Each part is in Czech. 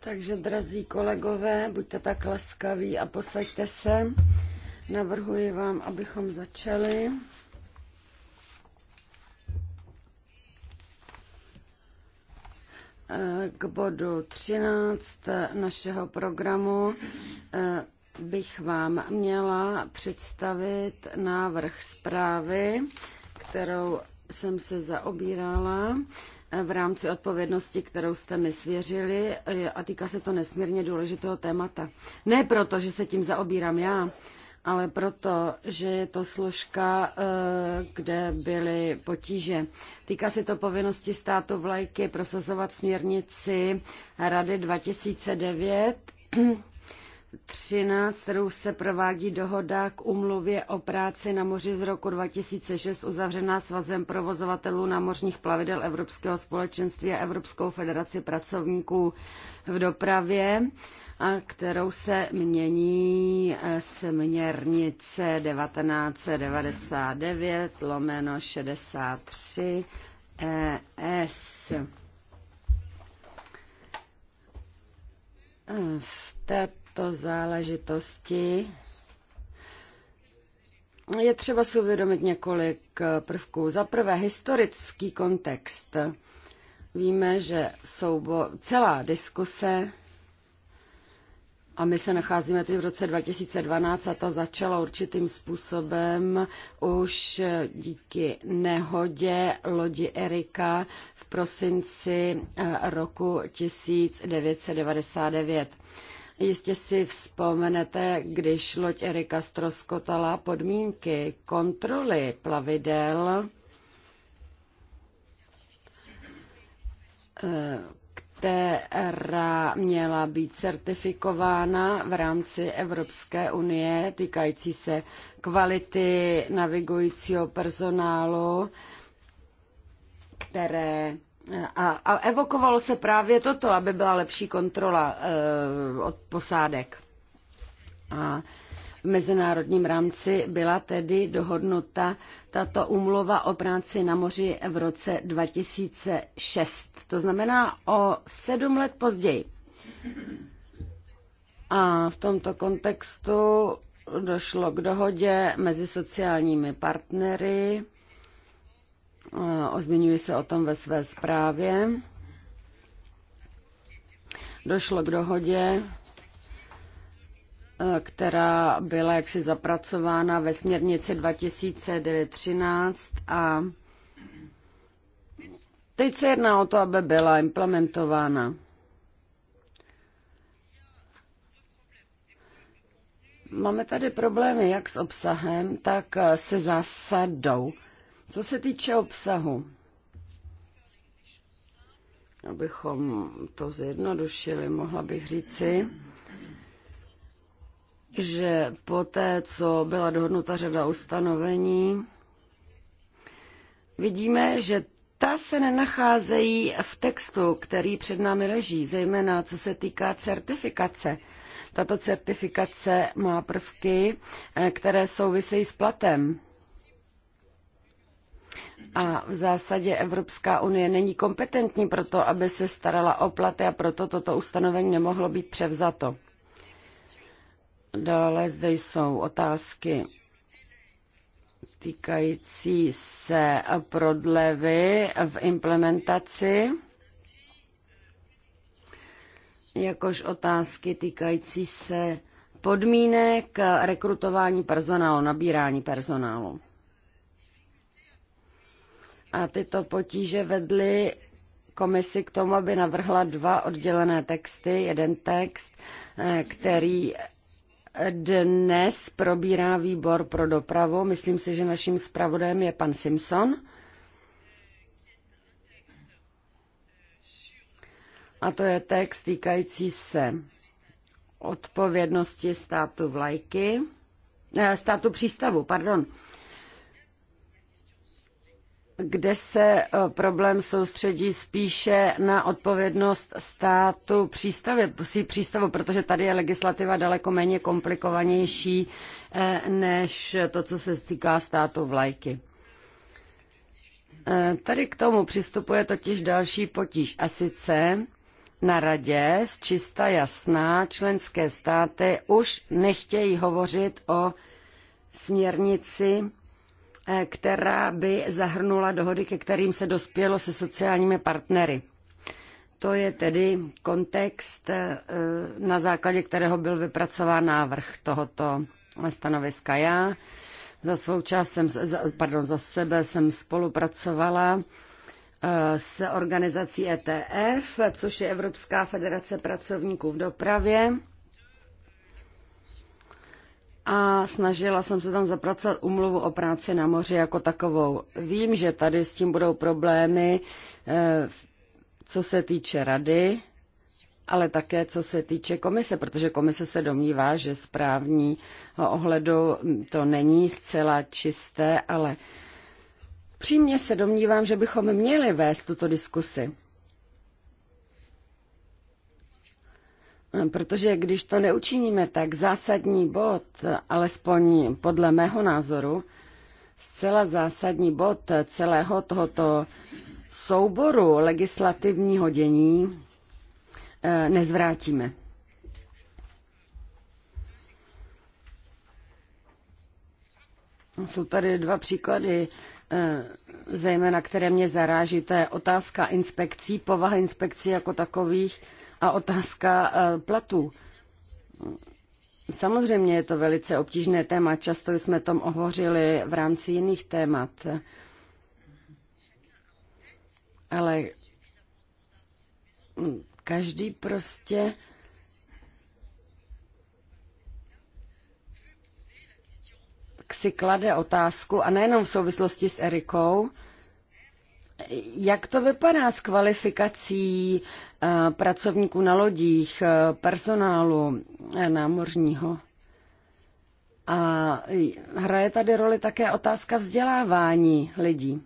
Takže, drazí kolegové, buďte tak laskaví a posaďte se. Navrhuji vám, abychom začali. K bodu 13 našeho programu eh, bych vám měla představit návrh zprávy, kterou jsem se zaobírala v rámci odpovědnosti, kterou jste mi svěřili a týká se to nesmírně důležitého témata. Ne proto, že se tím zaobírám já, ale proto, že je to složka, eh, kde byly potíže. Týká se to povinnosti státu vlajky prosazovat směrnici Rady 2009 13, kterou se provádí dohoda k umluvě o práci na moři z roku 2006 uzavřená svazem provozovatelů námořních plavidel Evropského společenství a Evropskou federaci pracovníků v dopravě, a kterou se mění eh, směrnice 1999 lomeno 63 ES. Eh, v této této záležitosti je třeba si uvědomit několik prvků. Za prvé historický kontext. Víme, že soubo, celá diskuse a my se nacházíme teď v roce 2012 a ta začala určitým způsobem už díky nehodě lodi Erika v prosinci eh, roku 1999. Jistě si vzpomenete, když loď Erika stroskotala podmínky kontroly plavidel, která měla být certifikována v rámci Evropské unie týkající se kvality navigujícího personálu, které a, a evokovalo se právě toto, aby byla lepší kontrola eh, od posádek. A v mezinárodním rámci byla tedy dohodnuta tato umlova o práci na moři v roce 2006. To znamená o sedm let později. A v tomto kontextu došlo k dohodě mezi sociálními partnery Eh, ozmiňuji se o tom ve své zprávě. Došlo k dohodě, eh, která byla jaksi zapracována ve směrnici 2009-13 a teď se jedná o to, aby byla implementována. Máme tady problémy jak s obsahem, tak se zásadou. Co se týče obsahu, abychom to zjednodušili, mohla bych říci, že poté, co byla dohodnuta řada ustanovení, vidíme, že ta se nenacházejí v textu, který před námi leží, zejména co se týká certifikace. Tato certifikace má prvky, eh, které souvisejí s platem. A v zásadě Evropská unie není kompetentní pro to, aby se starala o platy a proto toto ustanovení nemohlo být převzato. Dále zde jsou otázky týkající se prodlevy v implementaci, jakož otázky týkající se podmínek rekrutování personálu, nabírání personálu. A tyto potíže vedly komisi k tomu, aby navrhla dva oddělené texty. Jeden text, eh, který dnes probírá výbor pro dopravu. Myslím si, že naším zpravodajem je pan Simpson. A to je text týkající se odpovědnosti státu vlajky, eh, státu přístavu, pardon kde se eh, problém soustředí spíše na odpovědnost státu přístavy, přístavu, protože tady je legislativa daleko méně komplikovanější eh, než to, co se týká státu vlajky. Eh, tady k tomu přistupuje totiž další potíž a sice na radě z čista jasná členské státy už nechtějí hovořit o směrnici Eh, která by zahrnula dohody, ke kterým se dospělo se sociálními partnery. To je tedy kontext, eh, na základě kterého byl vypracován návrh tohoto stanoviska. Já za svou část jsem, pardon, za sebe jsem spolupracovala eh, s organizací ETF, což je Evropská federace pracovníků v dopravě a snažila jsem se tam zapracovat umluvu o práci na moři jako takovou. Vím, že tady s tím budou problémy, eh, co se týče rady, ale také co se týče komise, protože komise se domnívá, že správní ohledu to není zcela čisté, ale přímě se domnívám, že bychom měli vést tuto diskusi. Protože když to neučiníme, tak zásadní bod, alespoň podle mého názoru, zcela zásadní bod celého tohoto souboru legislativního dění eh, nezvrátíme. Jsou tady dva příklady, eh, zejména které mě zaráží. To je otázka inspekcí, povaha inspekcí jako takových a otázka e, platů. Samozřejmě je to velice obtížné téma, často jsme tom ohořili v rámci jiných témat. Ale každý prostě si klade otázku, a nejenom v souvislosti s Erikou, jak to vypadá s kvalifikací eh, pracovníků na lodích, eh, personálu eh, námořního? A hraje tady roli také otázka vzdělávání lidí.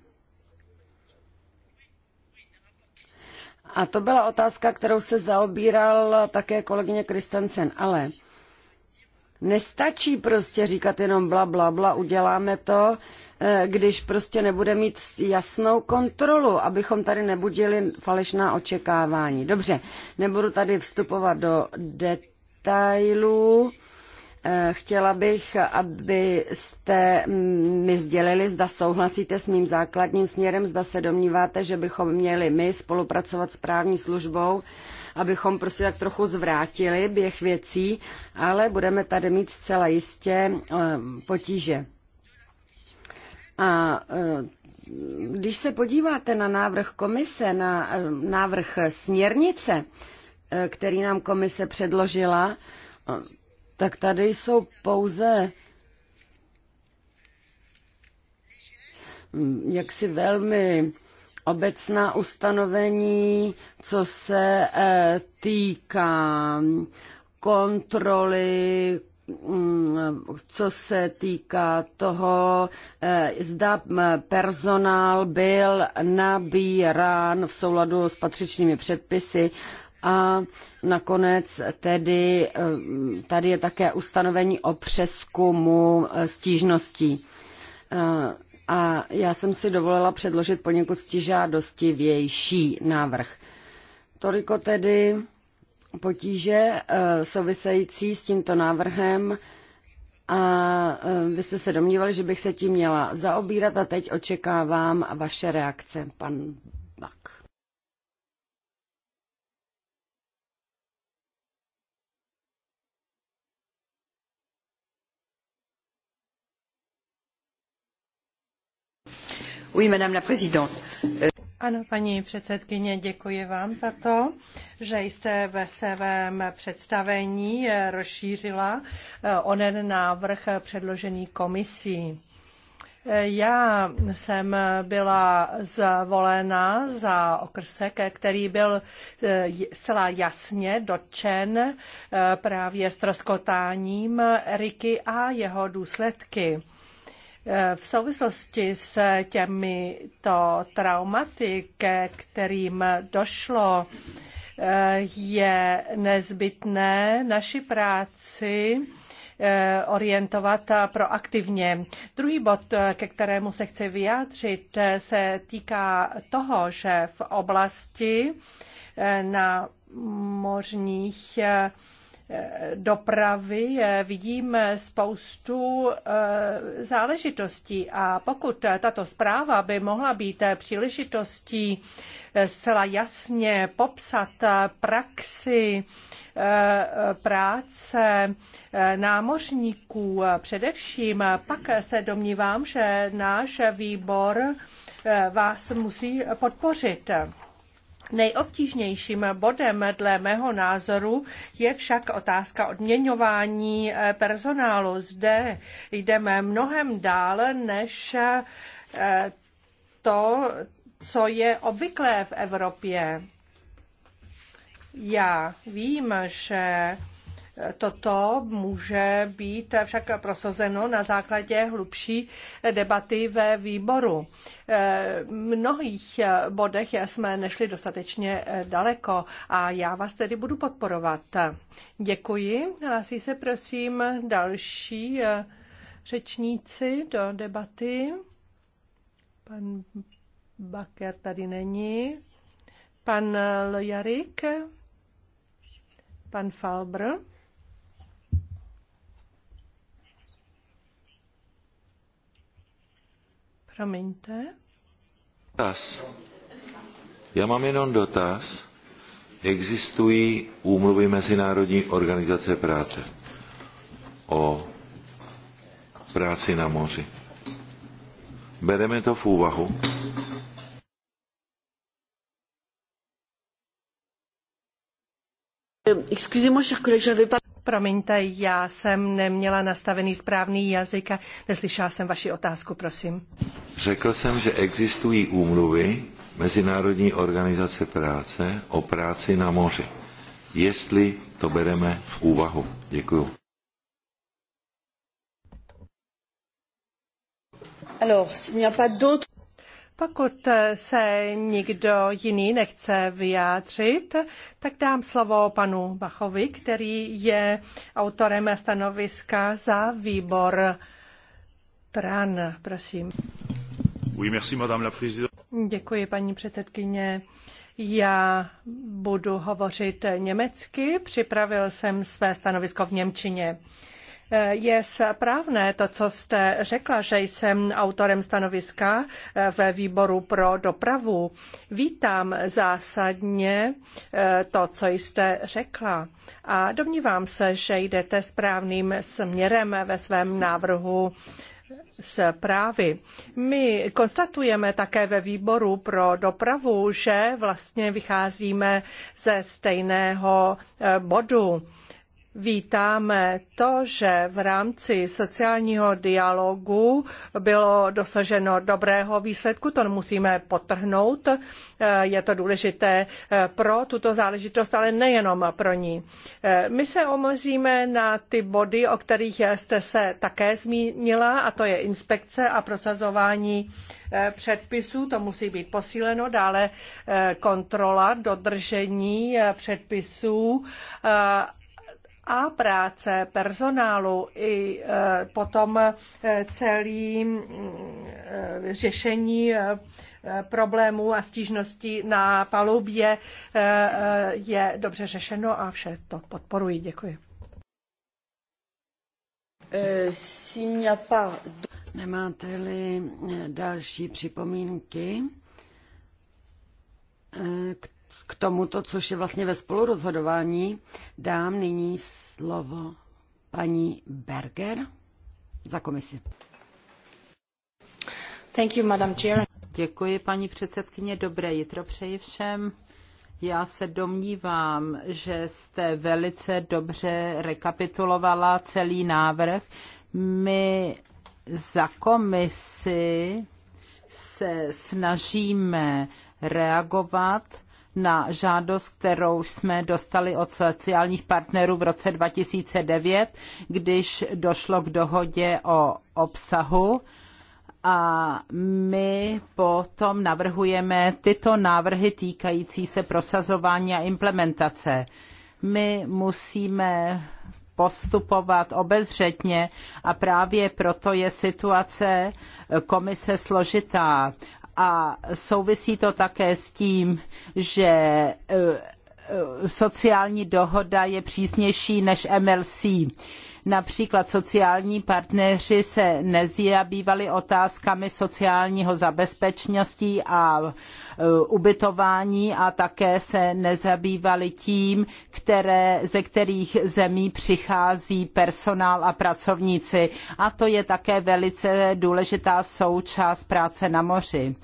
A to byla otázka, kterou se zaobíral také kolegyně Kristensen, ale Nestačí prostě říkat jenom bla, bla, bla, uděláme to, eh, když prostě nebude mít jasnou kontrolu, abychom tady nebudili falešná očekávání. Dobře, nebudu tady vstupovat do detailů Eh, chtěla bych, abyste mi sdělili, zda souhlasíte s mým základním směrem, zda se domníváte, že bychom měli my spolupracovat s právní službou, abychom prostě tak trochu zvrátili běh věcí, ale budeme tady mít zcela jistě eh, potíže. A eh, když se podíváte na návrh komise, na návrh směrnice, který nám komise předložila, tak tady jsou pouze hm, jaksi velmi obecná ustanovení, co se eh, týká kontroly, hm, co se týká toho, eh, zda hm, personál byl nabírán v souladu s patřičnými předpisy a nakonec tedy eh, tady je také ustanovení o přeskumu eh, stížností. Eh, a já jsem si dovolila předložit poněkud stižádostivější návrh. Toliko tedy potíže související s tímto návrhem a vy jste se domnívali, že bych se tím měla zaobírat a teď očekávám vaše reakce. Pan Euh, ano, paní předsedkyně, děkuji vám za to, že jste ve svém představení eh, rozšířila eh, onen návrh eh, předložený komisí. Já jsem byla zvolena za okrsek, který byl zcela jasně dotčen právě ztroskotáním Riky a jeho důsledky. Eh, v souvislosti s těmito traumaty, ke kterým došlo, eh, je nezbytné naši práci eh, orientovat proaktivně. Druhý bod, ke kterému se chci vyjádřit, se týká toho, že v oblasti na mořních dopravy eh, vidím spoustu eh, záležitostí a pokud tato zpráva by mohla být eh, příležitostí zcela jasně popsat praxi práce námořníků především, pak se domnívám, že náš výbor vás musí podpořit. Nejobtížnějším bodem dle mého názoru je však otázka odměňování eh, personálu. Zde jdeme mnohem dále než eh, to, co je obvyklé v Evropě. Já vím, že Toto může být však prosazeno na základě hlubší debaty ve výboru. V mnohých bodech jsme nešli dostatečně daleko a já vás tedy budu podporovat. Děkuji. Hlásí se prosím další eh, řečníci do debaty. Pan Baker tady není. Pan Lojarik. Pan Falbr. Promiňte. Dotaz. Já mám jenom dotaz. Existují úmluvy Mezinárodní organizace práce o práci na moři. Bereme to v úvahu. Excusez-moi, chers collègues, j'avais pas... Promiňte, já jsem neměla nastavený správný jazyk a neslyšela jsem vaši otázku, prosím. Řekl jsem, že existují úmluvy Mezinárodní organizace práce o práci na moři. Jestli to bereme v úvahu. Děkuju. Alors, s'il n'y a pas d'autres... Pokud se nikdo jiný nechce vyjádřit, tak dám slovo panu Bachovi, který je autorem stanoviska za výbor Pran. Prosím. Oui, merci, madame la Děkuji, paní předsedkyně. Já budu hovořit německy. Připravil jsem své stanovisko v Němčině. Eh, je správné to, co jste řekla, že jsem autorem stanoviska eh, ve výboru pro dopravu. Vítám zásadně eh, to, co jste řekla a domnívám se, že jdete správným směrem ve svém návrhu zprávy. My konstatujeme také ve výboru pro dopravu, že vlastně vycházíme ze stejného bodu. Vítáme to, že v rámci sociálního dialogu bylo dosaženo dobrého výsledku, to musíme potrhnout. Eh, je to důležité eh, pro tuto záležitost, ale nejenom pro ní. Eh, my se omezíme na ty body, o kterých jste se také zmínila, a to je inspekce a prosazování předpisů, to musí být posíleno, dále kontrola dodržení předpisů a práce personálu i e, potom e, celý e, řešení problémů a stížností na palubě je dobře řešeno a vše to podporuji. Děkuji. Nemáte-li další připomínky k k tomuto, což je vlastně ve spolurozhodování, dám nyní slovo paní Berger za komisi. Thank you, Madam Chair. Děkuji, paní předsedkyně. Dobré jitro přeji všem. Já se domnívám, že jste velice dobře rekapitulovala celý návrh. My za komisi se snažíme reagovat na žádost, kterou jsme dostali od sociálních partnerů v roce 2009, když došlo k dohodě o obsahu a my potom navrhujeme tyto návrhy týkající se prosazování a implementace. My musíme postupovat obezřetně a právě proto je situace komise složitá a souvisí to také s tím, že eh, eh, sociální dohoda je přísnější než MLC Například sociální partneři se nezabývali otázkami sociálního zabezpečnosti a e, ubytování a také se nezabývali tím, které, ze kterých zemí přichází personál a pracovníci. A to je také velice důležitá součást práce na moři.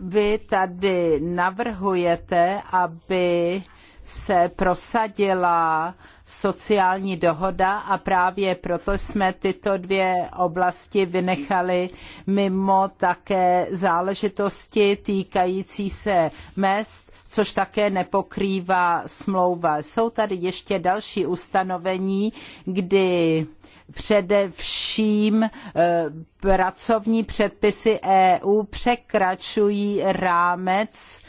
vy tady navrhujete, aby se prosadila sociální dohoda a právě proto jsme tyto dvě oblasti vynechali mimo také záležitosti týkající se mest což také nepokrývá smlouva. Jsou tady ještě další ustanovení, kdy především e, pracovní předpisy EU překračují rámec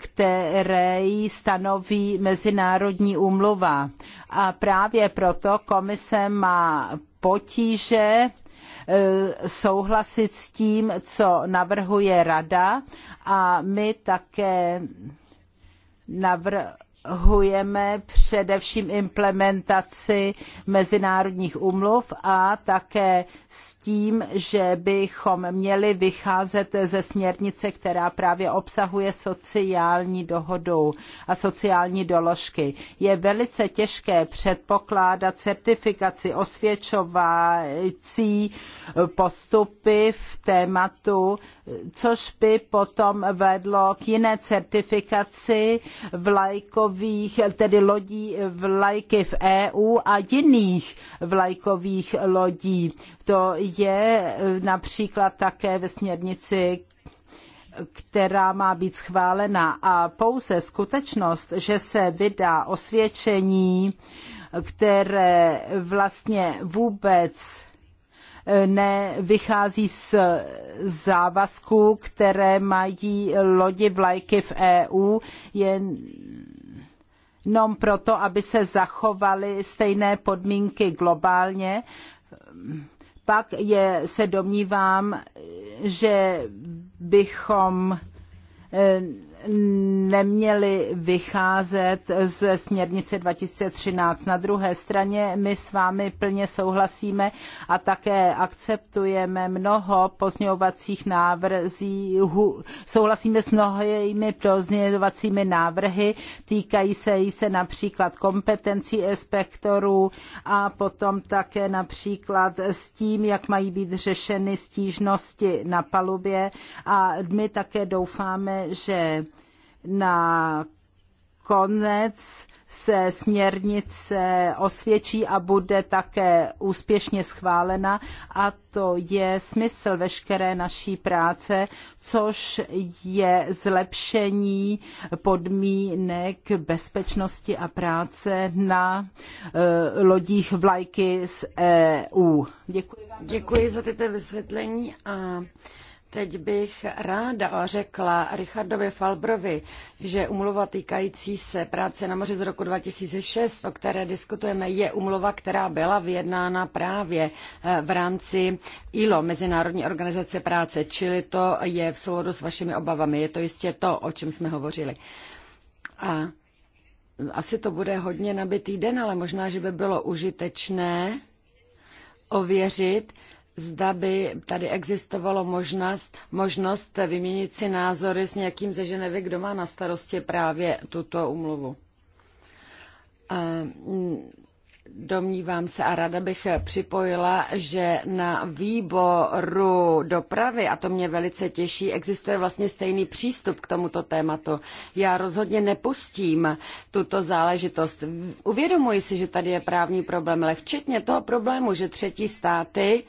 které stanoví mezinárodní úmluva. A právě proto komise má potíže e, souhlasit s tím, co navrhuje rada a my také navrhujeme navrhujeme především implementaci mezinárodních úmluv a také s tím, že bychom měli vycházet ze směrnice, která právě obsahuje sociální dohodu a sociální doložky. Je velice těžké předpokládat certifikaci osvědčovací postupy v tématu, což by potom vedlo k jiné certifikaci vlajkové vlajkových, tedy lodí vlajky v EU a jiných vlajkových lodí. To je eh, například také ve směrnici která má být schválena a pouze skutečnost, že se vydá osvědčení, které vlastně vůbec eh, nevychází z závazků, které mají lodi vlajky v EU, je jenom proto, aby se zachovaly stejné podmínky globálně, pak je, se domnívám, že bychom eh, neměly vycházet ze směrnice 2013. Na druhé straně my s vámi plně souhlasíme a také akceptujeme mnoho pozměňovacích návrhů, souhlasíme s mnohými pozměňovacími návrhy, týkají se jí se například kompetencí inspektorů a potom také například s tím, jak mají být řešeny stížnosti na palubě a my také doufáme, že na konec se směrnice osvědčí a bude také úspěšně schválena a to je smysl veškeré naší práce, což je zlepšení podmínek bezpečnosti a práce na e, lodích vlajky z EU. Děkuji vám. Děkuji za tyto vysvětlení a Teď bych ráda řekla Richardovi Falbrovi, že umluva týkající se práce na moři z roku 2006, o které diskutujeme, je umluva, která byla vyjednána právě eh, v rámci ILO, Mezinárodní organizace práce, čili to je v souladu s vašimi obavami. Je to jistě to, o čem jsme hovořili. A asi to bude hodně nabitý den, ale možná, že by bylo užitečné ověřit, zda by tady existovalo možnost, možnost vyměnit si názory s někým, ze Ženevy, kdo má na starosti právě tuto umluvu. Mm, domnívám se a rada bych připojila, že na výboru dopravy, a to mě velice těší, existuje vlastně stejný přístup k tomuto tématu. Já rozhodně nepustím tuto záležitost. Uvědomuji si, že tady je právní problém, ale včetně toho problému, že třetí státy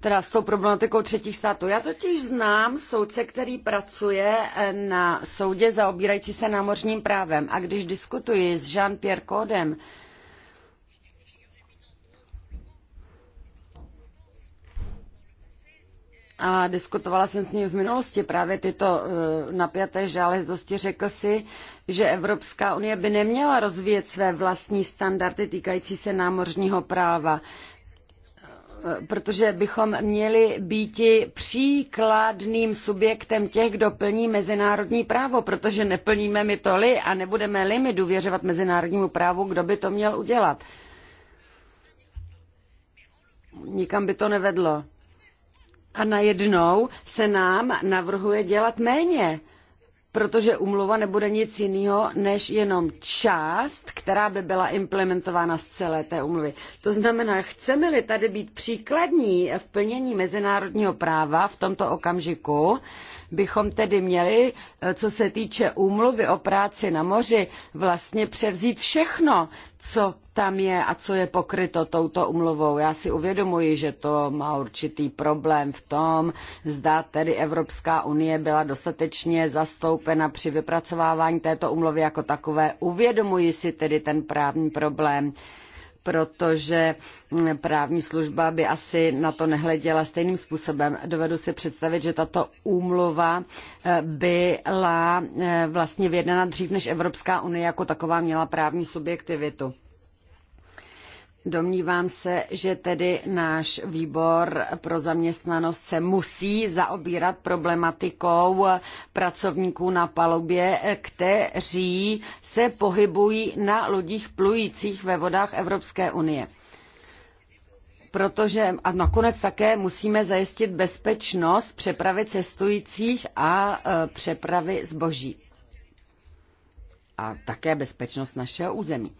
teda s tou problematikou třetích států. Já totiž znám soudce, který pracuje eh, na soudě zaobírající se námořním právem. A když diskutuji s Jean-Pierre Kodem, a diskutovala jsem s ním v minulosti právě tyto eh, napjaté žáležitosti, řekl si, že Evropská unie by neměla rozvíjet své vlastní standardy týkající se námořního práva protože bychom měli být příkladným subjektem těch, kdo plní mezinárodní právo, protože neplníme my to li a nebudeme-li my důvěřovat mezinárodnímu právu, kdo by to měl udělat. Nikam by to nevedlo. A najednou se nám navrhuje dělat méně protože umluva nebude nic jiného než jenom část, která by byla implementována z celé té umluvy. To znamená, chceme-li tady být příkladní v plnění mezinárodního práva v tomto okamžiku, bychom tedy měli, eh, co se týče úmluvy o práci na moři, vlastně převzít všechno, co tam je a co je pokryto touto umluvou. Já si uvědomuji, že to má určitý problém v tom, zda tedy Evropská unie byla dostatečně zastoupena při vypracovávání této umluvy jako takové. Uvědomuji si tedy ten právní problém protože mm, právní služba by asi na to nehleděla stejným způsobem. Dovedu si představit, že tato úmluva eh, byla eh, vlastně vyjednána dřív, než Evropská unie jako taková měla právní subjektivitu. Domnívám se, že tedy náš výbor pro zaměstnanost se musí zaobírat problematikou pracovníků na palubě, kteří se pohybují na lodích plujících ve vodách Evropské unie. Protože a nakonec také musíme zajistit bezpečnost přepravy cestujících a e, přepravy zboží. A také bezpečnost našeho území.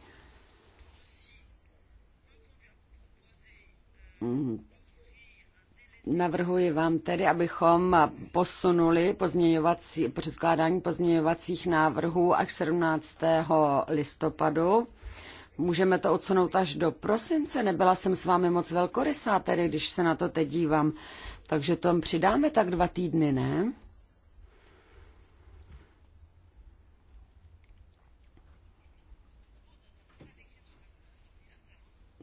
Navrhuji vám tedy, abychom posunuli pozměňovací, předkládání pozměňovacích návrhů až 17. listopadu. Můžeme to odsunout až do prosince. Nebyla jsem s vámi moc velkorysá, tedy když se na to teď dívám. Takže tom přidáme tak dva týdny, ne?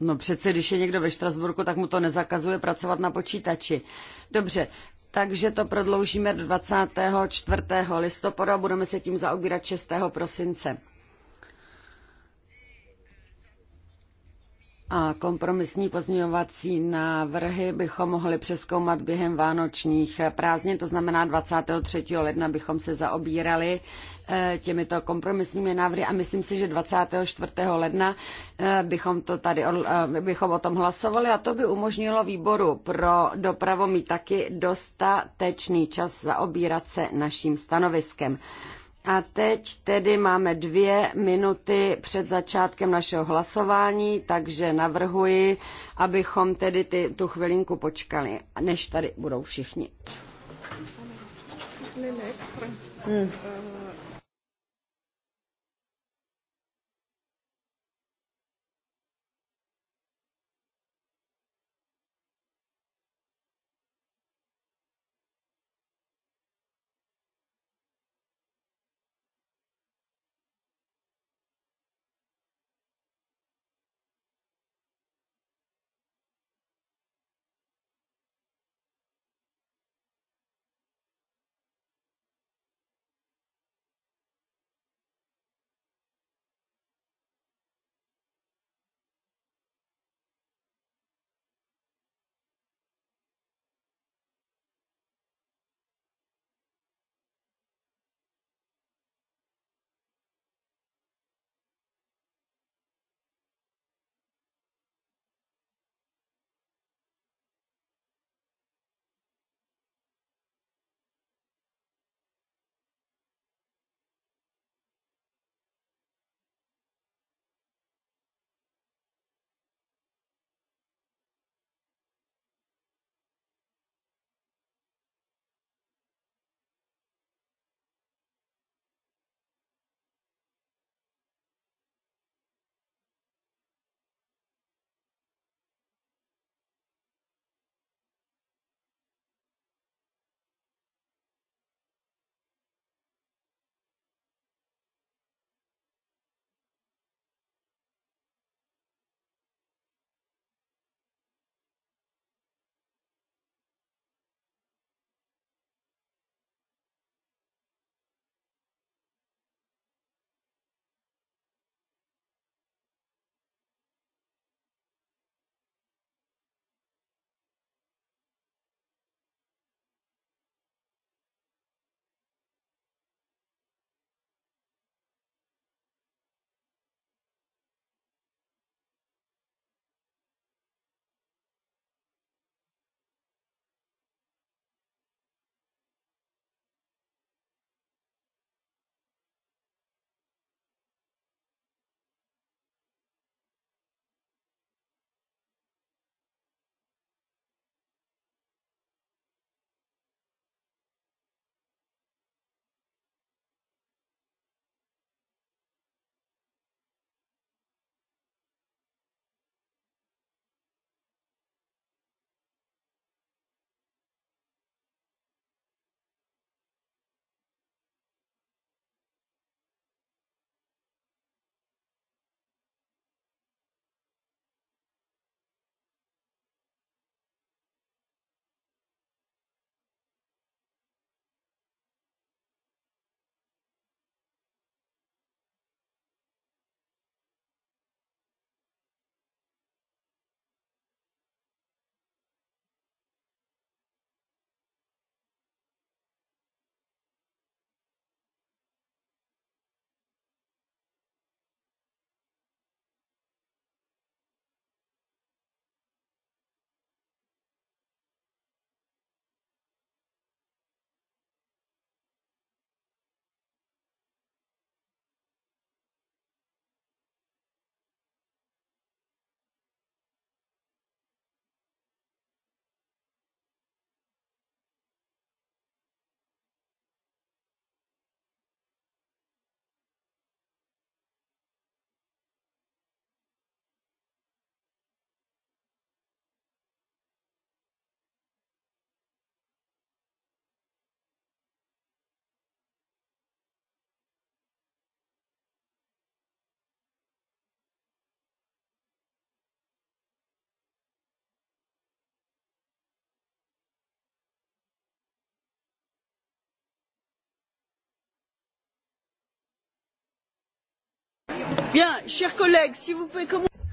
No přece, když je někdo ve Štrasburku, tak mu to nezakazuje pracovat na počítači. Dobře, takže to prodloužíme do 24. listopadu a budeme se tím zaobírat 6. prosince. a kompromisní pozměňovací návrhy bychom mohli přeskoumat během vánočních prázdnin, to znamená 23. ledna bychom se zaobírali eh, těmito kompromisními návrhy a myslím si, že 24. ledna eh, bychom, to tady, eh, bychom o tom hlasovali a to by umožnilo výboru pro dopravu mít taky dostatečný čas zaobírat se naším stanoviskem. A teď tedy máme dvě minuty před začátkem našeho hlasování, takže navrhuji, abychom tedy ty, tu chvilinku počkali, než tady budou všichni. Hmm.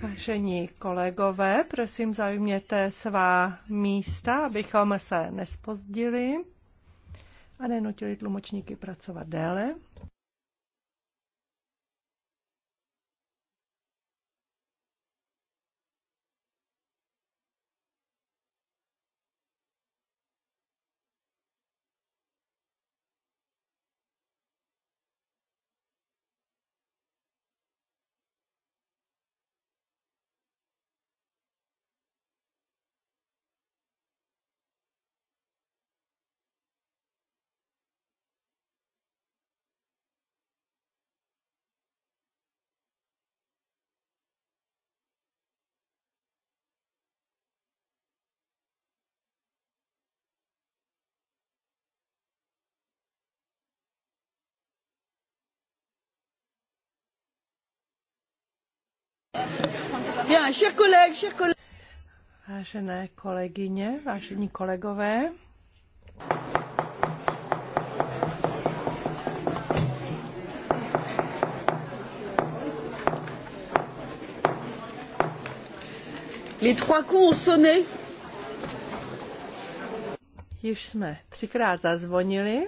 Vážení kolegové, prosím zaujměte svá místa, abychom se nespozdili a nenutili tlumočníky pracovat déle. Bien, Vážené kolegyně, vážení kolegové. Les trois coups ont sonné. Již jsme třikrát zazvonili.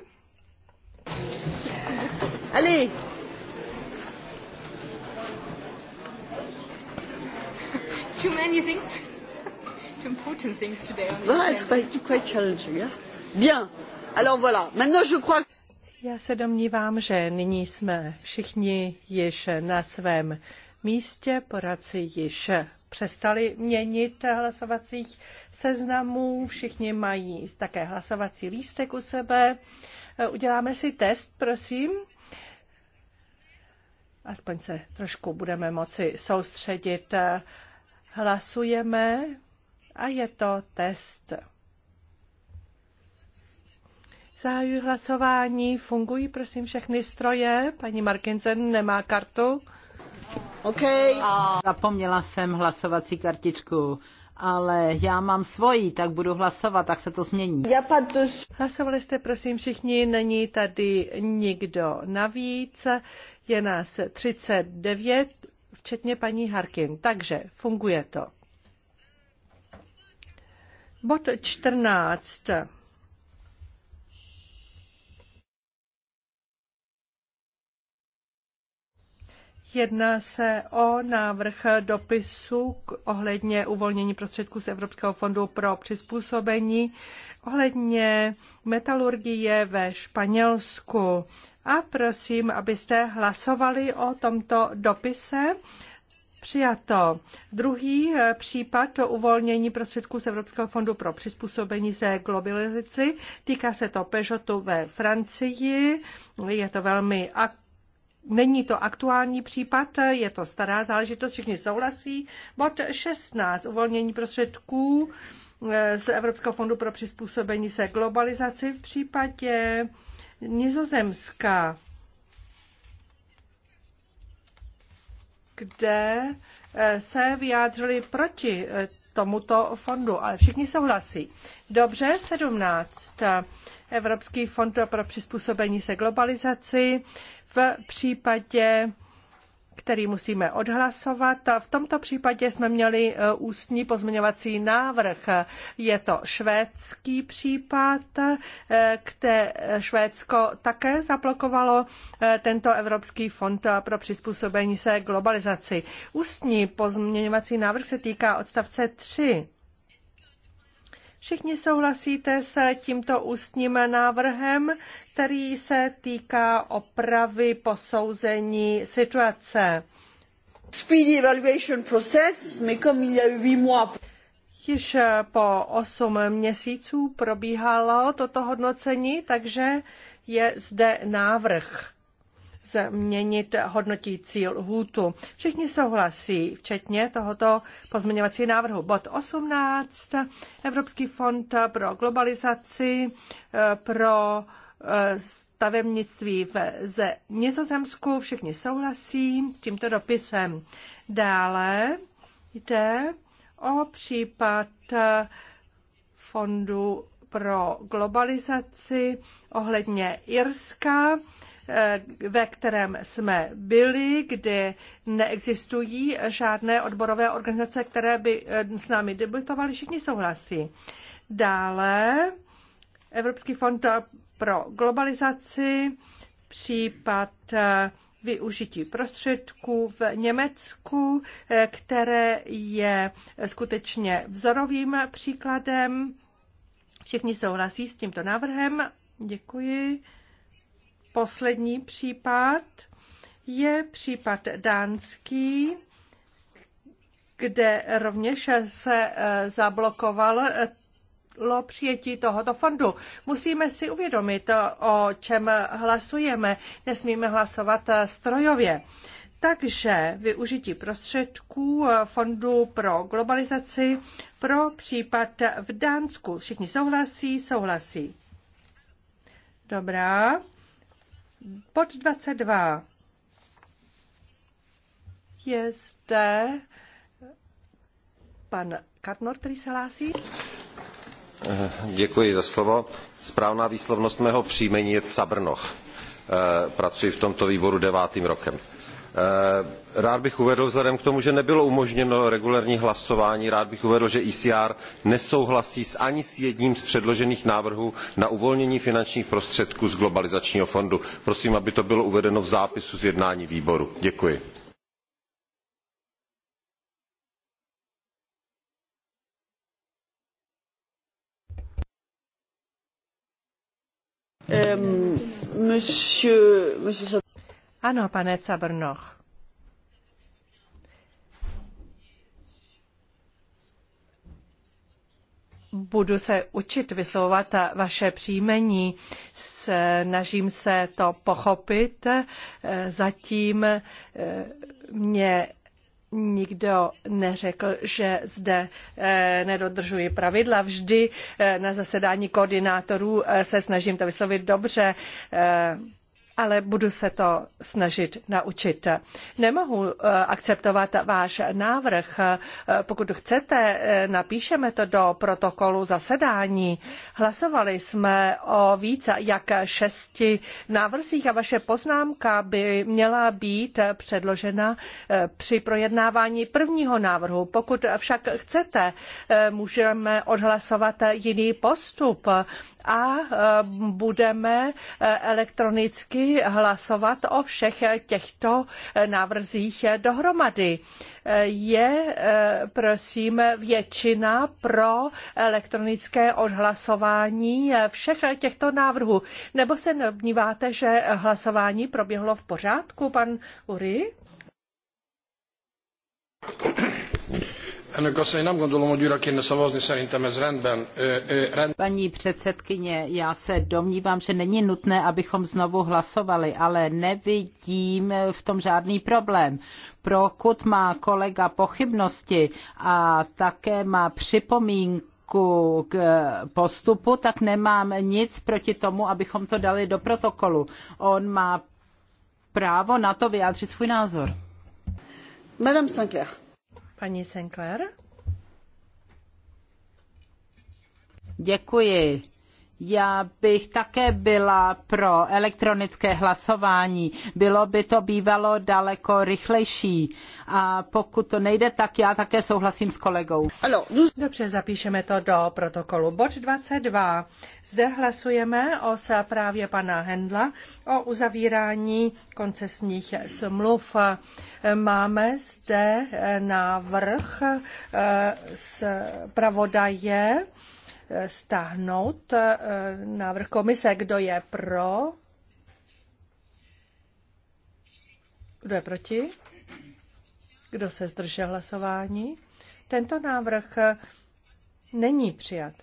Allez, too many things, too important things today. On well, ah, it's quite, quite challenging, yeah? Bien. Alors voilà. Maintenant, je crois... Já se domnívám, že nyní jsme všichni již na svém místě, poradci již přestali měnit hlasovacích seznamů, všichni mají také hlasovací lístek u sebe. Uděláme si test, prosím. Aspoň se trošku budeme moci soustředit Hlasujeme a je to test. Zahajuji hlasování. Fungují, prosím, všechny stroje. Paní Markinsen nemá kartu. OK. Zapomněla jsem hlasovací kartičku, ale já mám svoji, tak budu hlasovat, tak se to změní. Já Hlasovali jste, prosím, všichni, není tady nikdo navíc. Je nás 39, včetně paní Harkin. Takže funguje to. Bod 14. Jedná se o návrh dopisu k ohledně uvolnění prostředků z Evropského fondu pro přizpůsobení ohledně metalurgie ve Španělsku a prosím, abyste hlasovali o tomto dopise. Přijato. Druhý eh, případ to uvolnění prostředků z Evropského fondu pro přizpůsobení se globalizaci. Týká se to Peugeotu ve Francii. Je to velmi Není to aktuální případ, je to stará záležitost, všichni souhlasí. Bod 16. Uvolnění prostředků eh, z Evropského fondu pro přizpůsobení se globalizaci v případě Nizozemska, kde eh, se vyjádřili proti eh, tomuto fondu, ale všichni souhlasí. Dobře, 17. Evropský fond pro přizpůsobení se globalizaci v případě který musíme odhlasovat. V tomto případě jsme měli e, ústní pozměňovací návrh. Je to švédský případ, kde Švédsko také zablokovalo e, tento Evropský fond pro přizpůsobení se globalizaci. Ústní pozměňovací návrh se týká odstavce 3 Všichni souhlasíte s tímto ústním návrhem, který se týká opravy posouzení situace. Speedy evaluation process, mais comme již eh, po 8 měsíců probíhalo toto hodnocení, takže je zde návrh změnit hodnotící lhůtu. Všichni souhlasí, včetně tohoto pozměňovací návrhu. Bod 18, Evropský fond pro globalizaci, eh, pro eh, stavebnictví v, Nizozemsku. Všichni souhlasí s tímto dopisem. Dále jde o případ eh, fondu pro globalizaci ohledně Irska. Eh, ve kterém jsme byli, kde neexistují žádné odborové organizace, které by eh, s námi debatovaly, všichni souhlasí. Dále Evropský fond pro globalizaci, případ eh, využití prostředků v Německu, které je skutečně vzorovým příkladem. Všichni souhlasí s tímto návrhem. Děkuji. Poslední případ je případ dánský, kde rovněž se eh, zablokoval přijetí tohoto fondu. Musíme si uvědomit, o čem hlasujeme. Nesmíme hlasovat eh, strojově. Takže využití prostředků eh, Fondu pro globalizaci pro případ v Dánsku. Všichni souhlasí, souhlasí. Dobrá. Pod 22. Je zde pan Katnor, který se hlásí. Děkuji za slovo. Správná výslovnost mého příjmení je Cabrnoch. Eh, pracuji v tomto výboru devátým rokem Eh, rád bych uvedl vzhledem k tomu že nebylo umožněno regulérní hlasování rád bych uvedl že ecr nesouhlasí ani s jedním z předložených návrhů na uvolnění finančních prostředků z globalizačního fondu. prosím aby to bylo uvedeno v zápisu z jednání výboru. děkuji. monsieur... Ano, pane Cabrnoch. Budu se učit vyslovovat vaše příjmení. Snažím se to pochopit. Zatím eh, mě nikdo neřekl, že zde eh, nedodržuji pravidla. Vždy eh, na zasedání koordinátorů se snažím to vyslovit dobře ale budu se to snažit naučit. Nemohu eh, akceptovat váš návrh. Eh, pokud chcete, eh, napíšeme to do protokolu zasedání. Hlasovali jsme o více jak šesti návrzích a vaše poznámka by měla být předložena při projednávání prvního návrhu. Pokud však chcete, můžeme odhlasovat jiný postup a e, budeme e, elektronicky hlasovat o všech těchto e, návrzích dohromady. Je, prosím, většina pro elektronické odhlasování všech těchto návrhů. Nebo se domníváte, že hlasování proběhlo v pořádku, pan Uri? Ennek asszony, nem gondolom, hogy újra kéne szavazni, szerintem ez rendben. Rend... Paní předsedkyně, já se domnívám, že není nutné, abychom znovu hlasovali, ale nevidím v tom žádný problém. Prokud má kolega pochybnosti a také má připomínku, k postupu, tak nemám nic proti tomu, abychom to dali do protokolu. On má právo na to vyjádřit svůj názor. Madame Sinclair. Paní Sinclair? Děkuji. Já bych také byla pro elektronické hlasování. Bylo by to bývalo daleko rychlejší. A pokud to nejde, tak já také souhlasím s kolegou. Dobře, zapíšeme to do protokolu. Bod 22. Zde hlasujeme o zprávě pana Hendla o uzavírání koncesních smluv. Máme zde návrh eh, zpravodaje. pravodaje stáhnout eh, návrh komise. Kdo je pro? Kdo je proti? Kdo se zdržel hlasování? Tento návrh není přijat.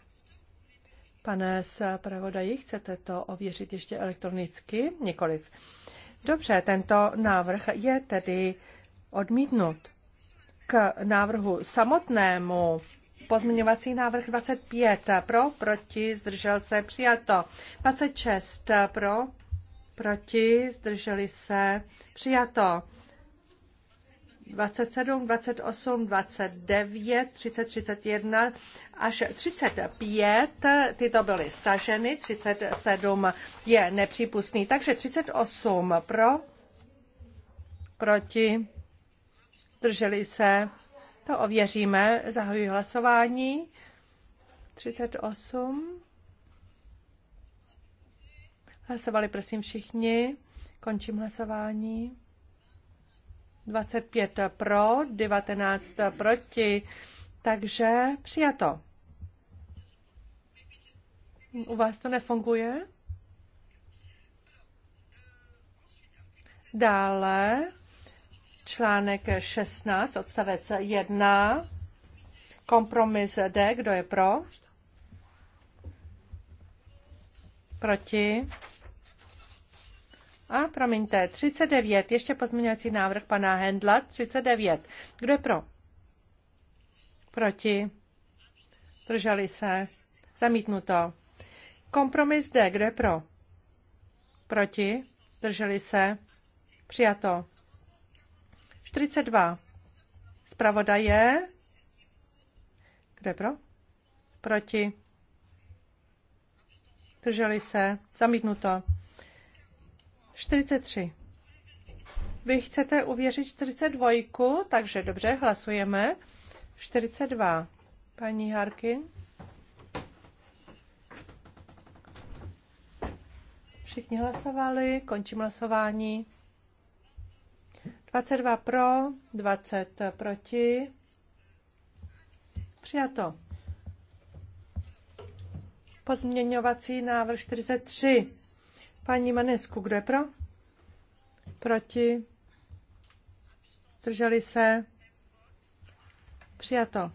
Pane zpravodaji, chcete to ověřit ještě elektronicky? Nikoliv. Dobře, tento návrh je tedy odmítnut. K návrhu samotnému Pozměňovací návrh 25 pro, proti, zdržel se, přijato. 26 pro, proti, zdrželi se, přijato. 27, 28, 29, 30, 31 až 35. Tyto byly staženy, 37 je nepřípustný. Takže 38 pro, proti, drželi se, to ověříme. Zahajuji hlasování. 38. Hlasovali prosím všichni. Končím hlasování. 25 pro, 19 proti, takže přijato. U vás to nefunguje? Dále článek 16, odstavec 1, kompromis D, kdo je pro? Proti? A promiňte, 39, ještě pozměňovací návrh pana Hendla, 39. Kdo je pro? Proti? Drželi se? Zamítnuto. Kompromis D, kdo je pro? Proti? Drželi se? Přijato. 42. Zpravodaje. Kde pro? Proti. Drželi se. Zamítnuto. 43. Vy chcete uvěřit 42, takže dobře, hlasujeme. 42. Paní Harkin. Všichni hlasovali, končím hlasování. 22 pro, 20 proti. Přijato. Pozměňovací návrh 43. Paní Manesku, kdo je pro? Proti? Drželi se? Přijato.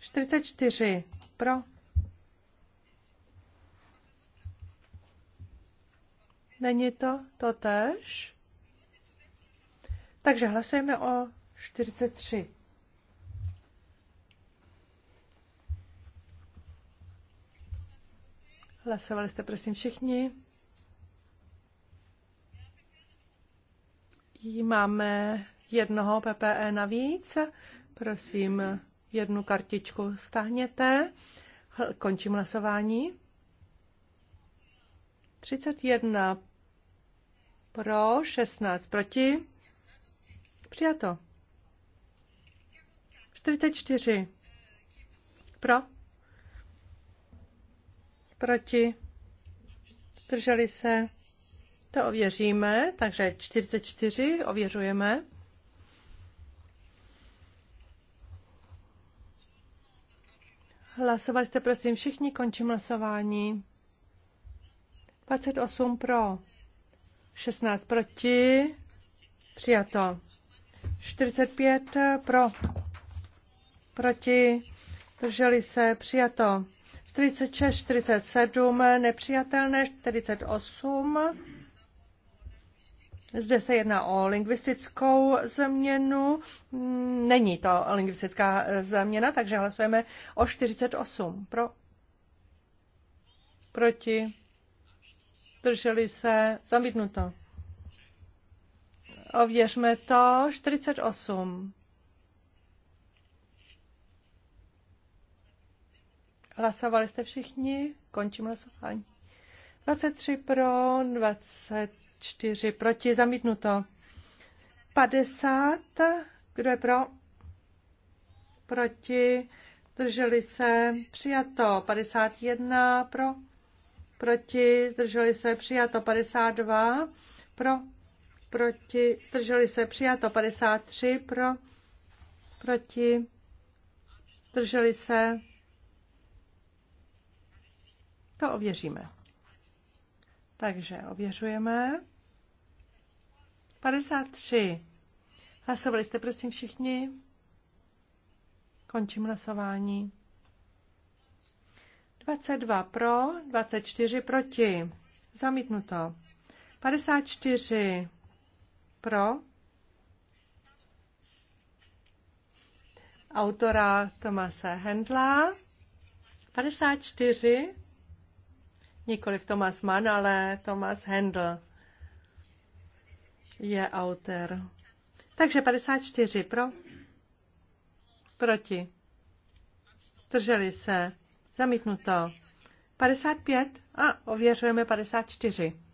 44. Pro? Není to totéž? Takže hlasujeme o 43. Hlasovali jste prosím všichni. Máme jednoho PPE navíc. Prosím, jednu kartičku stáhněte. Končím hlasování. 31 pro, 16 proti. Přijato. 44. Pro. Proti. Drželi se. To ověříme, takže 44 ověřujeme. Hlasovali jste prosím všichni, končím hlasování. 28 pro, 16 proti, přijato. 45 pro, proti, drželi se, přijato. 46, 47, nepřijatelné, 48. Zde se jedná o lingvistickou změnu. Není to lingvistická změna, takže hlasujeme o 48. Pro. Proti. Drželi se. Zamítnuto. Ověřme to. 48. Hlasovali jste všichni? Končím hlasování. 23 pro, 24 proti, zamítnuto. 50, kdo je pro? Proti, zdrželi se, přijato. 51 pro, proti, zdrželi se, přijato. 52 pro, proti, drželi se přijato 53 pro, proti, drželi se, to ověříme. Takže ověřujeme. 53. Hlasovali jste prosím všichni? Končím hlasování. 22 pro, 24 proti. Zamítnuto. 54 pro autora Tomase Hendla. 54, nikoliv Tomas Mann, ale Tomas Hendl je autor. Takže 54 pro, proti, drželi se, zamítnuto. 55 a ověřujeme 54.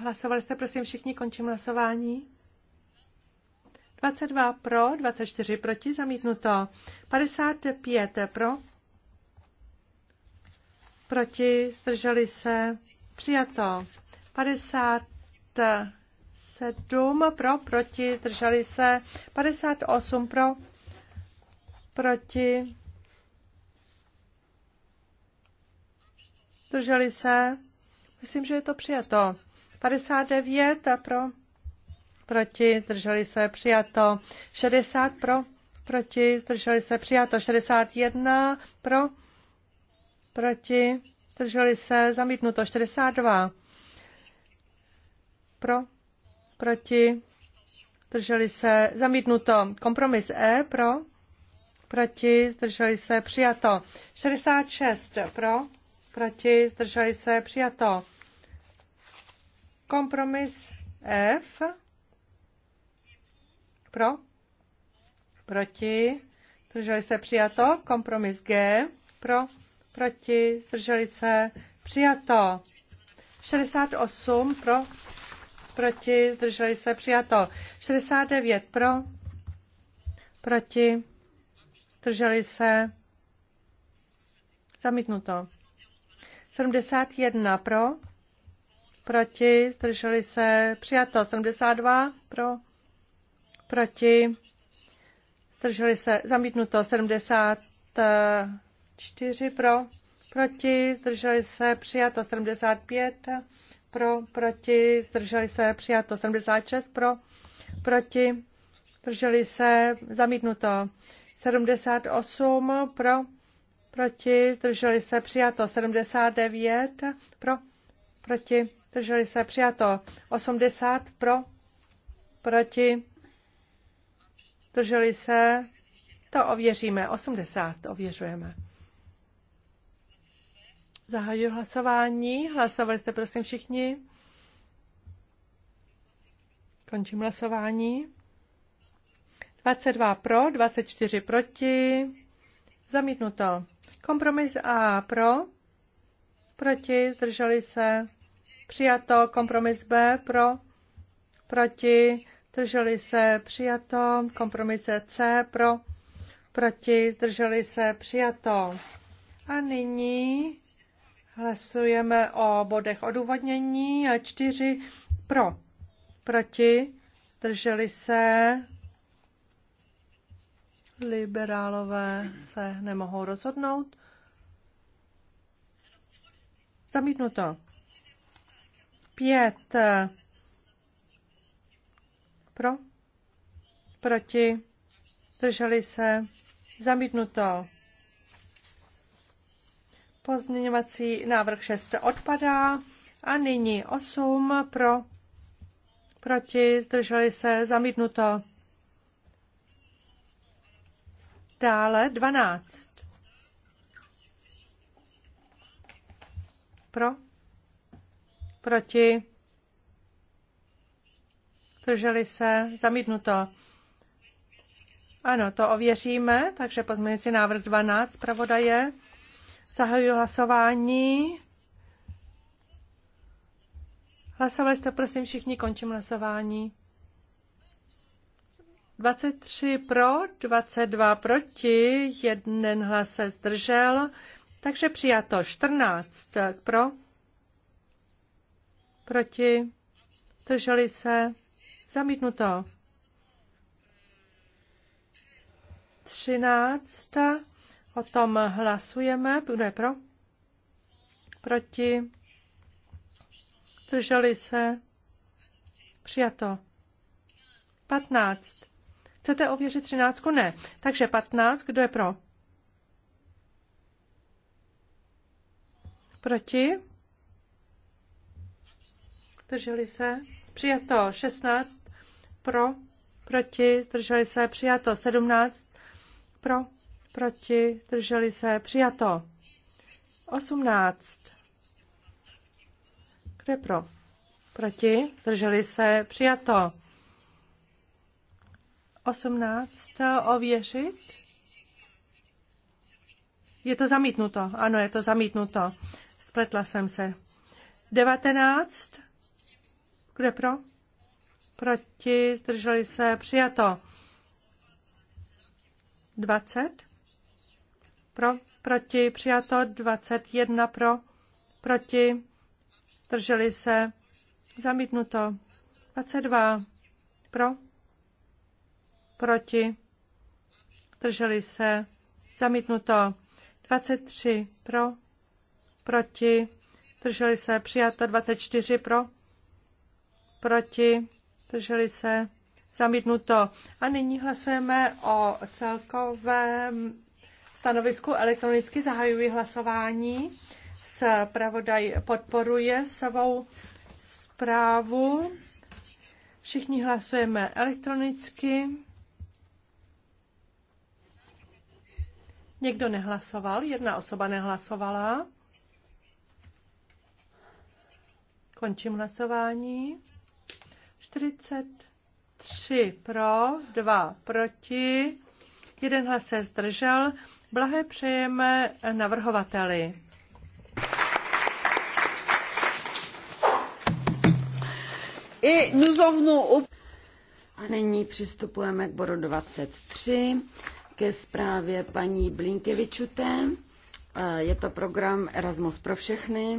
Hlasovali jste prosím všichni, končím hlasování. 22 pro, 24 proti, zamítnuto. 55 pro, proti, zdrželi se, přijato. 57 pro, proti, zdrželi se. 58 pro, proti, zdrželi se. Myslím, že je to přijato. 59 pro, proti, zdrželi se, přijato. 60 pro, proti, zdrželi se, přijato. 61 pro, proti, zdrželi se, zamítnuto. 42 pro, proti, zdrželi se, zamítnuto. Kompromis E pro, proti, zdrželi se, přijato. 66 pro, proti, zdrželi se, přijato. Kompromis F. Pro? Proti? Zdrželi se přijato. Kompromis G. Pro? Proti? Zdrželi se přijato. 68 pro? Proti? Zdrželi se přijato. 69 pro? Proti? Zdrželi se zamítnuto. 71 pro? proti, zdrželi se, přijato 72 pro, proti, zdrželi se, zamítnuto 74 pro, proti, zdrželi se, přijato 75 pro, proti, zdrželi se, přijato 76 pro, proti, zdrželi se, zamítnuto 78 pro, proti, zdrželi se, přijato 79 pro, proti, Drželi se přijato 80 pro, proti, drželi se, to ověříme, 80 ověřujeme. Zahajuji hlasování, hlasovali jste prosím všichni. Končím hlasování. 22 pro, 24 proti, zamítnuto. Kompromis A pro, proti, zdrželi se, přijato. Kompromis B pro, proti, zdrželi se, přijato. Kompromis C pro, proti, zdrželi se, přijato. A nyní hlasujeme o bodech odůvodnění. Čtyři pro, proti, zdrželi se, liberálové se nemohou rozhodnout. Zamítnuto. 5. Pro? Proti? Drželi se? Zamítnuto. Pozměňovací návrh 6 odpadá. A nyní 8 pro, proti, zdrželi se, zamítnuto. Dále 12. Pro, proti, Drželi se, zamítnuto. Ano, to ověříme, takže pozměňující návrh 12 zpravodaje. Zahajuji hlasování. Hlasovali jste, prosím, všichni, končím hlasování. 23 pro, 22 proti, jeden hlas se zdržel, takže přijato 14 pro, proti, drželi se, zamítnuto. Třináct. O tom hlasujeme. Kdo je pro? Proti? Drželi se? Přijato. Patnáct. Chcete ověřit třináctku Ne. Takže patnáct. Kdo je pro? Proti? zdrželi se, přijato 16, pro, proti, zdrželi se, přijato 17, pro, proti, zdrželi se, přijato 18, kde pro, proti, zdrželi se, přijato 18, ověřit, je to zamítnuto, ano, je to zamítnuto, spletla jsem se. 19, kdo je pro? Proti? Zdrželi se? Přijato. 20. Pro? Proti? Přijato. 21. Pro? Proti? Zdrželi se? Zamítnuto. 22. Pro? Proti? Zdrželi se? Zamítnuto. 23. Pro? Proti? Zdrželi se? Přijato. 24. Pro? proti, drželi se, zamítnuto. A nyní hlasujeme o celkovém stanovisku elektronicky zahajuji hlasování. Zpravodaj podporuje svou zprávu. Všichni hlasujeme elektronicky. Někdo nehlasoval, jedna osoba nehlasovala. Končím hlasování. 43 pro, 2 proti, jeden hlas se zdržel. Blahé přejeme navrhovateli. A nyní přistupujeme k bodu 23, ke zprávě paní Blinkevičuté. Je to program Erasmus pro všechny.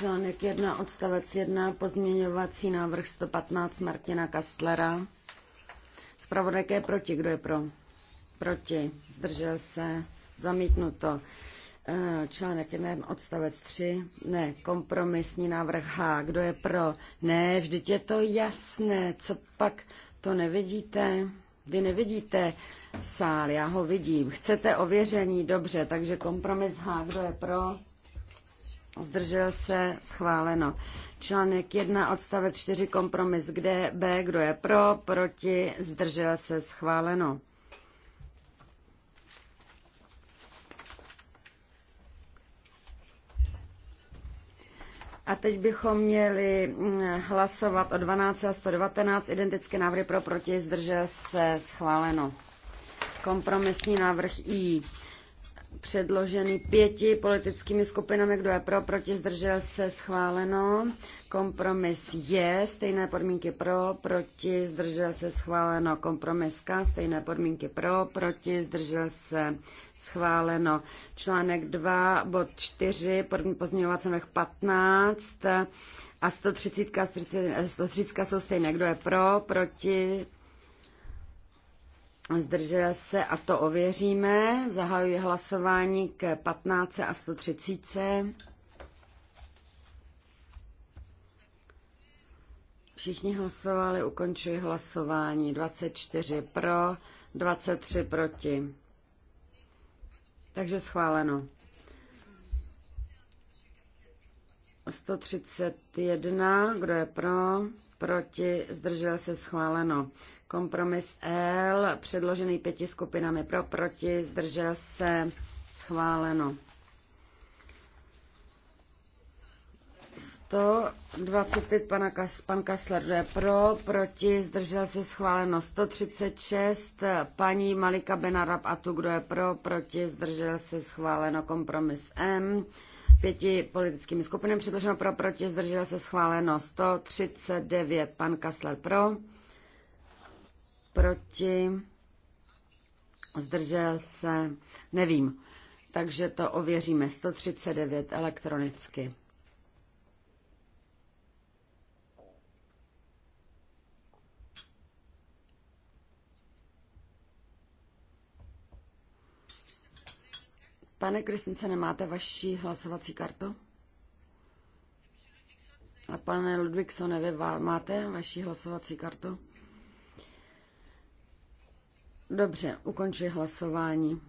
Článek 1, odstavec 1, pozměňovací návrh 115 Martina Kastlera. Zpravodajka je proti. Kdo je pro? Proti. Zdržel se. Zamítnuto. E, článek 1, odstavec 3. Ne, kompromisní návrh H. Kdo je pro? Ne, vždyť je to jasné. Co pak to nevidíte? Vy nevidíte sál, já ho vidím. Chcete ověření? Dobře, takže kompromis H. Kdo je pro? zdržel se, schváleno. Článek 1, odstavec 4, kompromis, kde B, kdo je pro, proti, zdržel se, schváleno. A teď bychom měli mm, hlasovat o 12 a 119 identické návrhy pro proti, zdržel se schváleno. Kompromisní návrh I předložený pěti politickými skupinami, kdo je pro, proti, zdržel se, schváleno. Kompromis je, stejné podmínky pro, proti, zdržel se, schváleno. Kompromis K, stejné podmínky pro, proti, zdržel se, schváleno. Článek 2, bod 4, první pozměňovací návrh 15 a 130, 130, 130 jsou stejné. Kdo je pro, proti, Zdržel se a to ověříme. Zahajuji hlasování k 15 a 130. Všichni hlasovali, ukončuji hlasování. 24 pro, 23 proti. Takže schváleno. 131, kdo je pro? proti, zdržel se schváleno. Kompromis L, předložený pěti skupinami pro, proti, zdržel se schváleno. 125 pana Kas, pan Kasler je pro, proti, zdržel se schváleno 136, paní Malika Benarab a tu, kdo je pro, proti, zdržel se schváleno kompromis M pěti politickými skupinami předloženo pro, proti, zdrželo se schváleno 139, pan Kasler pro, proti, zdržel se, nevím, takže to ověříme 139 elektronicky. Pane Kristince, nemáte vaši hlasovací kartu? A pane Ludvíksone, vy máte vaši hlasovací kartu? Dobře, ukončuji hlasování.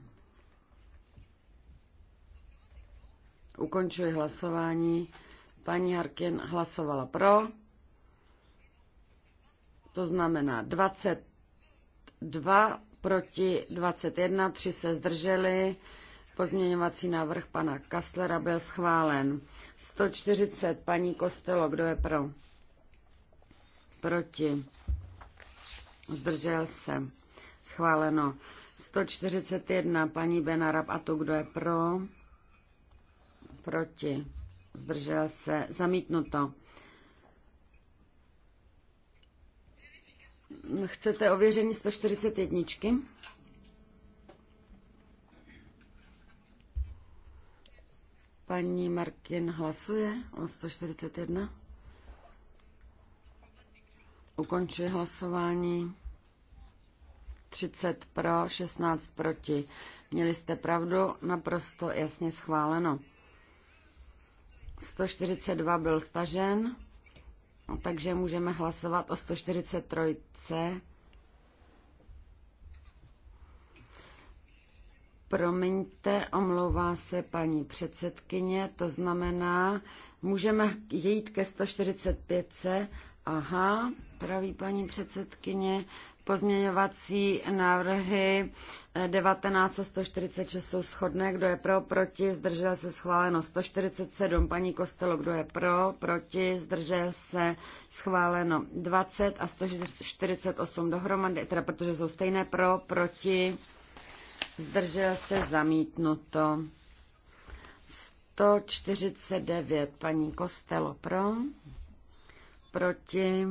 Ukončuji hlasování. Paní Harkin hlasovala pro. To znamená 22 proti 21, 3 se zdrželi. Pozměňovací návrh pana Kastlera byl schválen. 140, paní Kostelo, kdo je pro? Proti. Zdržel se. Schváleno. 141, paní Benarab a tu, kdo je pro? Proti. Zdržel se. Zamítnuto. Chcete ověření 141? Paní Markin hlasuje o 141. Ukončuji hlasování. 30 pro, 16 proti. Měli jste pravdu, naprosto jasně schváleno. 142 byl stažen, takže můžeme hlasovat o 143. Promiňte, omlouvá se paní předsedkyně, to znamená, můžeme jít ke 145. Aha, praví paní předsedkyně, pozměňovací návrhy 19 a 146 jsou shodné. Kdo je pro, proti, zdržel se schváleno 147. Paní Kostelo, kdo je pro, proti, zdržel se schváleno 20 a 148 dohromady, teda protože jsou stejné pro, proti, zdržel se zamítnuto. 149 paní Kostelo pro, proti,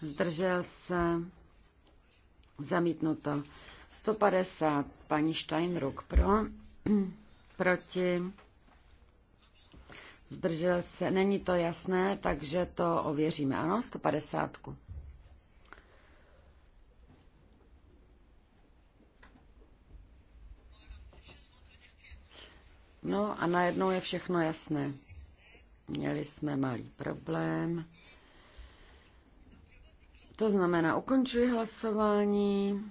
zdržel se zamítnuto. 150 paní Steinruck pro, proti, zdržel se, není to jasné, takže to ověříme. Ano, 150. No a najednou je všechno jasné. Měli jsme malý problém. To znamená, ukončuji hlasování.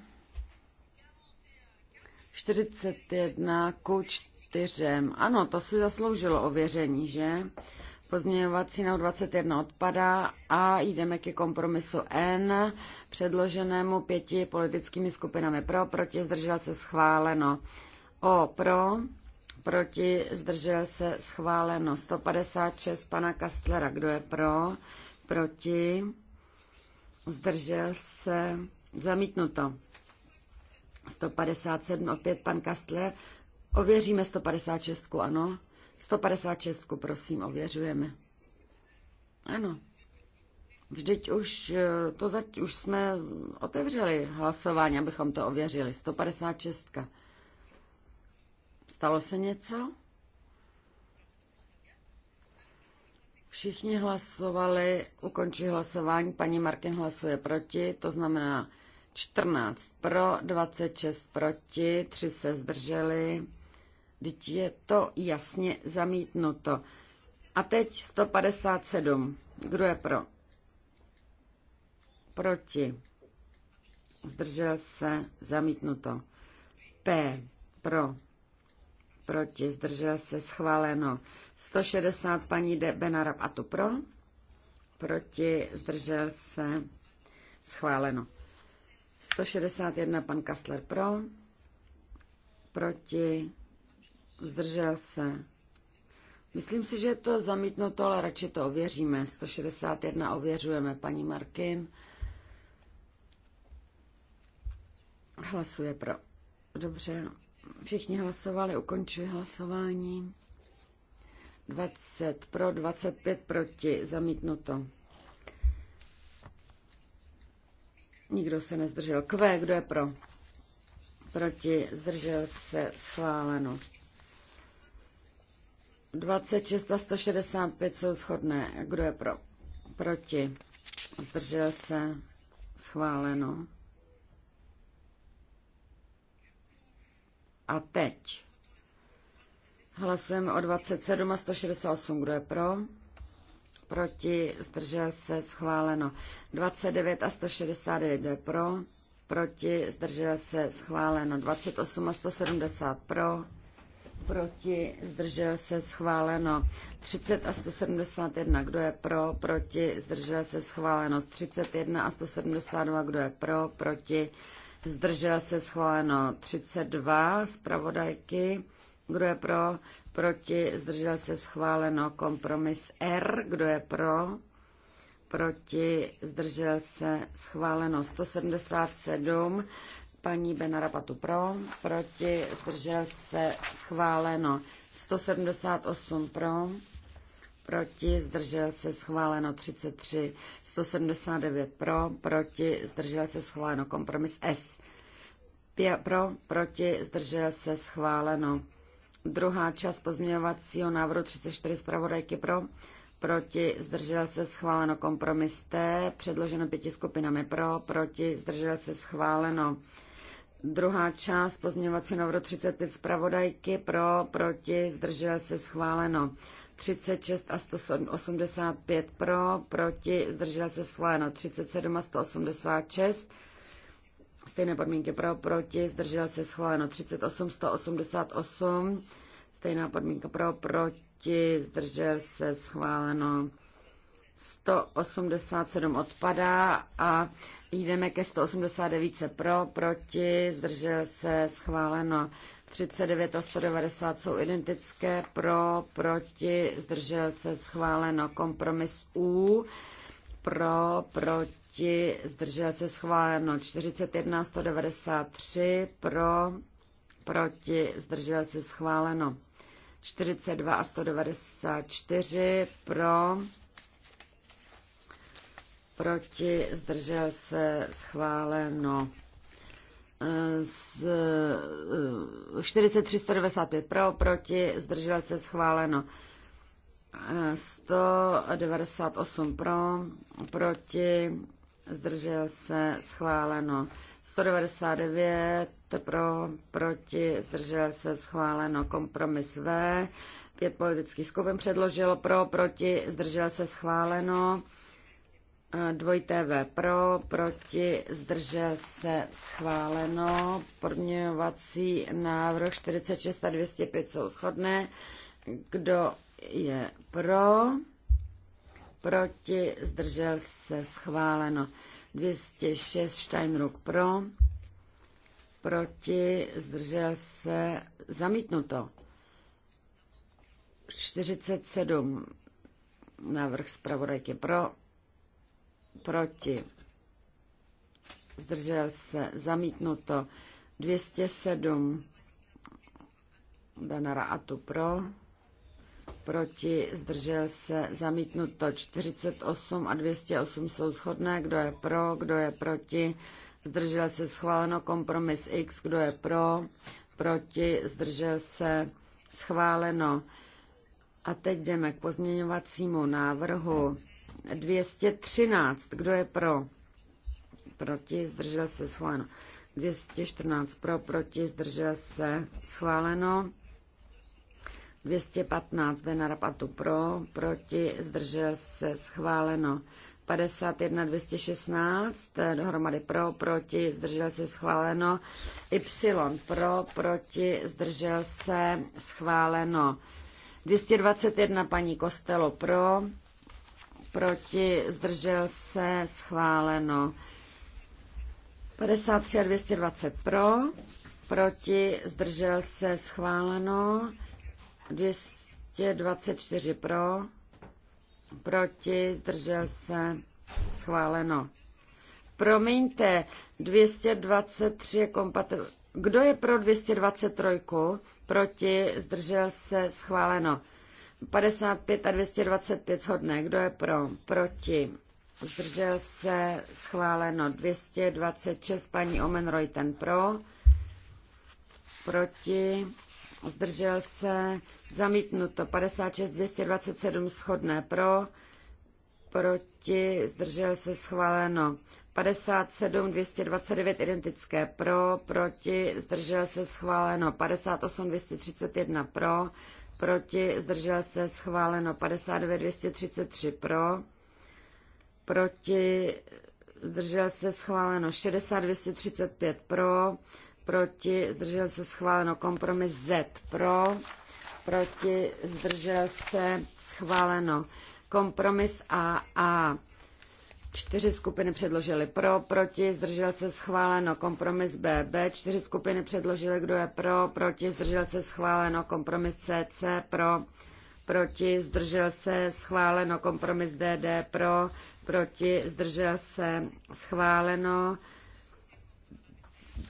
41 ku 4. Ano, to si zasloužilo ověření, že? Pozměňovací na 21 odpadá a jdeme ke kompromisu N, předloženému pěti politickými skupinami pro, proti, zdržel se schváleno. O pro, proti, zdržel se, schváleno. 156 pana Kastlera, kdo je pro, proti, zdržel se, zamítnuto. 157, opět pan Kastler. Ověříme 156, ano. 156, prosím, ověřujeme. Ano. Vždyť už, eh, to zač- už jsme otevřeli hlasování, abychom to ověřili. 156. Stalo se něco? Všichni hlasovali, ukončí hlasování, paní Martin hlasuje proti, to znamená 14 pro, 26 proti, 3 se zdrželi. Teď je to jasně zamítnuto. A teď 157. Kdo je pro? Proti. Zdržel se, zamítnuto. P. Pro proti, zdržel se, schváleno. 160 paní de Benarab a tu pro, proti, zdržel se, schváleno. 161 pan Kastler pro, proti, zdržel se. Myslím si, že je to zamítnuto, ale radši to ověříme. 161 ověřujeme paní Markin. Hlasuje pro. Dobře, no. Všichni hlasovali, ukončuji hlasování. 20 pro, 25 proti, zamítnuto. Nikdo se nezdržel. Kvé, kdo je pro? Proti, zdržel se, schváleno. 26 a 165 jsou shodné. Kdo je pro? Proti, zdržel se, schváleno. A teď hlasujeme o 27 a 168. Kdo je pro? Proti? Zdržel se? Schváleno. 29 a 169. Kdo je pro? Proti? Zdržel se? Schváleno. 28 a 170. Pro? proti, zdržel se, schváleno 30 a 171, kdo je pro, proti, zdržel se, schváleno 31 a 172, kdo je pro, proti, zdržel se schváleno 32 zpravodajky, kdo je pro, proti, zdržel se schváleno kompromis R, kdo je pro, proti, zdržel se schváleno 177, paní Benarapatu pro, proti, zdržel se schváleno 178 pro, proti, zdržel se schváleno 33, 179 pro, proti, zdržel se schváleno kompromis S. Pě, pro, proti, zdržel se schváleno. Druhá část pozměňovacího návrhu 34 zpravodajky pro, proti, zdržel se schváleno kompromis T, předloženo pěti skupinami pro, proti, zdržel se schváleno. Druhá část pozměňovacího návrhu 35 zpravodajky pro, proti, zdržel se schváleno. 36 a 185 pro, proti, zdržela se schváleno 37 a 186. Stejné podmínky pro, proti, zdržela se schváleno 38, 188. Stejná podmínka pro, proti, zdržel se schváleno 187 odpadá a jdeme ke 189 pro, proti, zdržel se schváleno 39 a 190 jsou identické, pro, proti, zdržel se schváleno kompromis U, pro, proti, zdržel se schváleno 41 193, pro, proti, zdržel se schváleno 42 a 194, pro, proti, zdržel se schváleno z 4395 pro, proti, zdržel se schváleno. 198 pro, proti, zdržel se schváleno. 199 pro, proti, zdržel se schváleno. Kompromis V, pět politických skupin předložilo pro, proti, zdržel se schváleno. Dvojité V pro, proti, zdržel se schváleno. Podměňovací návrh 46 a 205 jsou shodné. Kdo je pro? Proti, zdržel se schváleno. 206 Steinruck pro, proti, zdržel se zamítnuto. 47 návrh zpravodajky pro, proti, zdržel se, zamítnuto 207 Benara tu pro, proti, zdržel se, zamítnuto 48 a 208 jsou shodné, kdo je pro, kdo je proti, zdržel se, schváleno kompromis X, kdo je pro, proti, zdržel se, schváleno. A teď jdeme k pozměňovacímu návrhu 213. Kdo je pro? Proti, zdržel se, schváleno. 214 pro, proti, zdržel se, schváleno. 215 Benarapatu pro, proti, zdržel se, schváleno. 51 216 dohromady pro, proti, zdržel se, schváleno. Y pro, proti, zdržel se, schváleno. 221 paní Kostelo pro, proti, zdržel se, schváleno. 53 a 220 pro, proti, zdržel se, schváleno. 224 pro, proti, zdržel se, schváleno. Promiňte, 223 je kompatibilní. Kdo je pro 223? Proti, zdržel se, schváleno. 55 a 225 shodné. Kdo je pro? Proti. Zdržel se schváleno 226. Paní Omen Reuten pro. Proti. Zdržel se zamítnuto 56 227 shodné pro. Proti. Zdržel se schváleno 57 229 identické pro. Proti. Zdržel se schváleno 58 231 pro proti, zdržel se schváleno 59, 233 pro, proti, zdržel se schváleno 60, 235 pro, proti, zdržel se schváleno kompromis Z pro, proti, zdržel se schváleno kompromis AA Čtyři skupiny předložily pro, proti, zdržel se schváleno kompromis BB. Čtyři skupiny předložily, kdo je pro, proti, zdržel se schváleno kompromis CC, pro, proti, zdržel se schváleno kompromis DD, pro, proti, zdržel se schváleno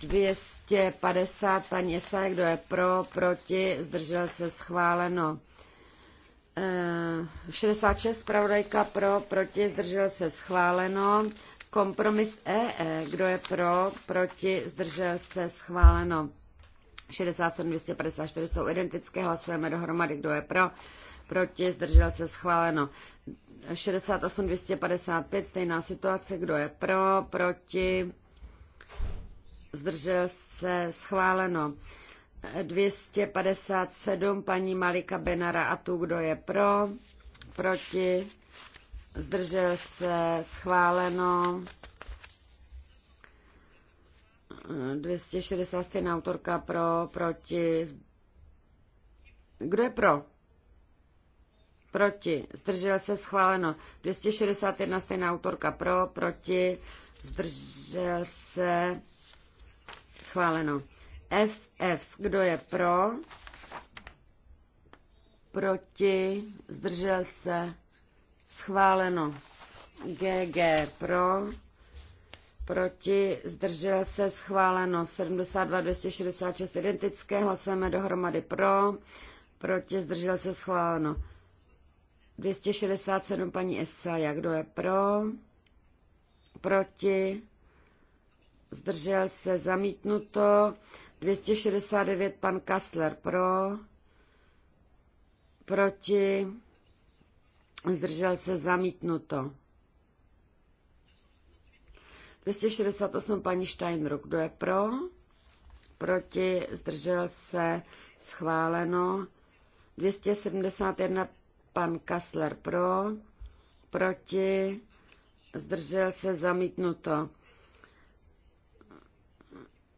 250, paní Esa, kdo je pro, proti, zdržel se schváleno 66 eh, zpravodajka pro, proti, zdržel se schváleno. Kompromis EE, e, kdo je pro, proti, zdržel se schváleno. 67, 254 jsou identické, hlasujeme dohromady, kdo je pro, proti, zdržel se schváleno. 68, 255, stejná situace, kdo je pro, proti, zdržel se schváleno. 257 paní Malika Benara a tu, kdo je pro, proti, zdržel se, schváleno. 260 autorka pro, proti. Kdo je pro? Proti. Zdržel se schváleno. 261 stejná autorka pro, proti. Zdržel se schváleno. FF. Kdo je pro? Proti? Zdržel se? Schváleno. GG pro? Proti? Zdržel se? Schváleno. 72, 266 identické. Hlasujeme dohromady pro. Proti? Zdržel se? Schváleno. 267 paní Jak Kdo je pro? Proti? Zdržel se? Zamítnuto. 269 pan Kassler pro, proti, zdržel se zamítnuto. 268 paní Steinruck, kdo je pro, proti, zdržel se schváleno. 271 pan Kassler pro, proti, zdržel se zamítnuto.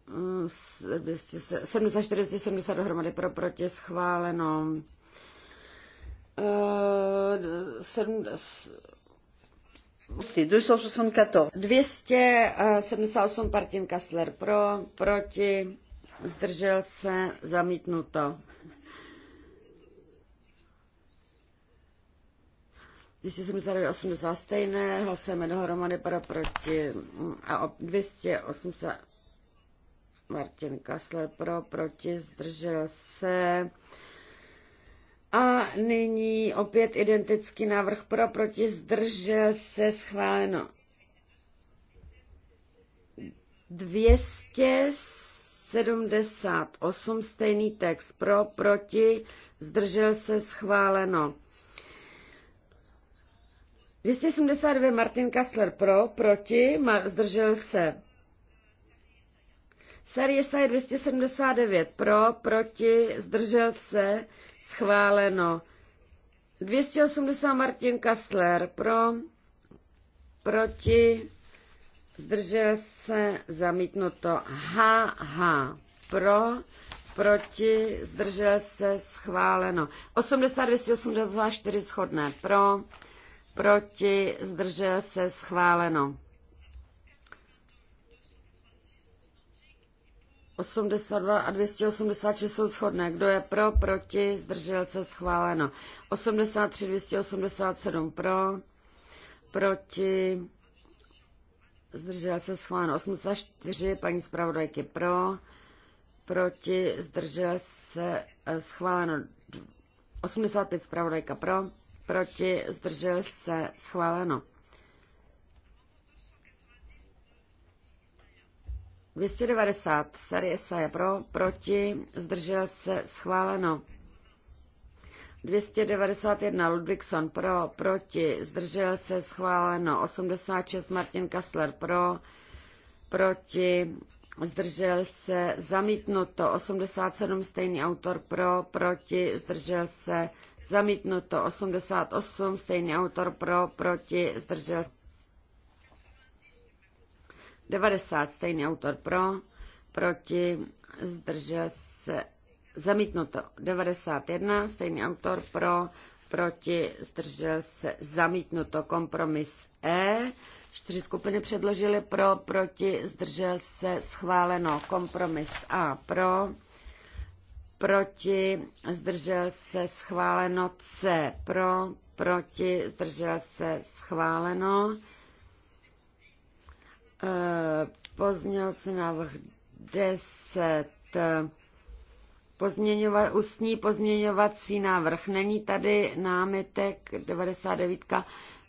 74-70 dohromady pro proti schváleno. 274. 278 Partin Kassler pro, proti, zdržel se, zamítnuto. 279 stejné, hlasujeme dohromady pro proti a 280 Martin Kassler pro, proti, zdržel se. A nyní opět identický návrh pro, proti, zdržel se, schváleno. 278, stejný text pro, proti, zdržel se, schváleno. 272 Martin Kassler pro, proti, zdržel se, Série je 279 pro, proti, zdržel se, schváleno. 280 Martin Kassler pro, proti, zdržel se, zamítnuto. HH pro, proti, zdržel se, schváleno. 80 282 shodné pro, proti, zdržel se, schváleno. 82 a 286 jsou shodné. Kdo je pro, proti, zdržel se, schváleno. 83, 287 pro, proti, zdržel se, schváleno. 84, paní zpravodajky pro, proti, zdržel se, eh, schváleno. 85, zpravodajka pro, proti, zdržel se, schváleno. 290 Sariesa je pro, proti, zdržel se, schváleno. 291 Ludvíkson pro, proti, zdržel se, schváleno. 86 Martin Kassler pro, proti, zdržel se, zamítnuto. 87 stejný autor pro, proti, zdržel se, zamítnuto. 88 stejný autor pro, proti, zdržel se 90, stejný autor pro, proti, zdržel se, zamítnuto. 91, stejný autor pro, proti, zdržel se, zamítnuto. Kompromis E, čtyři skupiny předložily pro, proti, zdržel se, schváleno. Kompromis A pro, proti, zdržel se, schváleno. C pro, proti, zdržel se, schváleno. Pozměňovací návrh 10. Pozměňova, ústní pozměňovací návrh. Není tady námitek 99,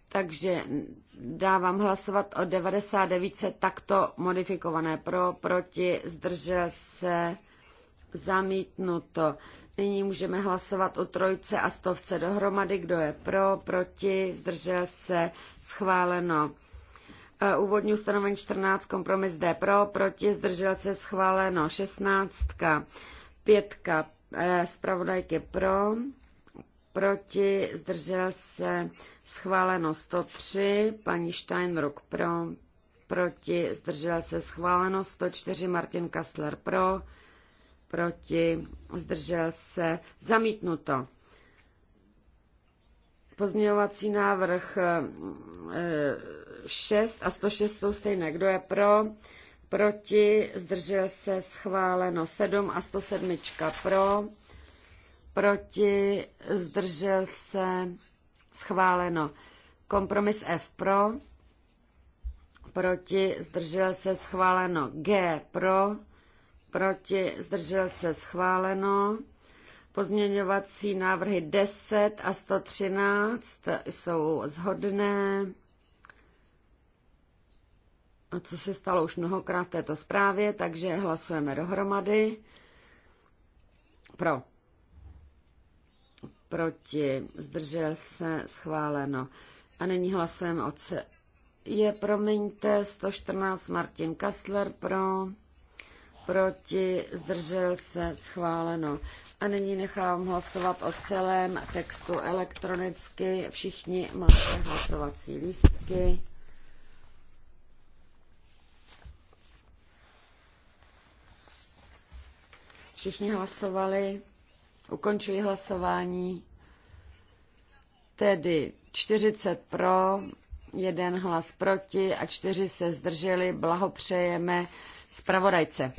takže dávám hlasovat o 99 takto modifikované pro, proti, zdržel se, zamítnuto. Nyní můžeme hlasovat o trojce a stovce dohromady, kdo je pro, proti, zdržel se, schváleno. Eh, úvodní ustanovení 14, kompromis D pro, proti, zdržel se schváleno 16, 5, eh, zpravodajky pro, proti, zdržel se schváleno 103, paní Steinruck pro, proti, zdržel se schváleno 104, Martin Kassler pro, proti, zdržel se zamítnuto. Pozměňovací návrh 6 eh, eh, a 106 jsou stejné. Kdo je pro? Proti? Zdržel se schváleno 7 a 107 pro. Proti? Zdržel se schváleno. Kompromis F pro. Proti? Zdržel se schváleno. G pro. Proti? Zdržel se schváleno. Pozměňovací návrhy 10 a 113 jsou zhodné. a Co se stalo už mnohokrát v této zprávě, takže hlasujeme dohromady. Pro. Proti. Zdržel se. Schváleno. A nyní hlasujeme o C. Je, promiňte, 114 Martin Kastler pro proti, zdržel se, schváleno. A nyní nechám hlasovat o celém textu elektronicky. Všichni máte hlasovací lístky. Všichni hlasovali. Ukončuji hlasování. Tedy 40 pro, jeden hlas proti a čtyři se zdrželi. Blahopřejeme zpravodajce.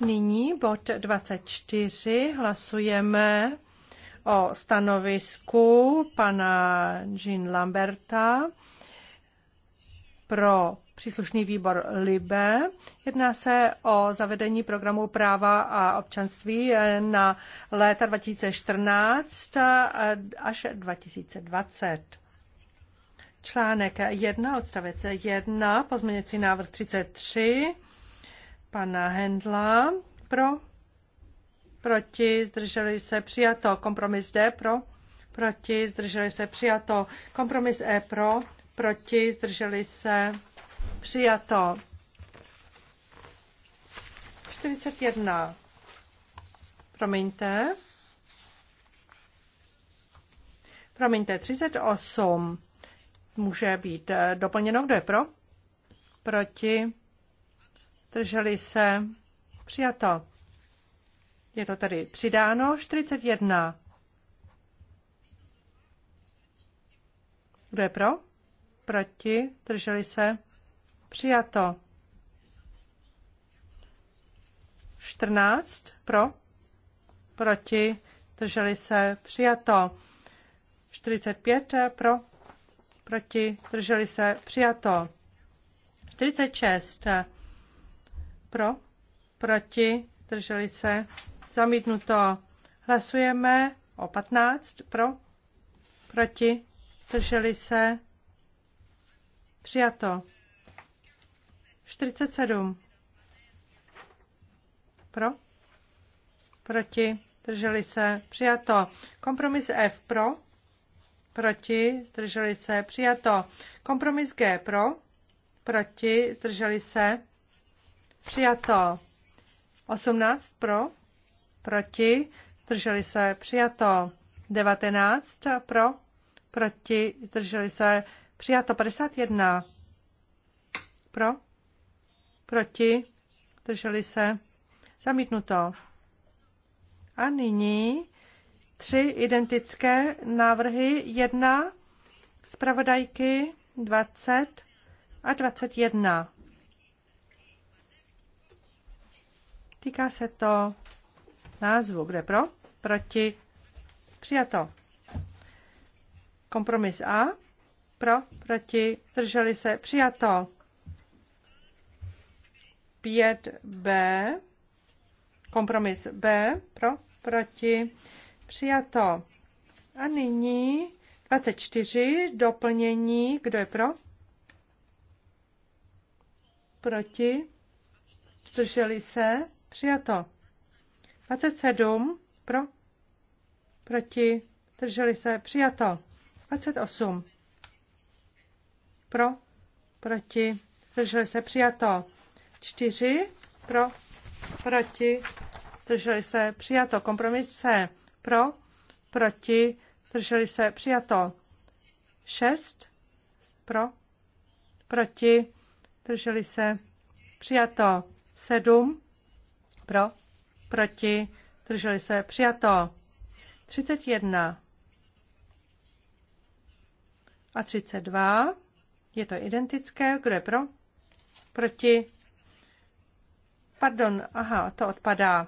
Nyní bod 24 hlasujeme o stanovisku pana Jean Lamberta pro příslušný výbor LIBE. Jedná se o zavedení programu práva a občanství na léta 2014 až 2020. Článek 1, odstavec 1, pozměněcí návrh 33 pana Hendla pro, proti, zdrželi se přijato, kompromis D pro, proti, zdrželi se přijato, kompromis E pro, proti, zdrželi se Přijato. 41. Promiňte. Promiňte, 38 může být eh, doplněno. Kdo je pro? Proti? Drželi se? Přijato. Je to tady přidáno 41. Kdo je pro? Proti? Drželi se? Přijato. 14 pro, proti, drželi se, přijato. 45 pro, proti, drželi se, přijato. 46 pro, proti, drželi se, zamítnuto. Hlasujeme o 15 pro, proti, drželi se, přijato. 47. Pro? Proti? Zdrželi se? Přijato. Kompromis F pro? Proti? Zdrželi se? Přijato. Kompromis G pro? Proti? Zdrželi se? Přijato. 18 pro? Proti? Zdrželi se? Přijato. 19 pro? Proti? Zdrželi se? Přijato. 51 pro? Proti? Drželi se? Zamítnuto. A nyní tři identické návrhy. Jedna zpravodajky 20 a 21. Týká se to názvu. Kde pro? Proti. Přijato. Kompromis A. Pro, proti, drželi se, přijato. 5b, kompromis B, pro, proti, přijato. A nyní 24, doplnění, kdo je pro? Proti, zdrželi se, přijato. 27, pro, proti, zdrželi se, přijato. 28, pro, proti, zdrželi se, přijato. 4 pro, proti, drželi se přijato. Kompromis C pro, proti, drželi se přijato. 6 pro, proti, drželi se přijato. 7 pro, proti, drželi se přijato. 31 a 32. Je to identické. Kdo je pro? Proti? Pardon, aha, to odpadá.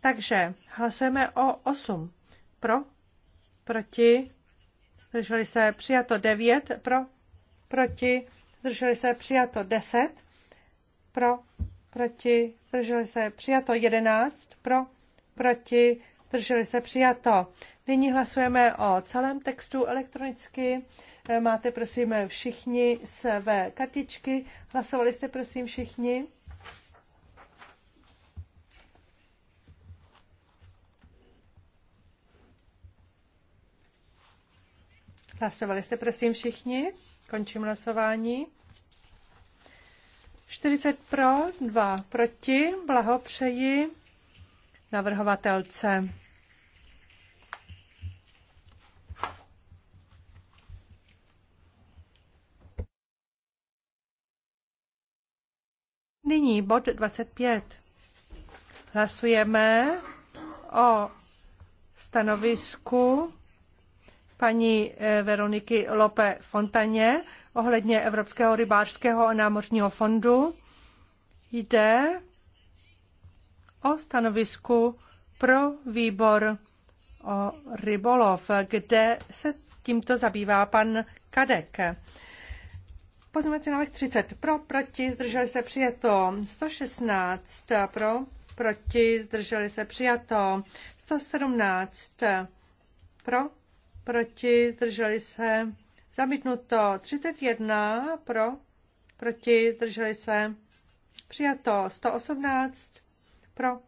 Takže hlasujeme o 8. Pro, proti, zdrželi se přijato 9, pro, proti, zdrželi se přijato 10, pro, proti, zdrželi se přijato 11, pro, proti, zdrželi se přijato. Nyní hlasujeme o celém textu elektronicky. Máte, prosím, všichni své kartičky. Hlasovali jste, prosím, všichni? Hlasovali jste prosím všichni? Končím hlasování. 40 pro, 2 proti. Blahopřeji navrhovatelce. Nyní bod 25. Hlasujeme o stanovisku paní eh, Veroniky Lope Fontaně ohledně Evropského rybářského a námořního fondu. Jde o stanovisku pro výbor o rybolov, kde se tímto zabývá pan Kadek. Pozměňovací návrh 30 pro, proti, zdrželi se přijato. 116 pro, proti, zdrželi se přijato. 117 pro, proti, zdrželi se, zamítnuto 31 pro, proti, zdrželi se, přijato 118 pro,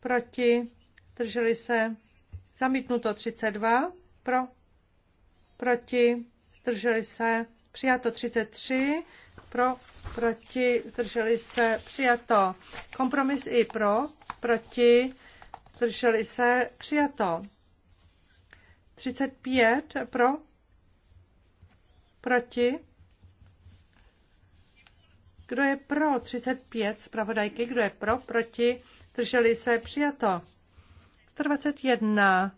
proti, zdrželi se, zamítnuto 32 pro, proti, zdrželi se, přijato 33 pro, proti, zdrželi se, přijato. Kompromis i pro, proti, zdrželi se, přijato. 35 pro, proti. Kdo je pro 35 zpravodajky, kdo je pro, proti, drželi se, přijato. 121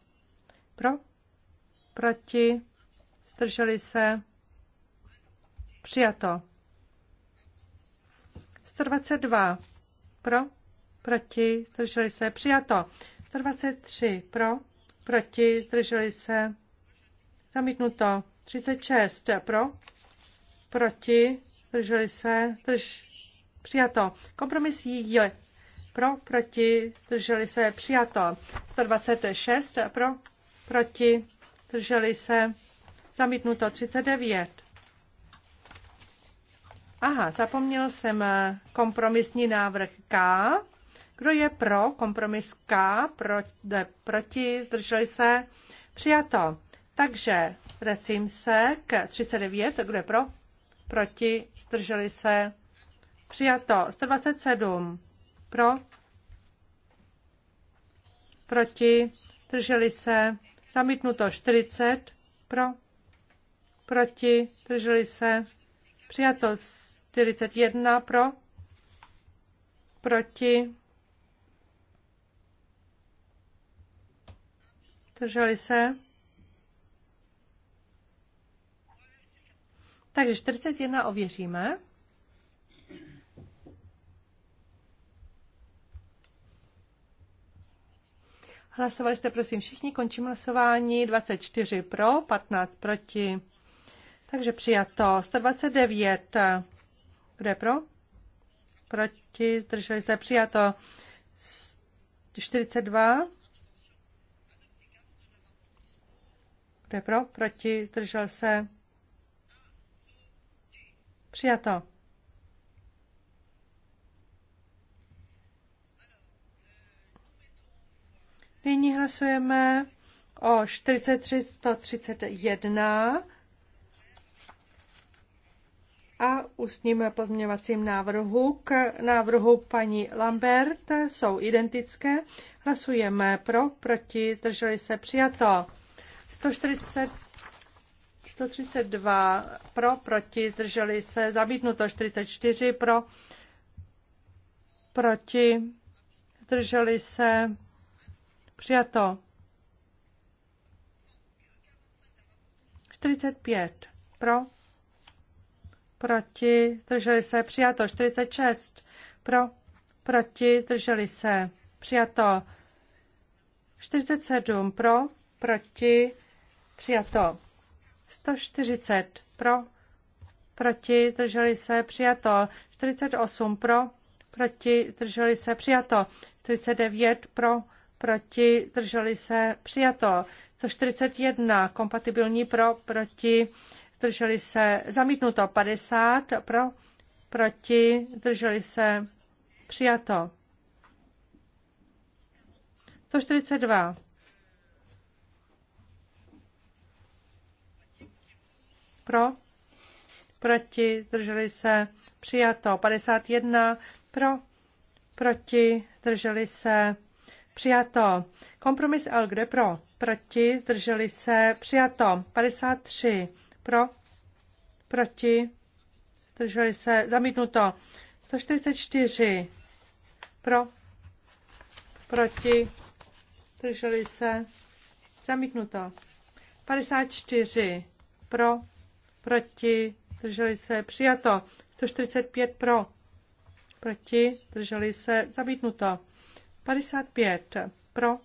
pro, proti, zdrželi se, přijato. 122 pro, proti, zdrželi se, přijato. 123 pro, proti, zdrželi se, zamítnuto. 36 pro, proti, zdrželi se, drž, přijato. Kompromis je pro, proti, zdrželi se, přijato. 126 pro, proti, zdrželi se, zamítnuto. 39. Aha, zapomněl jsem eh, kompromisní návrh K. Kdo je pro kompromis K, de, proti zdrželi se, přijato. Takže vracím se k 39, kdo je pro, proti, zdrželi se, přijato. 127, pro, proti, zdrželi se, zamítnuto 40, pro, proti, zdrželi se, přijato 41, pro, proti, Drželi se. Takže 41 ověříme. Hlasovali jste prosím všichni, končím hlasování. 24 pro, 15 proti. Takže přijato. 129. Kdo je pro? Proti, zdrželi se, přijato. 42. Kdo je pro? Proti? Zdržel se? Přijato. Nyní hlasujeme o 43131 a ústním pozměňovacím návrhu k návrhu paní Lambert jsou identické. Hlasujeme pro, proti, zdrželi se přijato. 140, 132 pro, proti, zdrželi se, zamítnuto 44 pro, proti, zdrželi se, přijato 45 pro, proti, zdrželi se, přijato 46 pro, proti, zdrželi se, přijato 47 pro, proti, přijato. 140 pro, proti, zdrželi se, přijato. 48 pro, proti, zdrželi se, přijato. 49 pro, proti, zdrželi se, přijato. 141 kompatibilní pro, proti, zdrželi se, zamítnuto. 50 pro, proti, zdrželi se, přijato. 142 pro, proti, zdrželi se, přijato 51 pro, proti, zdrželi se, přijato. Kompromis L, kde pro, proti, zdrželi se, přijato 53 pro, proti, zdrželi se, zamítnuto 144 pro, proti, zdrželi se, zamítnuto 54 pro, proti, zdrželi se, přijato. 145 pro, proti, zdrželi se, zamítnuto. 55 pro,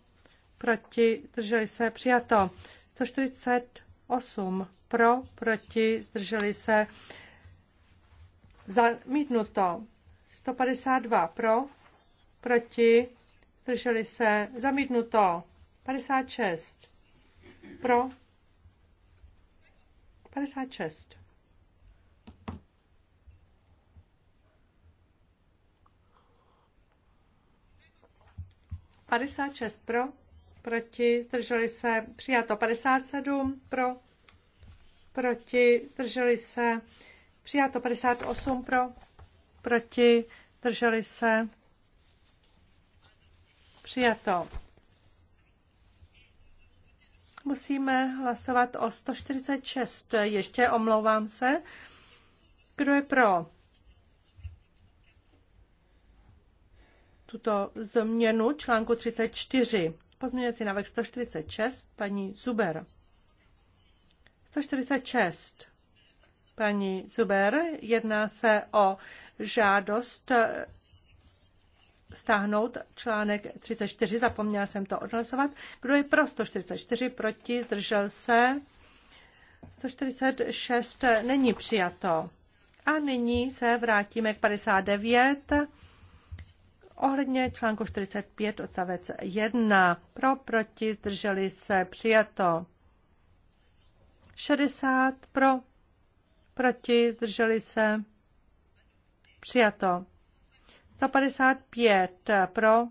proti, zdrželi se, přijato. 148 pro, proti, zdrželi se, zamítnuto. 152 pro, proti, zdrželi se, zamítnuto. 56 pro, 56. Padesát šest pro, proti, zdrželi se, přijato 57 pro, proti, zdrželi se, přijato 58 pro, proti, zdrželi se, přijato Musíme hlasovat o 146. Ještě omlouvám se. Kdo je pro? tuto změnu článku 34. Pozměňovací návrh 146, paní Zuber. 146. Paní Zuber, jedná se o žádost stáhnout článek 34, zapomněla jsem to odhlasovat. Kdo je pro 144, proti, zdržel se. 146 není přijato. A nyní se vrátíme k 59 ohledně článku 45 odstavec 1. Pro, proti, zdrželi se, přijato. 60 pro, proti, zdrželi se, přijato. 155 eh, pro,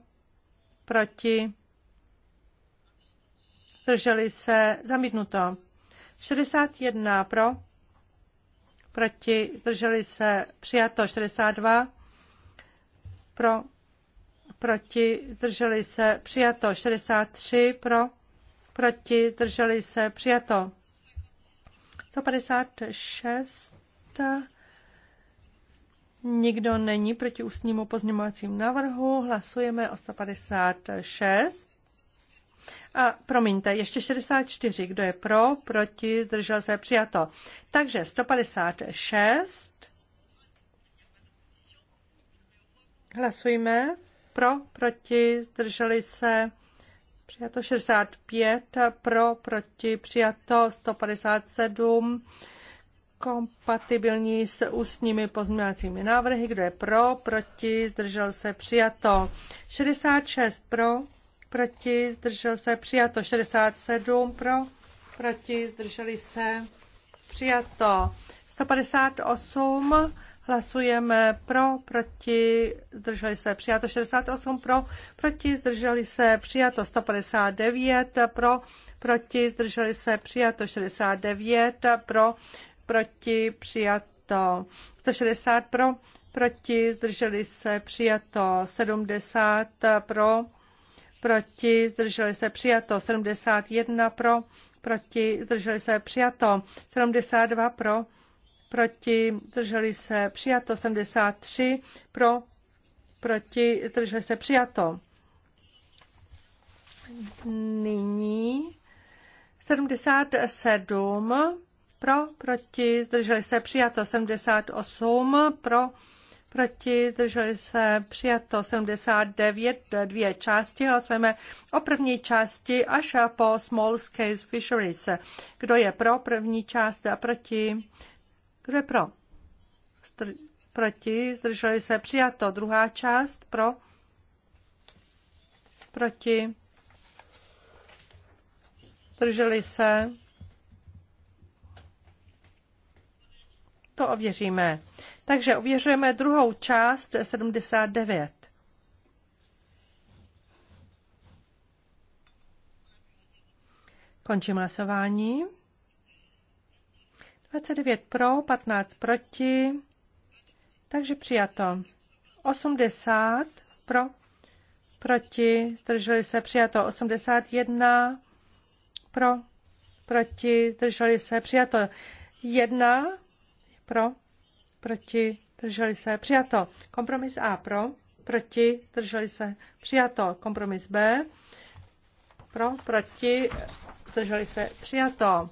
proti, zdrželi se, zamítnuto. 61 pro, proti, zdrželi se, přijato 62 pro, proti, zdrželi se, přijato 63 pro, proti, zdrželi se, přijato 156 Nikdo není proti ústnímu pozměňovacímu návrhu. Hlasujeme o 156. A promiňte, ještě 64. Kdo je pro, proti, zdržel se, přijato. Takže 156. Hlasujeme Pro, proti, zdrželi se. Přijato 65, pro, proti, přijato 157 kompatibilní s ústními pozměňovacími návrhy. Kdo je pro, proti, zdržel se, přijato. 66 pro, proti, zdržel se, přijato. 67 pro, proti, zdrželi se, přijato. 158 Hlasujeme pro, proti, zdrželi se, přijato 68 pro, proti, zdrželi se, přijato 159 pro, proti, zdrželi se, přijato 69 pro, proti, přijato. 160 pro, proti, zdrželi se, přijato. 70 pro, proti, zdrželi se, přijato. 71 pro, proti, zdrželi se, přijato. 72 pro, proti, zdrželi se, přijato. 73 pro, proti, zdrželi se, přijato. Nyní 77 pro, proti, zdrželi se přijato 78, pro, proti, zdrželi se přijato 79, dvě části. Hlasujeme o první části až po Small Scale Fisheries. Kdo je pro první část a proti? Kdo je pro? Zdr- proti, zdrželi se přijato druhá část, pro, proti, zdrželi se to ověříme. Takže ověřujeme druhou část 79. Končím hlasování. 29 pro, 15 proti. Takže přijato. 80 pro, proti, zdrželi se přijato. 81 pro, proti, zdrželi se přijato. 1 pro, proti, drželi se, přijato. Kompromis A pro, proti, drželi se, přijato. Kompromis B pro, proti, drželi se, přijato.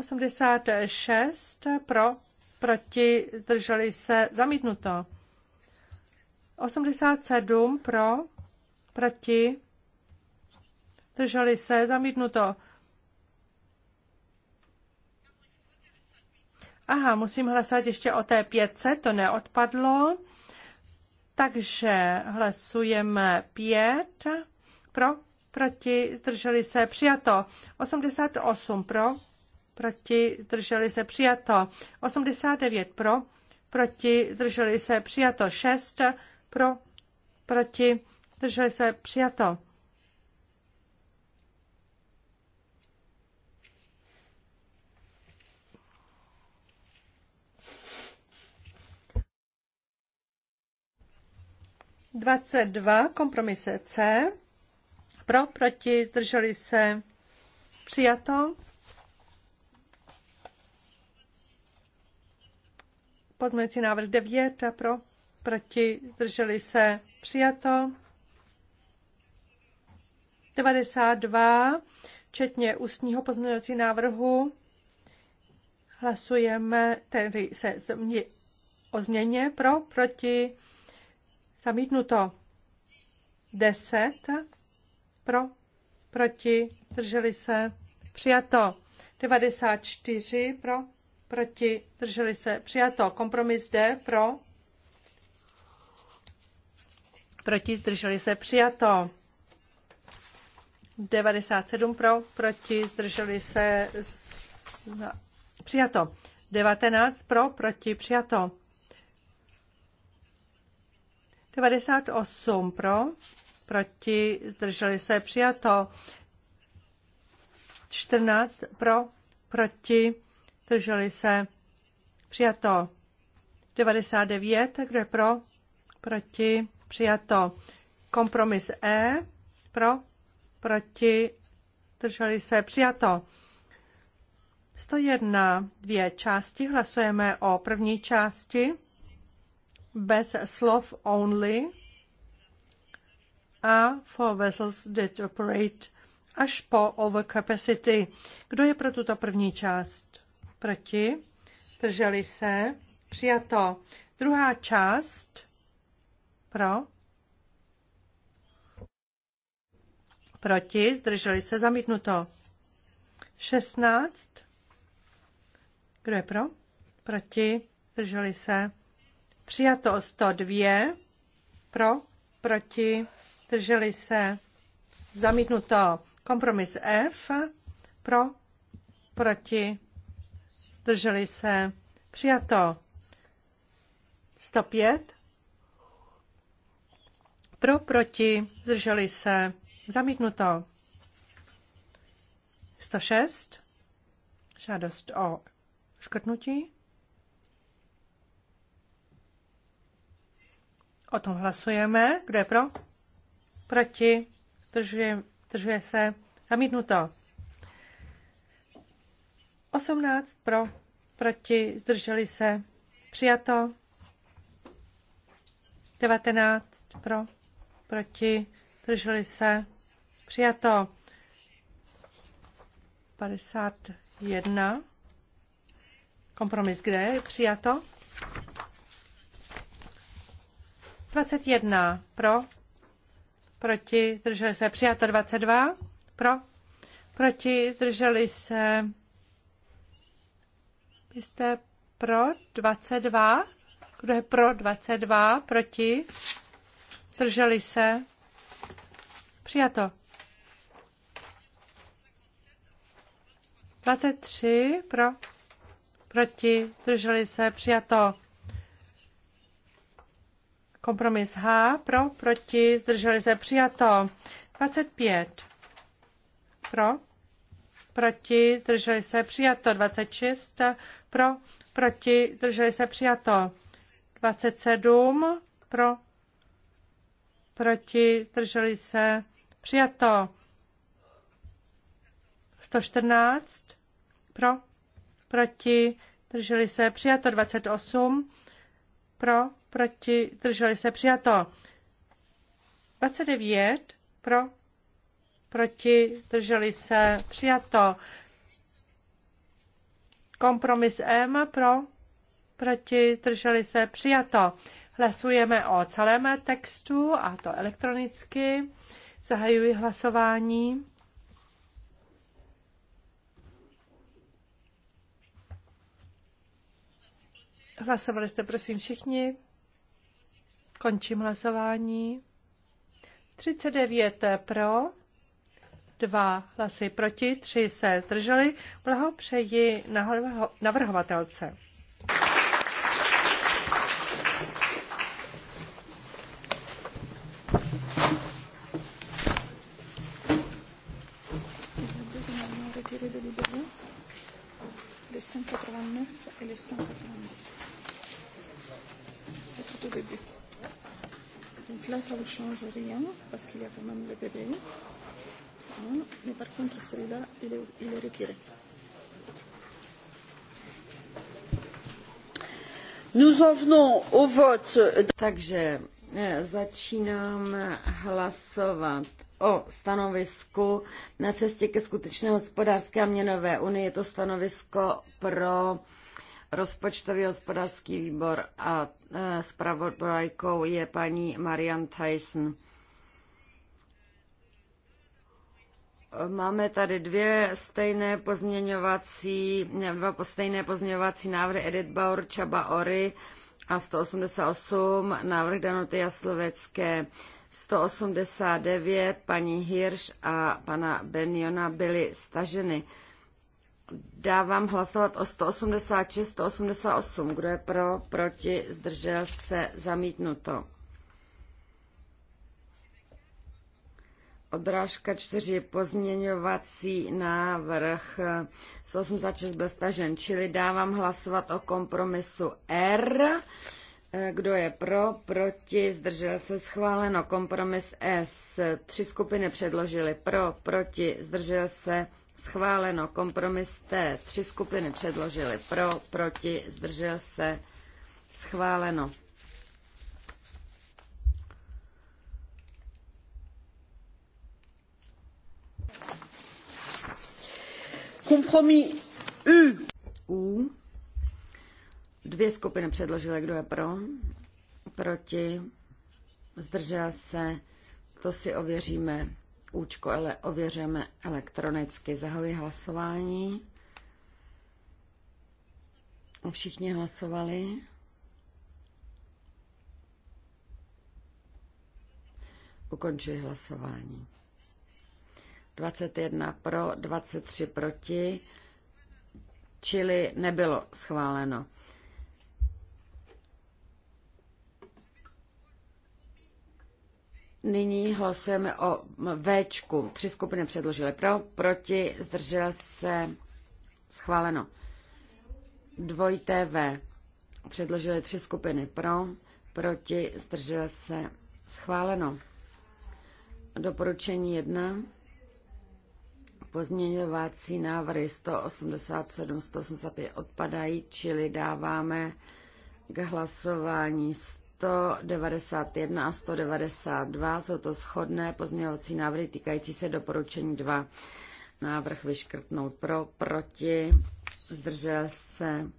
86 pro, proti, drželi se, zamítnuto. 87 pro, proti, drželi se, zamítnuto. Aha, musím hlasovat ještě o té pětce, to neodpadlo. Takže hlasujeme pět pro, proti, zdrželi se, přijato. 88 pro, proti, zdrželi se, přijato. 89 pro, proti, zdrželi se, přijato. 6 pro, proti, zdrželi se, přijato. 22 kompromise C. Pro, proti, zdrželi se, přijato. Pozměňující návrh 9 pro, proti, zdrželi se, přijato. 92, včetně ústního pozměňovacího návrhu, hlasujeme, tedy se změ, o změně pro, proti, Zamítnuto 10 pro, proti, drželi se, přijato 94 pro, proti, drželi se, přijato kompromis D pro, proti, zdrželi se, přijato 97 pro, proti, zdrželi se, přijato 19 pro, proti, přijato 98 pro, proti, zdrželi se přijato. 14 pro, proti, zdrželi se přijato. 99, kdo je pro, proti, přijato. Kompromis E, pro, proti, zdrželi se přijato. 101, dvě části, hlasujeme o první části bez slov only a for vessels that operate až po overcapacity. Kdo je pro tuto první část? Proti? Drželi se? Přijato. Druhá část? Pro? Proti? Zdrželi se? Zamítnuto. 16. Kdo je pro? Proti? Zdrželi se? Přijato 102 pro, proti, drželi se. Zamítnuto kompromis F pro, proti, drželi se. Přijato 105 pro, proti, drželi se. Zamítnuto. 106. Žádost o škrtnutí. O tom hlasujeme. Kdo je pro? Proti? Držuje, držuje se. Zamítnuto. 18 pro, proti, zdrželi se. Přijato. 19 pro, proti, zdrželi se. Přijato. 51. Kompromis kde je? Přijato. 21 pro, proti, zdrželi se, přijato 22 pro, proti, zdrželi se, vy jste pro 22, kdo je pro 22, proti, zdrželi se, přijato. 23 pro, proti, zdrželi se, přijato. Kompromis H pro, proti, zdrželi se přijato. 25 pro, proti, zdrželi se přijato. 26 pro, proti, zdrželi se přijato. 27 pro, proti, zdrželi se přijato. 114 pro, proti, zdrželi se přijato. 28 pro, proti, drželi se přijato. 29 pro, proti, drželi se přijato. Kompromis M pro, proti, drželi se přijato. Hlasujeme o celém textu a to elektronicky. Zahajuji hlasování. Hlasovali jste prosím všichni. Končím hlasování. 39 pro, 2 hlasy proti, 3 se zdrželi. Blahopřeji navrhovatelce. mange rien parce qu'il y a quand même le bébé. Hein, mais par contre, celui-là, il est, il est retiré. Nous en venons au vote. Takže eh, začínám hlasovat o stanovisku na cestě ke skutečné hospodářské a měnové unii. Je to stanovisko pro Rozpočtový hospodářský výbor a e, zpravodajkou je paní Marian Tyson. Máme tady dvě stejné pozměňovací, dva stejné pozměňovací návrhy Edith Bauer, Čaba Ory a 188, návrh Danuty Jaslovecké. 189 paní Hirš a pana Benjona byly staženy dávám hlasovat o 186, 188. Kdo je pro, proti, zdržel se, zamítnuto. Odrážka 4, pozměňovací návrh 186 byl stažen, čili dávám hlasovat o kompromisu R. Kdo je pro, proti, zdržel se, schváleno. Kompromis S. Tři skupiny předložily pro, proti, zdržel se, Schváleno kompromis T. Tři skupiny předložily pro, proti, zdržel se. Schváleno. Kompromis U. U. Dvě skupiny předložily, kdo je pro, proti, zdržel se. To si ověříme účko ale ověřujeme elektronicky. Zahajuji hlasování. Všichni hlasovali. Ukončuji hlasování. 21 pro, 23 proti, čili nebylo schváleno. Nyní hlasujeme o Včku. Tři skupiny předložily pro, proti, zdržel se, schváleno. Dvojité V. Předložili tři skupiny pro, proti, zdržel se, schváleno. Doporučení 1. Pozměňovací návrhy 187, 185 odpadají, čili dáváme k hlasování 100. 191 a 192 jsou to shodné pozměňovací návrhy týkající se doporučení 2. Návrh vyškrtnout pro, proti, zdržel se.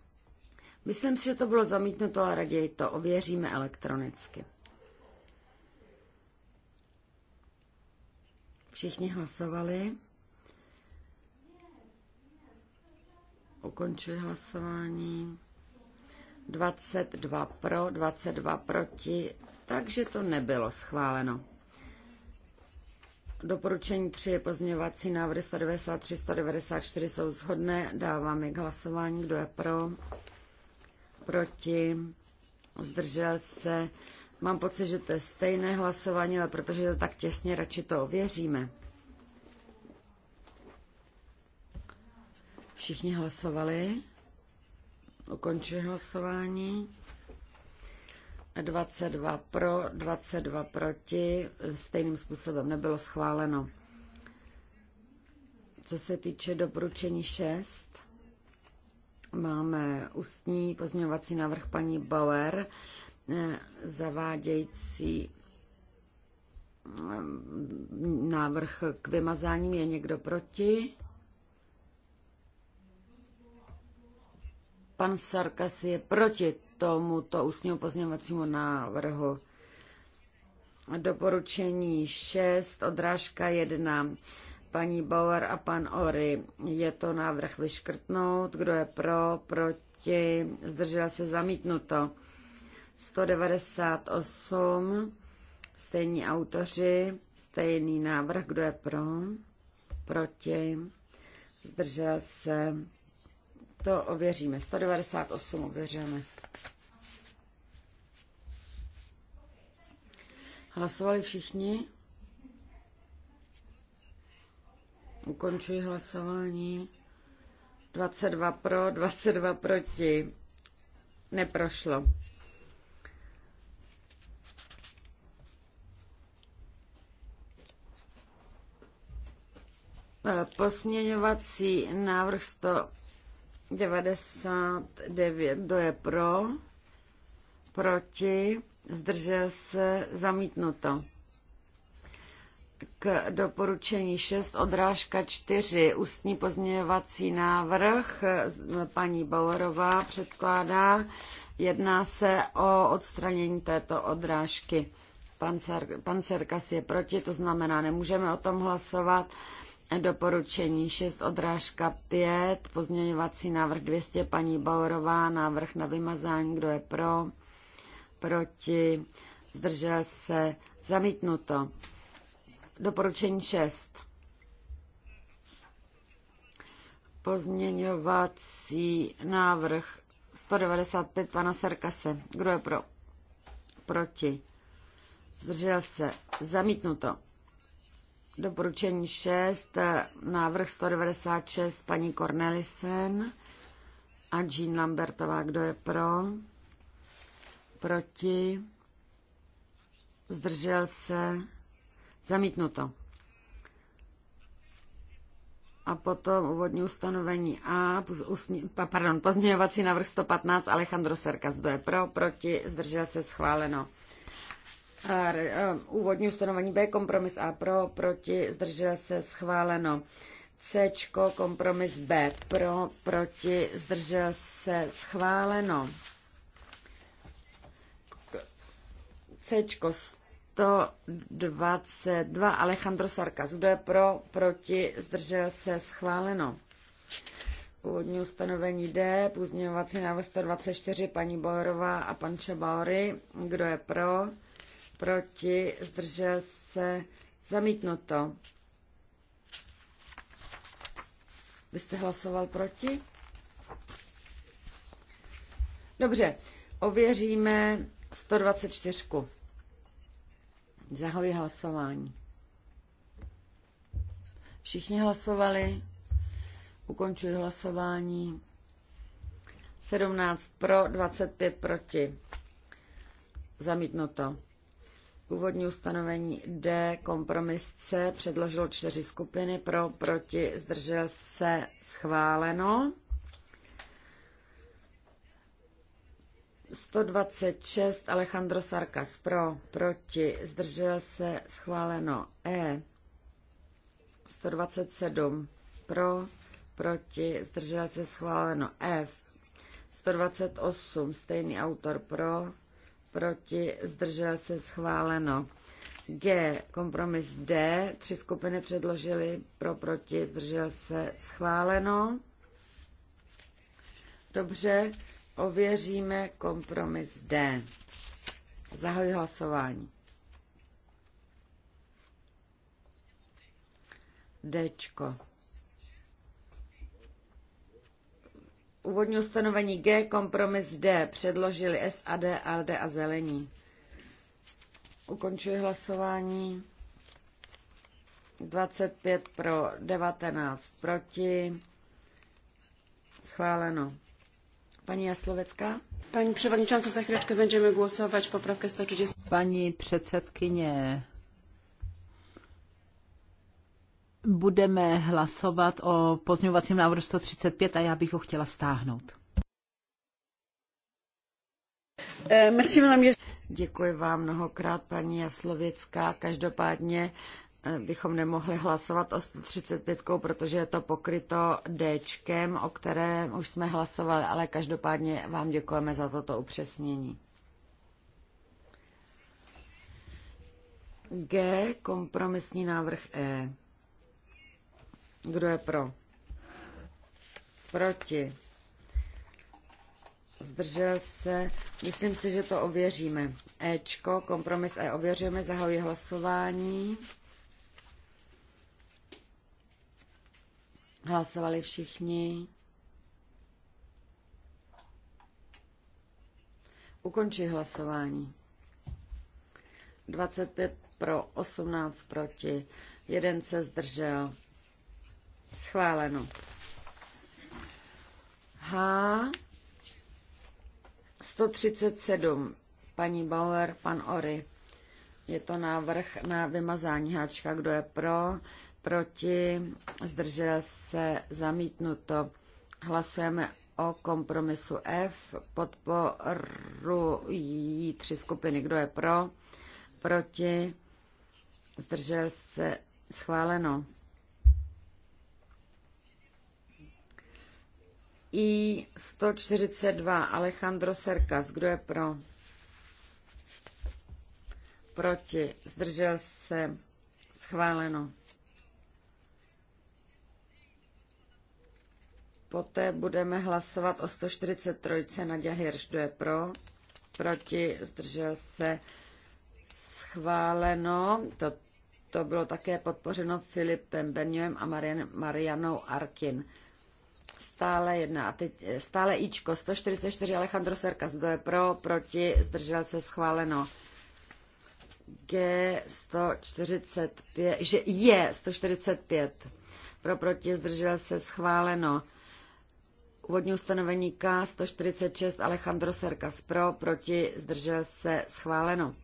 Myslím si, že to bylo zamítnuto, ale raději to ověříme elektronicky. Všichni hlasovali. Ukončuji hlasování. 22 pro, 22 proti, takže to nebylo schváleno. Doporučení 3 je pozměňovací návrhy 193, 194 jsou shodné. Dáváme k hlasování, kdo je pro, proti, zdržel se. Mám pocit, že to je stejné hlasování, ale protože je to tak těsně, radši to ověříme. Všichni hlasovali. Ukončuji hlasování. 22 pro, 22 proti. Stejným způsobem nebylo schváleno. Co se týče doporučení 6, máme ústní pozměňovací návrh paní Bauer, eh, zavádějící eh, návrh k vymazání Je někdo proti? Pan Sarkas je proti tomuto ústnímu pozměňovacímu návrhu. Doporučení 6, odrážka 1. Paní Bauer a pan Ory. Je to návrh vyškrtnout. Kdo je pro, proti, zdržel se zamítnuto. 198, stejní autoři, stejný návrh. Kdo je pro, proti, zdržel se to ověříme. 198 ověříme. Hlasovali všichni? Ukončuji hlasování. 22 pro, 22 proti. Neprošlo. Posměňovací návrh 100. 99. Kdo je pro? Proti? Zdržel se? Zamítnuto. K doporučení 6 odrážka 4 ústní pozměňovací návrh paní Bauerová předkládá. Jedná se o odstranění této odrážky. Pan, pan Serkas je proti, to znamená, nemůžeme o tom hlasovat. Doporučení 6, odrážka 5, pozměňovací návrh 200, paní Baurová, návrh na vymazání, kdo je pro, proti, zdržel se, zamítnuto. Doporučení 6. Pozměňovací návrh 195 pana Serkase. Kdo je pro? Proti. Zdržel se. Zamítnuto. Doporučení 6, návrh 196, paní Cornelisen a Jean Lambertová. Kdo je pro? Proti? Zdržel se? Zamítnuto. A potom úvodní ustanovení A, usní, pardon, pozměňovací návrh 115, Alejandro Serkas, kdo je pro, proti, zdržel se, schváleno. A, úvodní ustanovení B, kompromis A pro, proti, zdržel se, schváleno. C, kompromis B pro, proti, zdržel se, schváleno. C, 122, Alejandro Sarkas. Kdo je pro, proti, zdržel se, schváleno. Původní ustanovení D, pozměňovací návrh 124, paní Bojerová a pan Čebaury, Kdo je pro? proti, zdržel se, zamítnuto. Vy jste hlasoval proti? Dobře, ověříme 124. Zahoji hlasování. Všichni hlasovali. Ukončuji hlasování. 17 pro, 25 proti. Zamítnuto. Úvodní ustanovení D, kompromis C, předložilo čtyři skupiny pro, proti, zdržel se, schváleno. 126 Alejandro Sarkas pro, proti, zdržel se, schváleno E. 127 pro, proti, zdržel se, schváleno F. 128 stejný autor pro, proti, zdržel se schváleno. G, kompromis D, tři skupiny předložily pro, proti, zdržel se schváleno. Dobře, ověříme kompromis D. Zahoj hlasování. Dčko. Úvodní ustanovení G, kompromis D, předložili SAD, ALD a Zelení. Ukončuji hlasování. 25 pro, 19 proti. Schváleno. Paní Jaslovecká? Paní předsedkyně, za chvíličku budeme hlasovat popravka 130. Paní předsedkyně, budeme hlasovat o pozměňovacím návrhu 135 a já bych ho chtěla stáhnout. Eh, Děkuji vám mnohokrát, paní Jaslověcká. Každopádně eh, bychom nemohli hlasovat o 135, protože je to pokryto D, o kterém už jsme hlasovali, ale každopádně vám děkujeme za toto upřesnění. G, kompromisní návrh E. Kdo je pro? Proti. Zdržel se. Myslím si, že to ověříme. Ečko, kompromis E ověřujeme, zahajuji hlasování. Hlasovali všichni. Ukončí hlasování. 25 pro, 18 proti, jeden se zdržel. Schváleno. H. 137. Paní Bauer, pan Ory. Je to návrh na vymazání háčka. Kdo je pro? Proti? Zdržel se? Zamítnuto. Hlasujeme o kompromisu F. Podporují tři skupiny. Kdo je pro? Proti? Zdržel se? Schváleno. I 142 Alejandro Serkas, kdo je pro? Proti, zdržel se, schváleno. Poté budeme hlasovat o 143 Nadia Hirš, kdo je pro? Proti, zdržel se, schváleno. To, to bylo také podpořeno Filipem Benjoem a Marianou Arkin stále jedna. A teď eh, stále Ičko, 144 Alejandro Serkas, kdo je pro, proti, zdržel se schváleno. G 145, že je 145, pro, proti, zdržel se schváleno. Úvodní ustanovení K 146 Alejandro Serkas pro, proti, zdržel se schváleno.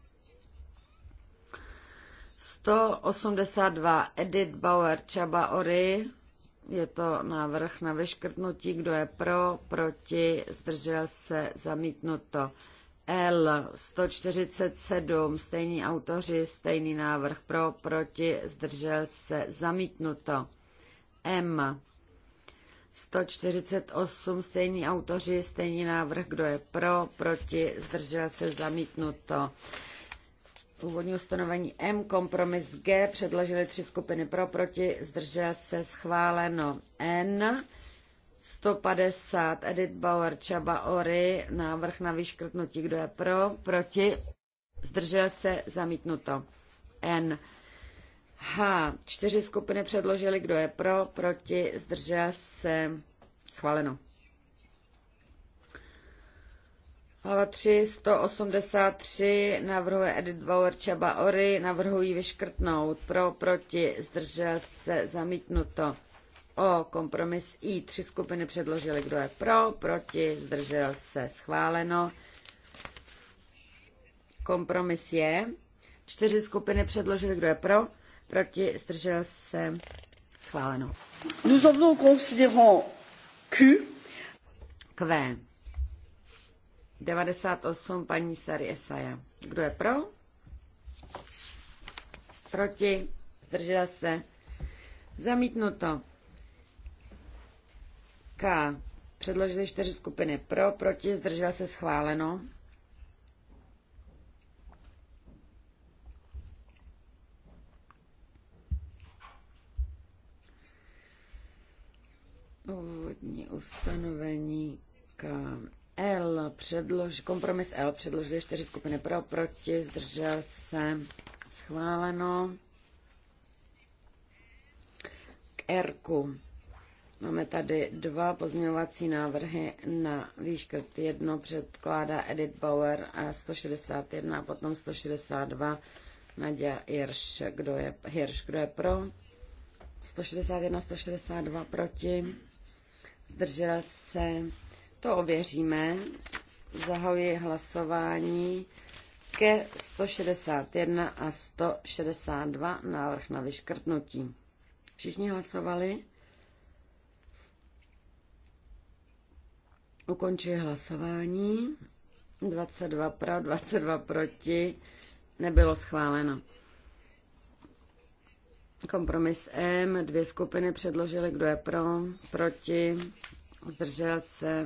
182 Edith Bauer Čaba Ory je to návrh na vyškrtnutí, kdo je pro, proti, zdržel se, zamítnuto. L 147, stejní autoři, stejný návrh pro, proti, zdržel se, zamítnuto. M 148, stejní autoři, stejný návrh, kdo je pro, proti, zdržel se, zamítnuto. Původní ustanovení M, kompromis G, předložili tři skupiny pro, proti, zdržel se schváleno N, 150, Edith Bauer, Čaba Ory, návrh na vyškrtnutí, kdo je pro, proti, zdržel se zamítnuto N. H. Čtyři skupiny předložili, kdo je pro, proti, zdržel se schváleno. Hlava 3, 183, navrhuje Edith Bauer Čaba Ory, navrhují vyškrtnout. Pro, proti, zdržel se, zamítnuto. O kompromis I tři skupiny předložily, kdo je pro, proti, zdržel se, schváleno. Kompromis je. Čtyři skupiny předložily, kdo je pro, proti, zdržel se, schváleno. Nous en venons considérant Q. Q. 98 paní Sary Esaja. Kdo je pro? Proti? Zdržela se? Zamítnuto. K. Předložili čtyři skupiny pro, proti, zdržela se schváleno. Úvodní ustanovení k L předlož, kompromis L předložili čtyři skupiny pro, proti, zdržel se, schváleno. K R. -ku. Máme tady dva pozměňovací návrhy na výškrt. Jedno předkládá Edith Bauer a 161 a potom 162 Nadia Hirsch. Kdo je, Hirsch, kdo je pro? 161, 162 proti. Zdržel se to ověříme. Zahajuji hlasování ke 161 a 162 návrh na vyškrtnutí. Všichni hlasovali? Ukončuji hlasování. 22 pro, 22 proti. Nebylo schváleno. Kompromis M. Dvě skupiny předložily, kdo je pro, proti, zdržel se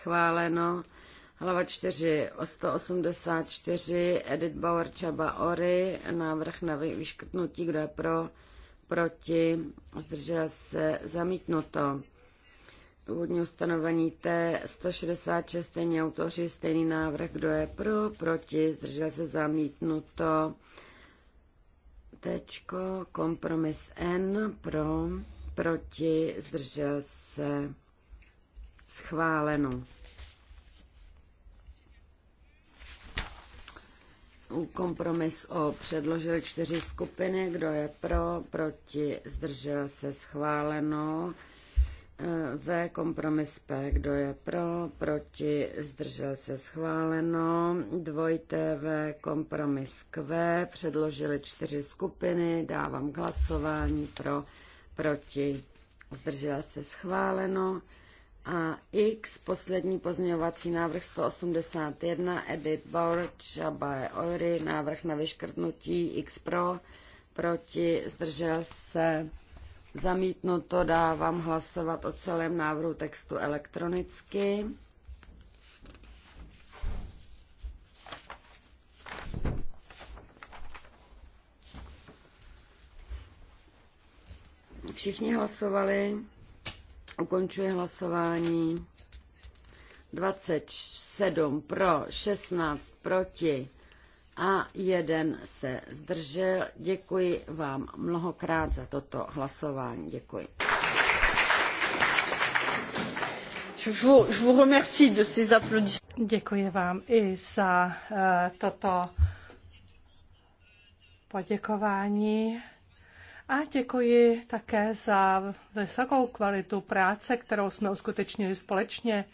schváleno. Hlava 4, 184, Edith Bauer, Čaba Ory, návrh na vyškrtnutí, kdo je pro, proti, zdržel se, zamítnuto. Původní ustanovení T, 166, stejní autoři, stejný návrh, kdo je pro, proti, zdržel se, zamítnuto. Tečko, kompromis N, pro, proti, zdržel se, Schváleno. kompromis o předložili čtyři skupiny, kdo je pro, proti, zdržel se schváleno. Eh, v kompromis P, kdo je pro, proti, zdržel se schváleno. Dvojité V kompromis Q, předložili čtyři skupiny, dávám hlasování pro, proti, zdržel se schváleno. A X, poslední pozměňovací návrh 181, Edit Bauer, Čabae Ory, návrh na vyškrtnutí X pro, proti, zdržel se, zamítnuto, dávám hlasovat o celém návrhu textu elektronicky. Všichni hlasovali. Ukončuji hlasování. 27 pro, 16 proti a jeden se zdržel. Děkuji vám mnohokrát za toto hlasování. Děkuji. Děkuji vám i za eh, toto poděkování. A děkuji také za vysokou kvalitu práce, kterou jsme uskutečnili společně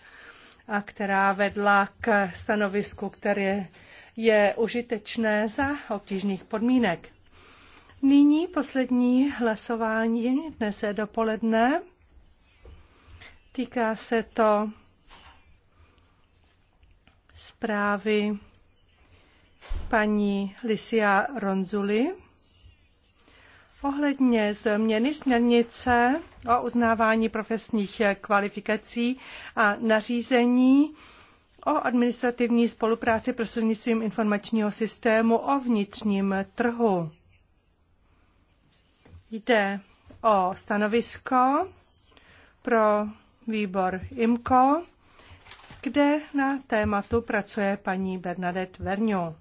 a která vedla k stanovisku, které je užitečné za obtížných podmínek. Nyní poslední hlasování dnes dopoledne. Týká se to zprávy paní Lisia Ronzuli. Ohledně změny směrnice o uznávání profesních kvalifikací a nařízení o administrativní spolupráci prostřednictvím informačního systému o vnitřním trhu. Jde o stanovisko pro výbor IMCO, kde na tématu pracuje paní Bernadette Verňo.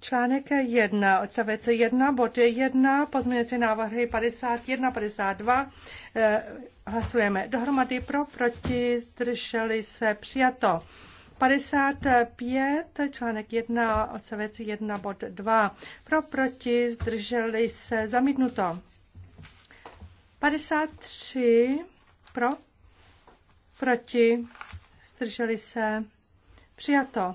Článek 1, odstavec 1, bod 1, pozměňující návrhy 51, 52. Eh, Hlasujeme dohromady pro, proti, zdrželi se, přijato. 55, článek 1, odstavec 1, bod 2. Pro, proti, zdrželi se, zamítnuto. 53, pro, proti, zdrželi se, přijato.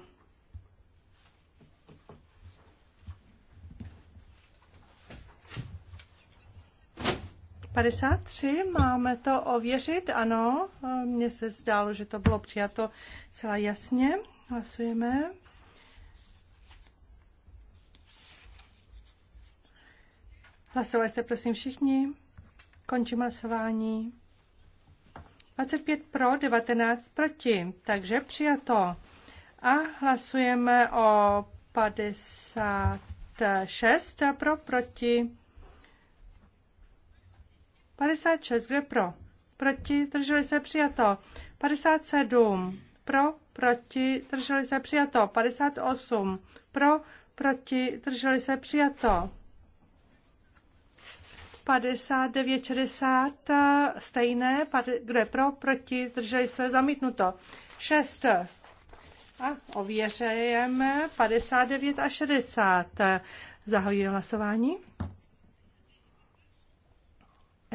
53, máme to ověřit, ano. Eh, mně se zdálo, že to bylo přijato celá jasně. Hlasujeme. Hlasovali jste prosím všichni. Končím hlasování. 25 pro, 19 proti, takže přijato. A hlasujeme o 56 pro, proti. 56, kdo je pro? Proti, drželi se přijato. 57, pro, proti, drželi se přijato. 58, pro, proti, drželi se přijato. 59, 60, eh, stejné, kdo je pro, proti, drželi se zamítnuto. 6, a ověřejeme 59 a 60. Zahajuji hlasování.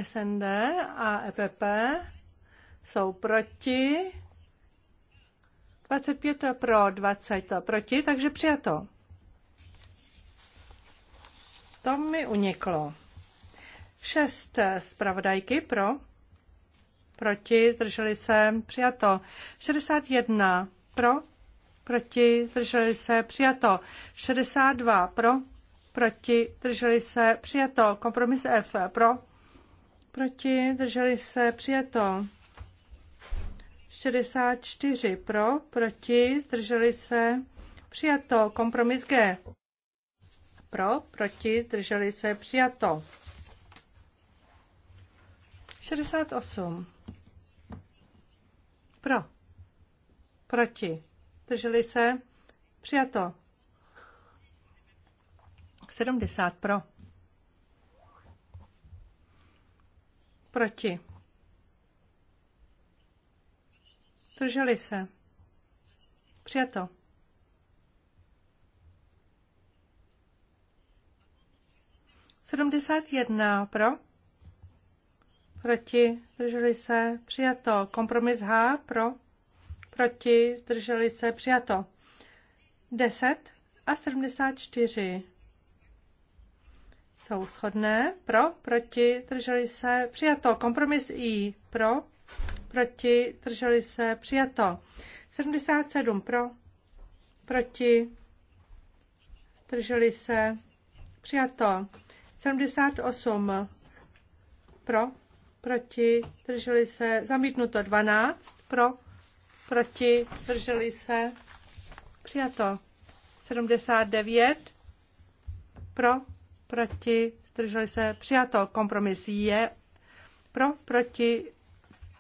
SND a EPP jsou proti. 25 pro, 20 proti, takže přijato. To mi uniklo. 6 zpravodajky pro, proti, zdrželi se, přijato. 61 pro, proti, zdrželi se, přijato. 62 pro, proti, zdrželi se, přijato. Kompromis F pro, proti, drželi se, přijato. 64 pro, proti, zdrželi se, přijato. Kompromis G. Pro, proti, zdrželi se, přijato. 68. Pro, proti, zdrželi se, přijato. 70 pro Proti. Drželi se. Přijato. Sedmdesát jedna pro. Proti. Zdrželi se. Přijato. Kompromis H pro. Proti. Zdrželi se. Přijato. Deset a sedmdesát čtyři jsou shodné. Pro, proti, drželi se, přijato. Kompromis I. Pro, proti, drželi se, přijato. 77 pro, proti, drželi se, přijato. 78 pro, proti, drželi se, zamítnuto 12 pro, proti, drželi se, přijato. 79 pro, proti, zdrželi se, přijato. Kompromis je pro, proti,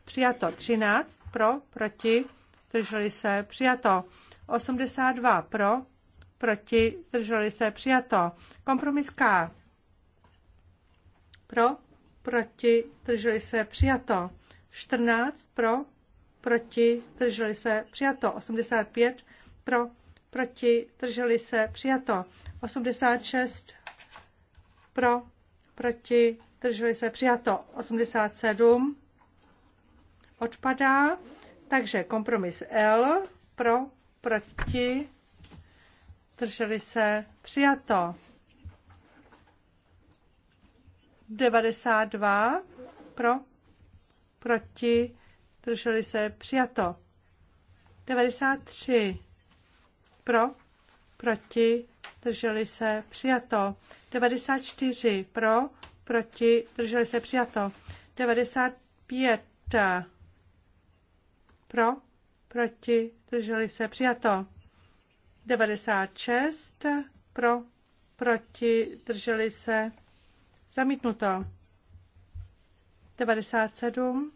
přijato. 13 pro, proti, zdrželi se, přijato. 82 pro, proti, zdrželi se, přijato. Kompromis K. Pro, proti, zdrželi se, přijato. 14 pro, proti, zdrželi se, přijato. 85 pro, proti, zdrželi se, přijato. 86 pro, proti, drželi se přijato 87, odpadá, takže kompromis L, pro, proti, drželi se přijato 92, pro, proti, drželi se přijato 93, pro, proti, drželi se, přijato. 94 pro, proti, drželi se, přijato. 95 eh, pro, proti, drželi se, přijato. 96 eh, pro, proti, drželi se, zamítnuto. 97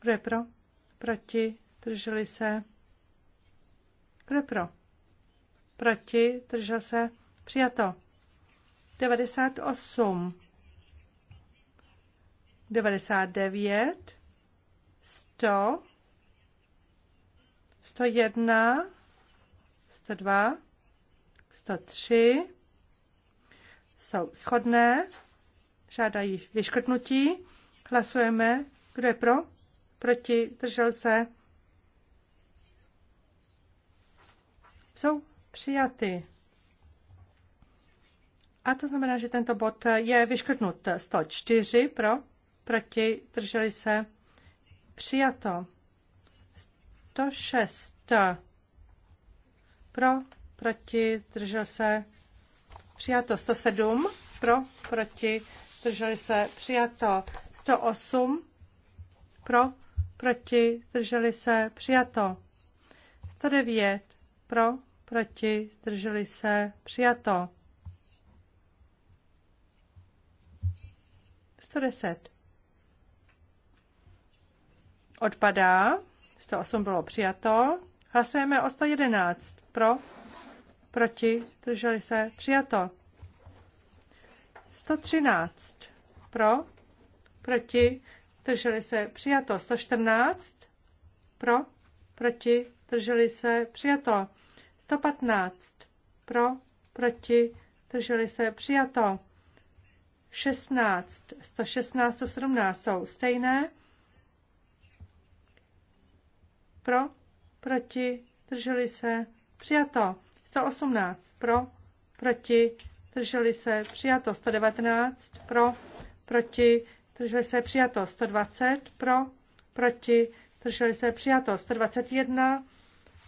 kdo je pro? Proti? Drželi se? Kdo je pro? Proti? Držel se? Přijato. 98. 99. 100. 101. 102. 103. Jsou shodné. Žádají vyškrtnutí. Hlasujeme. Kdo je pro? Proti? Držel se? jsou přijaty. A to znamená, že tento bod je vyškrtnut 104 pro, proti, drželi se, přijato. 106 pro, proti, držel se, přijato. 107 pro, proti, drželi se, přijato. 108 pro, proti, drželi se, přijato. 109 pro, proti, zdrželi se, přijato. 110. Odpadá. 108 bylo přijato. Hlasujeme o 111. Pro, proti, zdrželi se, přijato. 113. Pro, proti, zdrželi se, přijato. 114. Pro, proti, zdrželi se, přijato. 115 pro, proti, drželi se, přijato. 16, 116, 117 jsou stejné. Pro, proti, drželi se, přijato. 118 pro, proti, drželi se, přijato. 119 pro, proti, drželi se, přijato. 120 pro, proti, drželi se, přijato. 121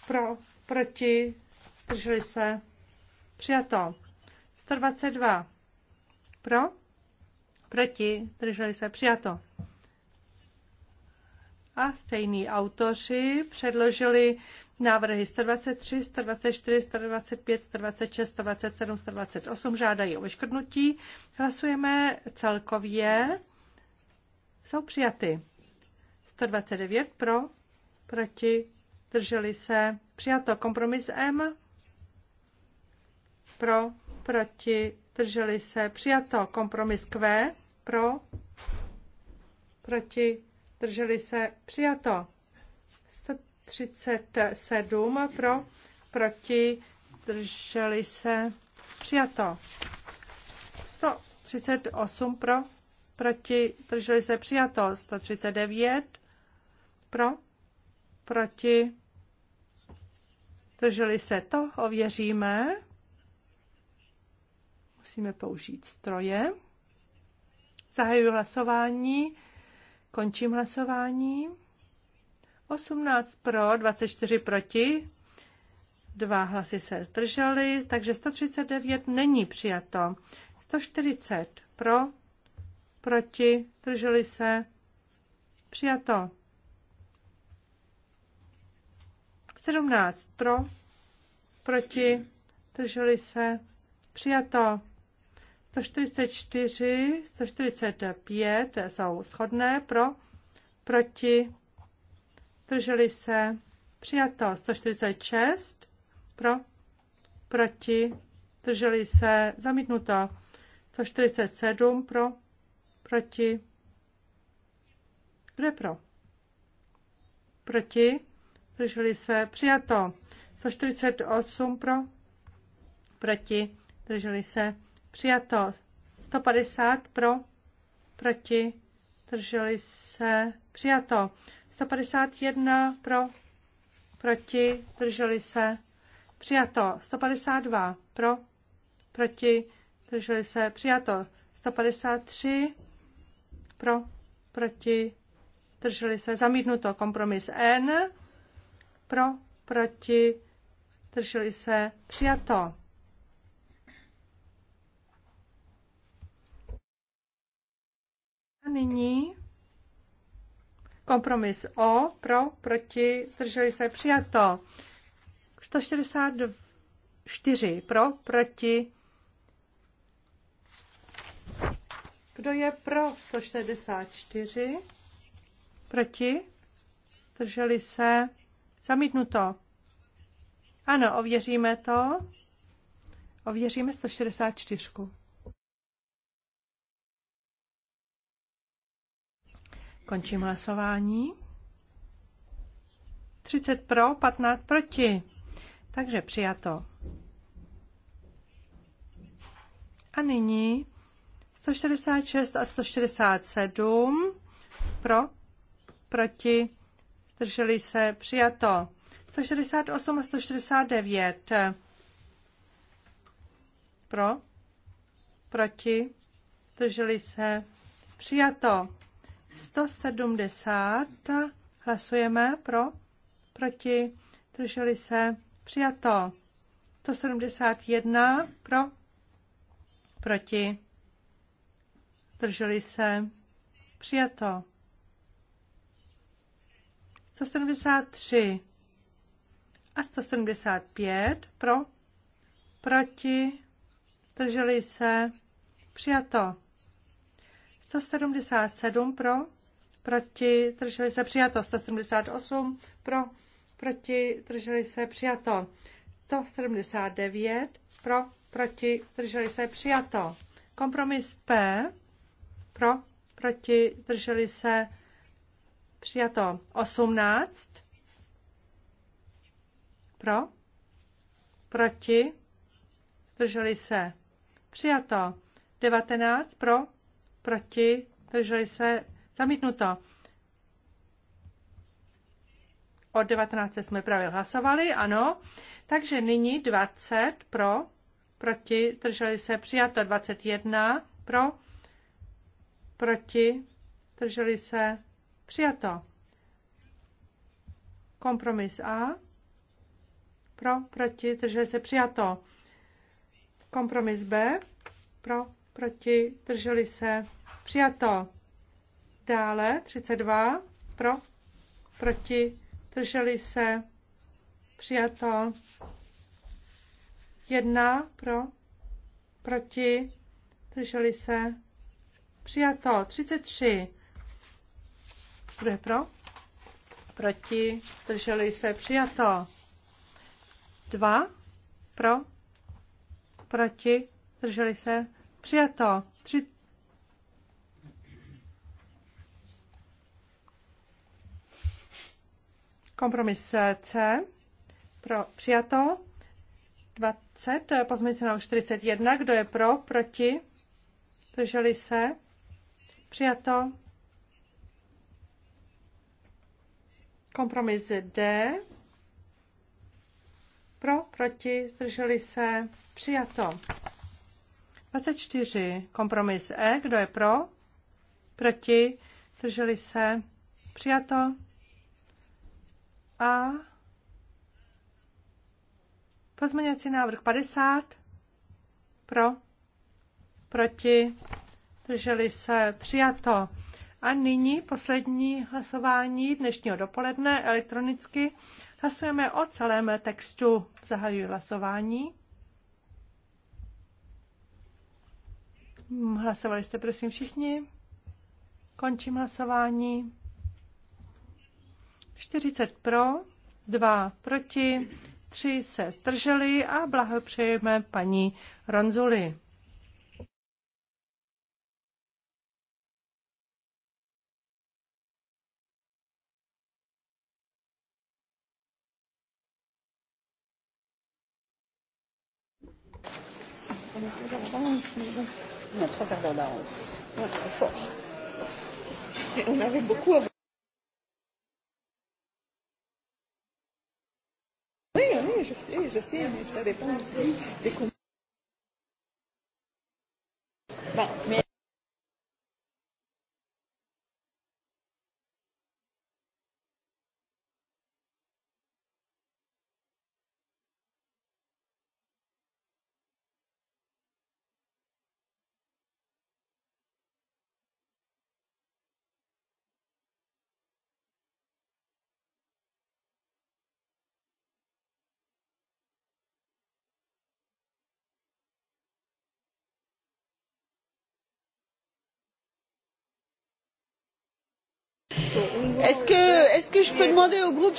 pro, proti, Zdrželi se? Přijato. 122. Pro? Proti? Zdrželi se? Přijato. A stejní autoři předložili návrhy 123, 124, 125, 126, 127, 128. Žádají o vyškrtnutí. Hlasujeme celkově. Jsou přijaty. 129 pro, proti, drželi se. Přijato kompromis M pro, proti, drželi se, přijato. Kompromis Q, pro, proti, drželi se, přijato. 137 pro, proti, drželi se, přijato. 138 pro, proti, drželi se, přijato. 139 pro, proti, drželi se, to ověříme. Musíme použít stroje. Zahajuji hlasování. Končím hlasování. 18 pro, 24 proti. Dva hlasy se zdržely, takže 139 není přijato. 140 pro, proti, drželi se, přijato. 17 pro, proti, drželi se, přijato. 144, 145 jsou shodné pro, proti, drželi se, přijato 146 pro, proti, drželi se, zamítnuto 147 pro, proti, kde pro? Proti, drželi se, přijato 148 pro, proti, drželi se, Přijato 150 pro, proti, drželi se. Přijato 151 pro, proti, drželi se. Přijato 152 pro, proti, drželi se. Přijato 153 pro, proti, drželi se. Zamítnuto kompromis N pro, proti, drželi se. Přijato nyní kompromis O, pro, proti, drželi se, přijato. 164 pro, proti. Kdo je pro 164? Proti? Drželi se? Zamítnuto. Ano, ověříme to. Ověříme 164. Končím hlasování. 30 pro, 15 proti. Takže přijato. A nyní 166 a 167 pro, proti, zdrželi se, přijato. 168 a 169 pro, proti, zdrželi se, přijato. 170. Hlasujeme pro, proti, drželi se, přijato. 171 pro, proti, drželi se, přijato. 173 a 175 pro, proti, drželi se, přijato. 177 pro, proti, drželi se přijato. 178 pro, proti, drželi se přijato. 179 pro, proti, drželi se přijato. Kompromis P pro, proti, drželi se přijato. 18 pro, proti, drželi se přijato. 19 pro, proti, drželi se, zamítnuto. Od 19 jsme právě hlasovali, ano. Takže nyní 20 pro, proti, zdrželi se, přijato 21 pro, proti, drželi se, přijato. Kompromis A, pro, proti, zdrželi se, přijato. Kompromis B, pro, proti, drželi se, přijato. Dále 32, pro, proti, drželi se, přijato. 1, pro, proti, drželi se, přijato. 33, kdo je pro? Proti, drželi se, přijato. 2, pro, proti, drželi se, Přijato. Tři... Kompromis eh, C. Pro přijato. 20. Eh, pozměňující na 41. Kdo je pro? Proti? Drželi se? Přijato. Kompromis D. Pro, proti, zdrželi se, přijato. 24. Kompromis E. Kdo je pro? Proti? Drželi se? Přijato? A pozměňovací návrh 50. Pro? Proti? Drželi se? Přijato? A nyní poslední hlasování dnešního dopoledne elektronicky. Hlasujeme o celém textu. Zahajuji hlasování. Hlasovali jste prosím všichni? Končím hlasování. 40 pro, 2 proti, 3 se zdrželi a blahopřejeme paní Ronzuli. on a trois quarts d'heure d'avance. Ouais, très fort. On avait beaucoup avant. Oui, oui, je sais, je sais, mais ça dépend aussi des conditions. Bon, mais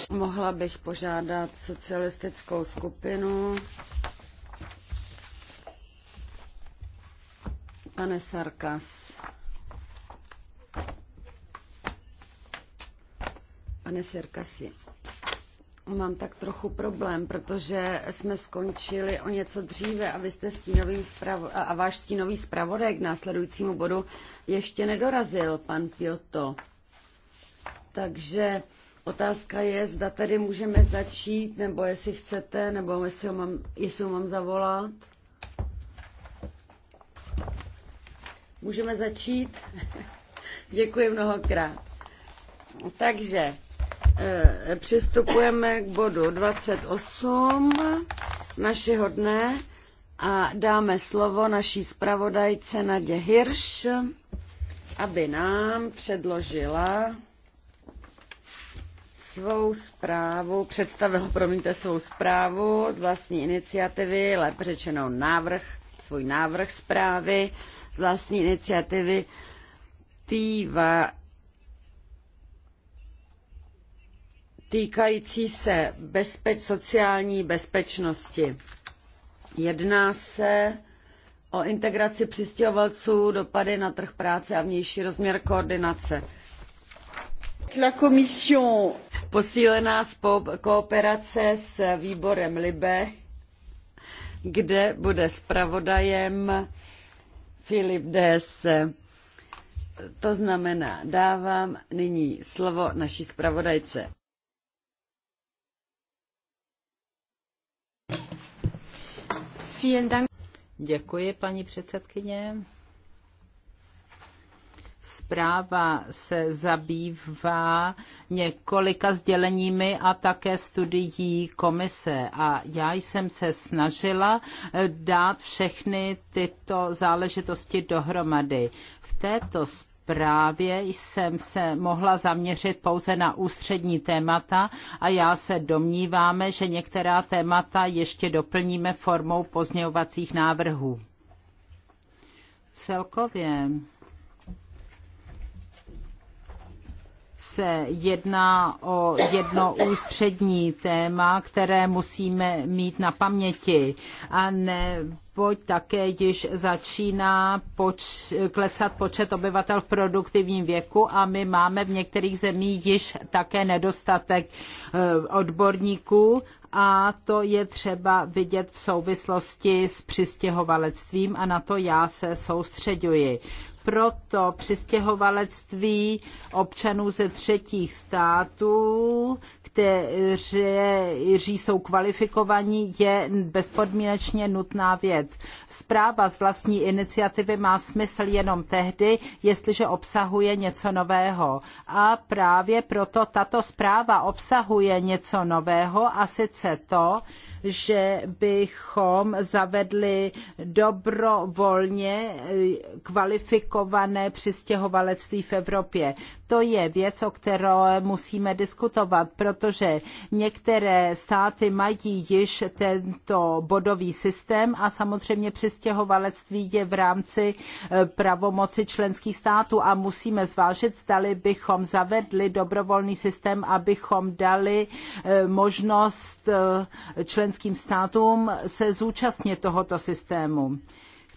Mohla bych požádat socialistickou skupinu. Pane Sarkas. Pane Sarkasi. Mám tak trochu problém, protože jsme skončili o něco dříve a, vy jste stínový spravo- a váš stínový zpravodaj k následujícímu bodu ještě nedorazil, pan Pioto. Takže otázka je, zda tady můžeme začít, nebo jestli chcete, nebo jestli ho mám, jestli ho mám zavolat. Můžeme začít? Děkuji mnohokrát. Takže eh, přistupujeme k bodu 28 našeho dne a dáme slovo naší zpravodajce Nadě Hirš, aby nám předložila svou zprávu, představil, promiňte, svou zprávu z vlastní iniciativy, lépe řečeno návrh, svůj návrh zprávy z vlastní iniciativy týva, týkající se bezpeč, sociální bezpečnosti. Jedná se o integraci přistěhovalců, dopady na trh práce a vnější rozměr koordinace. Posílená kooperace s výborem Libe, kde bude zpravodajem Filip Des. To znamená, dávám nyní slovo naší zpravodajce. Děkuji, paní předsedkyně zpráva se zabývá několika sděleními a také studií komise. A já jsem se snažila eh, dát všechny tyto záležitosti dohromady. V této právě jsem se mohla zaměřit pouze na ústřední témata a já se domníváme, že některá témata ještě doplníme formou pozměňovacích návrhů. Celkově se jedná o jedno ústřední téma, které musíme mít na paměti. A neboť také již začíná poč, klesat počet obyvatel v produktivním věku a my máme v některých zemích již také nedostatek eh, odborníků a to je třeba vidět v souvislosti s přistěhovalectvím a na to já se soustředuji proto přistěhovalectví občanů ze třetích států, kteří jsou kvalifikovaní, je bezpodmínečně nutná věc. Zpráva z vlastní iniciativy má smysl jenom tehdy, jestliže obsahuje něco nového. A právě proto tato zpráva obsahuje něco nového a sice to, že bychom zavedli dobrovolně eh, kvalifikované přistěhovalectví v Evropě. To je věc, o které musíme diskutovat, protože některé státy mají již tento bodový systém a samozřejmě přistěhovalectví je v rámci eh, pravomoci členských států a musíme zvážit, zdali bychom zavedli dobrovolný systém, abychom dali eh, možnost členským členským státům se zúčastnit tohoto systému.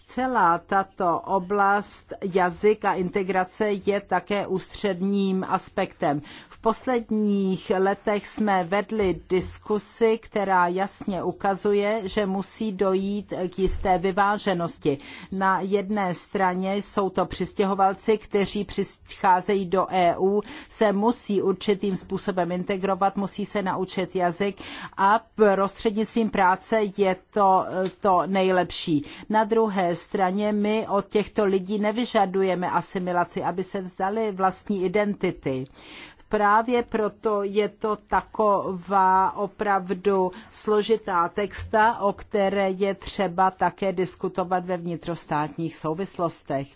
Celá tato oblast jazyk a integrace je také ústředním aspektem. V posledních letech jsme vedli diskusi, která jasně ukazuje, že musí dojít k jisté vyváženosti. Na jedné straně jsou to přistěhovalci, kteří přicházejí do EU, se musí určitým způsobem integrovat, musí se naučit jazyk a prostřednictvím práce je to to nejlepší. Na druhé straně my od těchto lidí nevyžadujeme asimilaci, aby se vzdali vlastní identity. Právě proto je to taková opravdu složitá texta, o které je třeba také diskutovat ve vnitrostátních souvislostech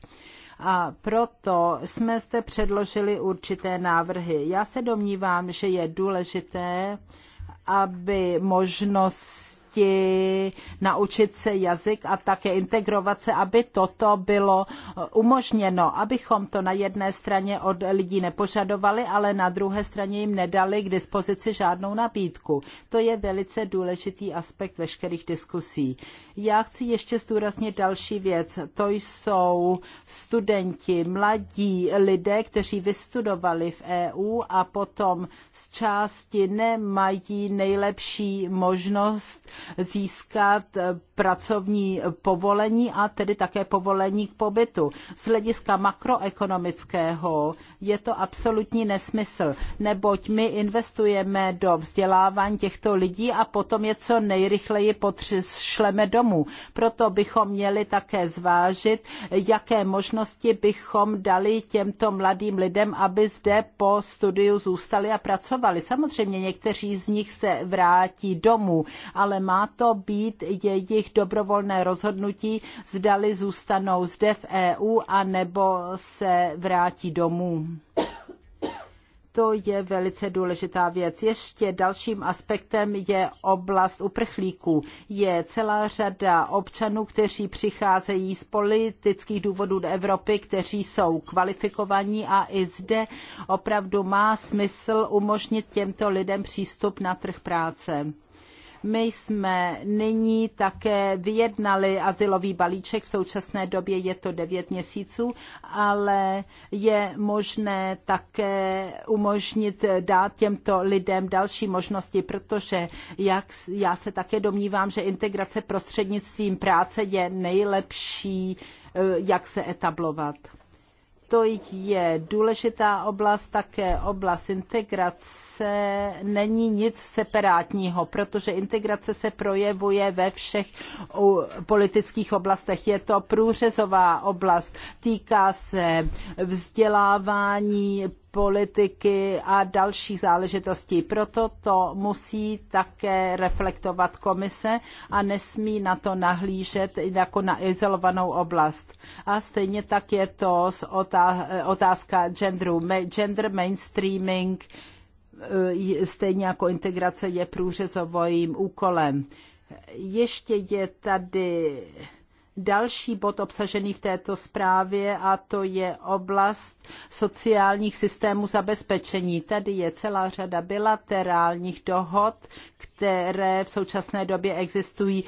a proto jsme zde předložili určité návrhy. Já se domnívám, že je důležité, aby možnost děti naučit se jazyk a také integrovat se, aby toto bylo eh, umožněno, abychom to na jedné straně od lidí nepožadovali, ale na druhé straně jim nedali k dispozici žádnou nabídku. To je velice důležitý aspekt veškerých diskusí. Já chci ještě zdůraznit další věc. To jsou studenti, mladí lidé, kteří vystudovali v EU a potom z části nemají nejlepší možnost získat eh, pracovní povolení a tedy také povolení k pobytu. Z hlediska makroekonomického je to absolutní nesmysl, neboť my investujeme do vzdělávání těchto lidí a potom je co nejrychleji potřešleme domů. Proto bychom měli také zvážit, jaké možnosti bychom dali těmto mladým lidem, aby zde po studiu zůstali a pracovali. Samozřejmě někteří z nich se vrátí domů, ale má to být jejich dobrovolné rozhodnutí, zdali zůstanou zde v EU a nebo se vrátí domů. To je velice důležitá věc. Ještě dalším aspektem je oblast uprchlíků. Je celá řada občanů, kteří přicházejí z politických důvodů do Evropy, kteří jsou kvalifikovaní a i zde opravdu má smysl umožnit těmto lidem přístup na trh práce my jsme nyní také vyjednali asilový balíček, v současné době je to 9 měsíců, ale je možné také umožnit dát těmto lidem další možnosti, protože jak, já se také domnívám, že integrace prostřednictvím práce je nejlepší, eh, jak se etablovat to je důležitá oblast, také oblast integrace integrace není nic separátního, protože integrace se projevuje ve všech politických oblastech. Je to průřezová oblast, týká se vzdělávání, politiky a další záležitostí. Proto to musí také reflektovat komise a nesmí na to nahlížet jako na izolovanou oblast. A stejně tak je to otázka genderu, gender mainstreaming, E, stejně jako integrace je průřezovým úkolem. Ještě je tady další bod obsažený v této zprávě a to je oblast sociálních systémů zabezpečení. Tady je celá řada bilaterálních dohod, které v současné době existují.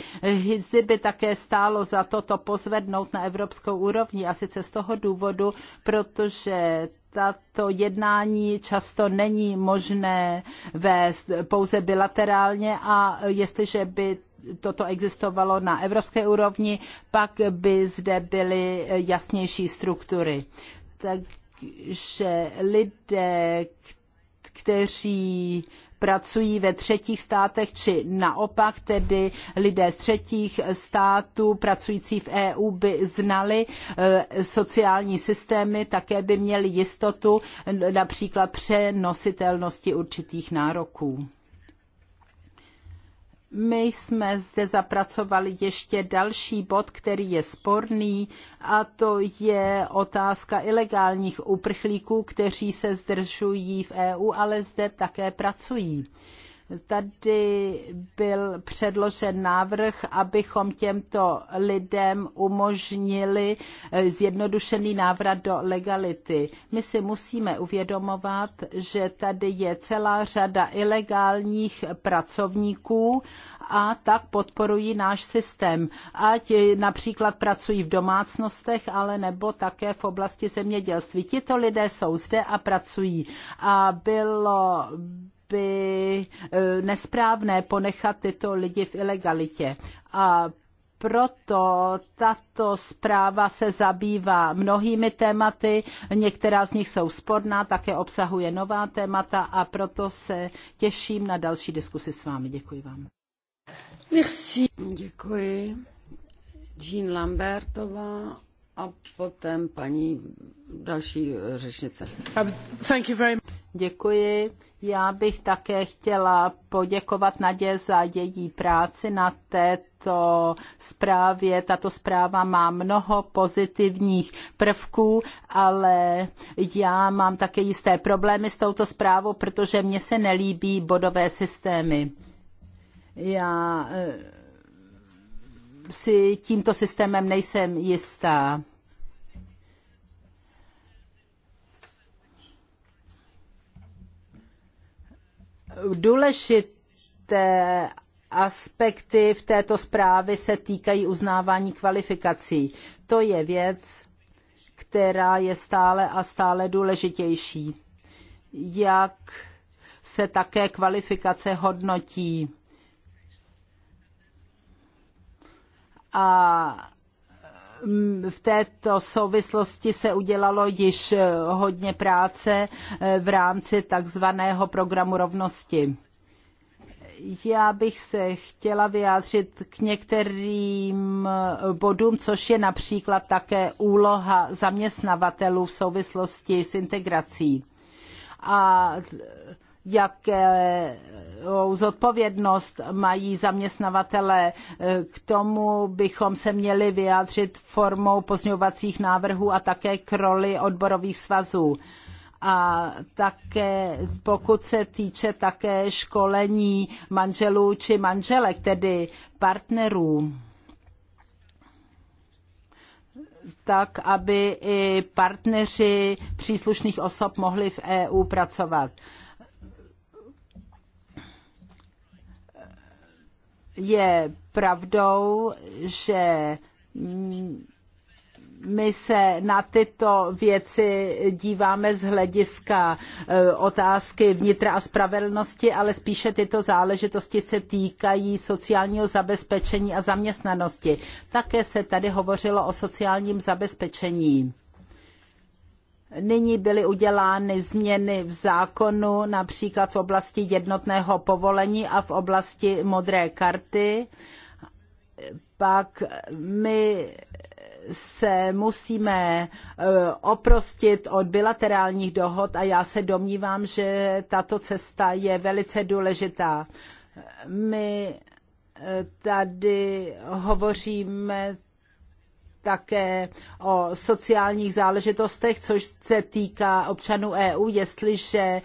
Zde by také stálo za to to pozvednout na evropskou úrovni a sice z toho důvodu, protože tato jednání často není možné vést pouze bilaterálně a jestliže by toto existovalo na evropské úrovni, pak by zde byly jasnější struktury. Takže lidé, kteří pracují ve třetích státech, či naopak, tedy lidé z třetích států pracující v EU by znali eh, sociální systémy, také by měli jistotu například přenositelnosti určitých nároků. My jsme zde zapracovali ještě další bod, který je sporný, a to je otázka ilegálních uprchlíků, kteří se zdržují v EU, ale zde také pracují. Tady byl předložen návrh, abychom těmto lidem umožnili eh, zjednodušený návrat do legality. My si musíme uvědomovat, že tady je celá řada ilegálních pracovníků a tak podporují náš systém. Ať eh, například pracují v domácnostech, ale nebo také v oblasti zemědělství. Tito lidé jsou zde a pracují. A bylo by eh, nesprávné ponechat tyto lidi v ilegalitě. A proto tato zpráva se zabývá mnohými tématy, některá z nich jsou sporná, také obsahuje nová témata a proto se těším na další diskusi s vámi. Děkuji vám. Merci. Děkuji. Jean Lambertová a potom paní další řečnice. Um, thank you very much. Děkuji. Já bych také chtěla poděkovat Nadě za její práci na této zprávě. Tato zpráva má mnoho pozitivních prvků, ale já mám také jisté problémy s touto zprávou, protože mně se nelíbí bodové systémy. Já eh, si tímto systémem nejsem jistá Důležité aspekty v této zprávě se týkají uznávání kvalifikací. To je věc, která je stále a stále důležitější. Jak se také kvalifikace hodnotí. A Mm, v této souvislosti se udělalo již eh, hodně práce eh, v rámci takzvaného programu rovnosti. Já bych se chtěla vyjádřit k některým eh, bodům, což je například také úloha zaměstnavatelů v souvislosti s integrací. A jaké Eh, zodpovědnost mají zaměstnavatele. Eh, k tomu bychom se měli vyjádřit formou pozňovacích návrhů a také k roli odborových svazů a také pokud se týče také školení manželů či manželek, tedy partnerů, tak aby i partneři příslušných osob mohli v EU pracovat. Je pravdou, že my se na tyto věci díváme z hlediska e, otázky vnitra a spravedlnosti, ale spíše tyto záležitosti se týkají sociálního zabezpečení a zaměstnanosti. Také se tady hovořilo o sociálním zabezpečení. Nyní byly udělány změny v zákonu, například v oblasti jednotného povolení a v oblasti modré karty. Pak my se musíme eh, oprostit od bilaterálních dohod a já se domnívám, že tato cesta je velice důležitá. My eh, tady hovoříme také o sociálních záležitostech, což se týká občanů EU, jestliže e,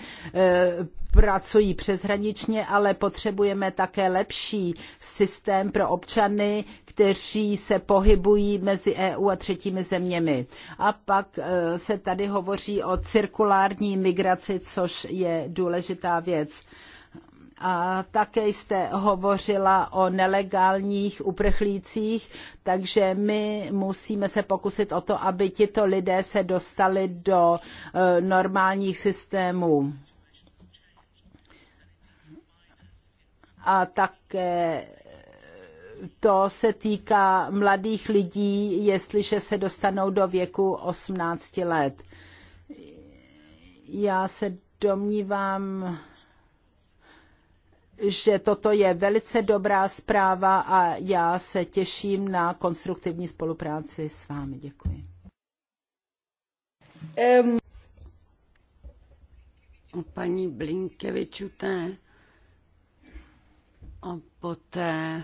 pracují přeshraničně, ale potřebujeme také lepší systém pro občany, kteří se pohybují mezi EU a třetími zeměmi. A pak e, se tady hovoří o cirkulární migraci, což je důležitá věc a také jste hovořila o nelegálních uprchlících, takže my musíme se pokusit o to, aby tito lidé se dostali do e, normálních systémů. A také to se týká mladých lidí, jestliže se dostanou do věku 18 let. Já se domnívám, že toto je velice dobrá zpráva a já se těším na konstruktivní spolupráci s vámi. Děkuji. Um. Paní Blinkevičuté a poté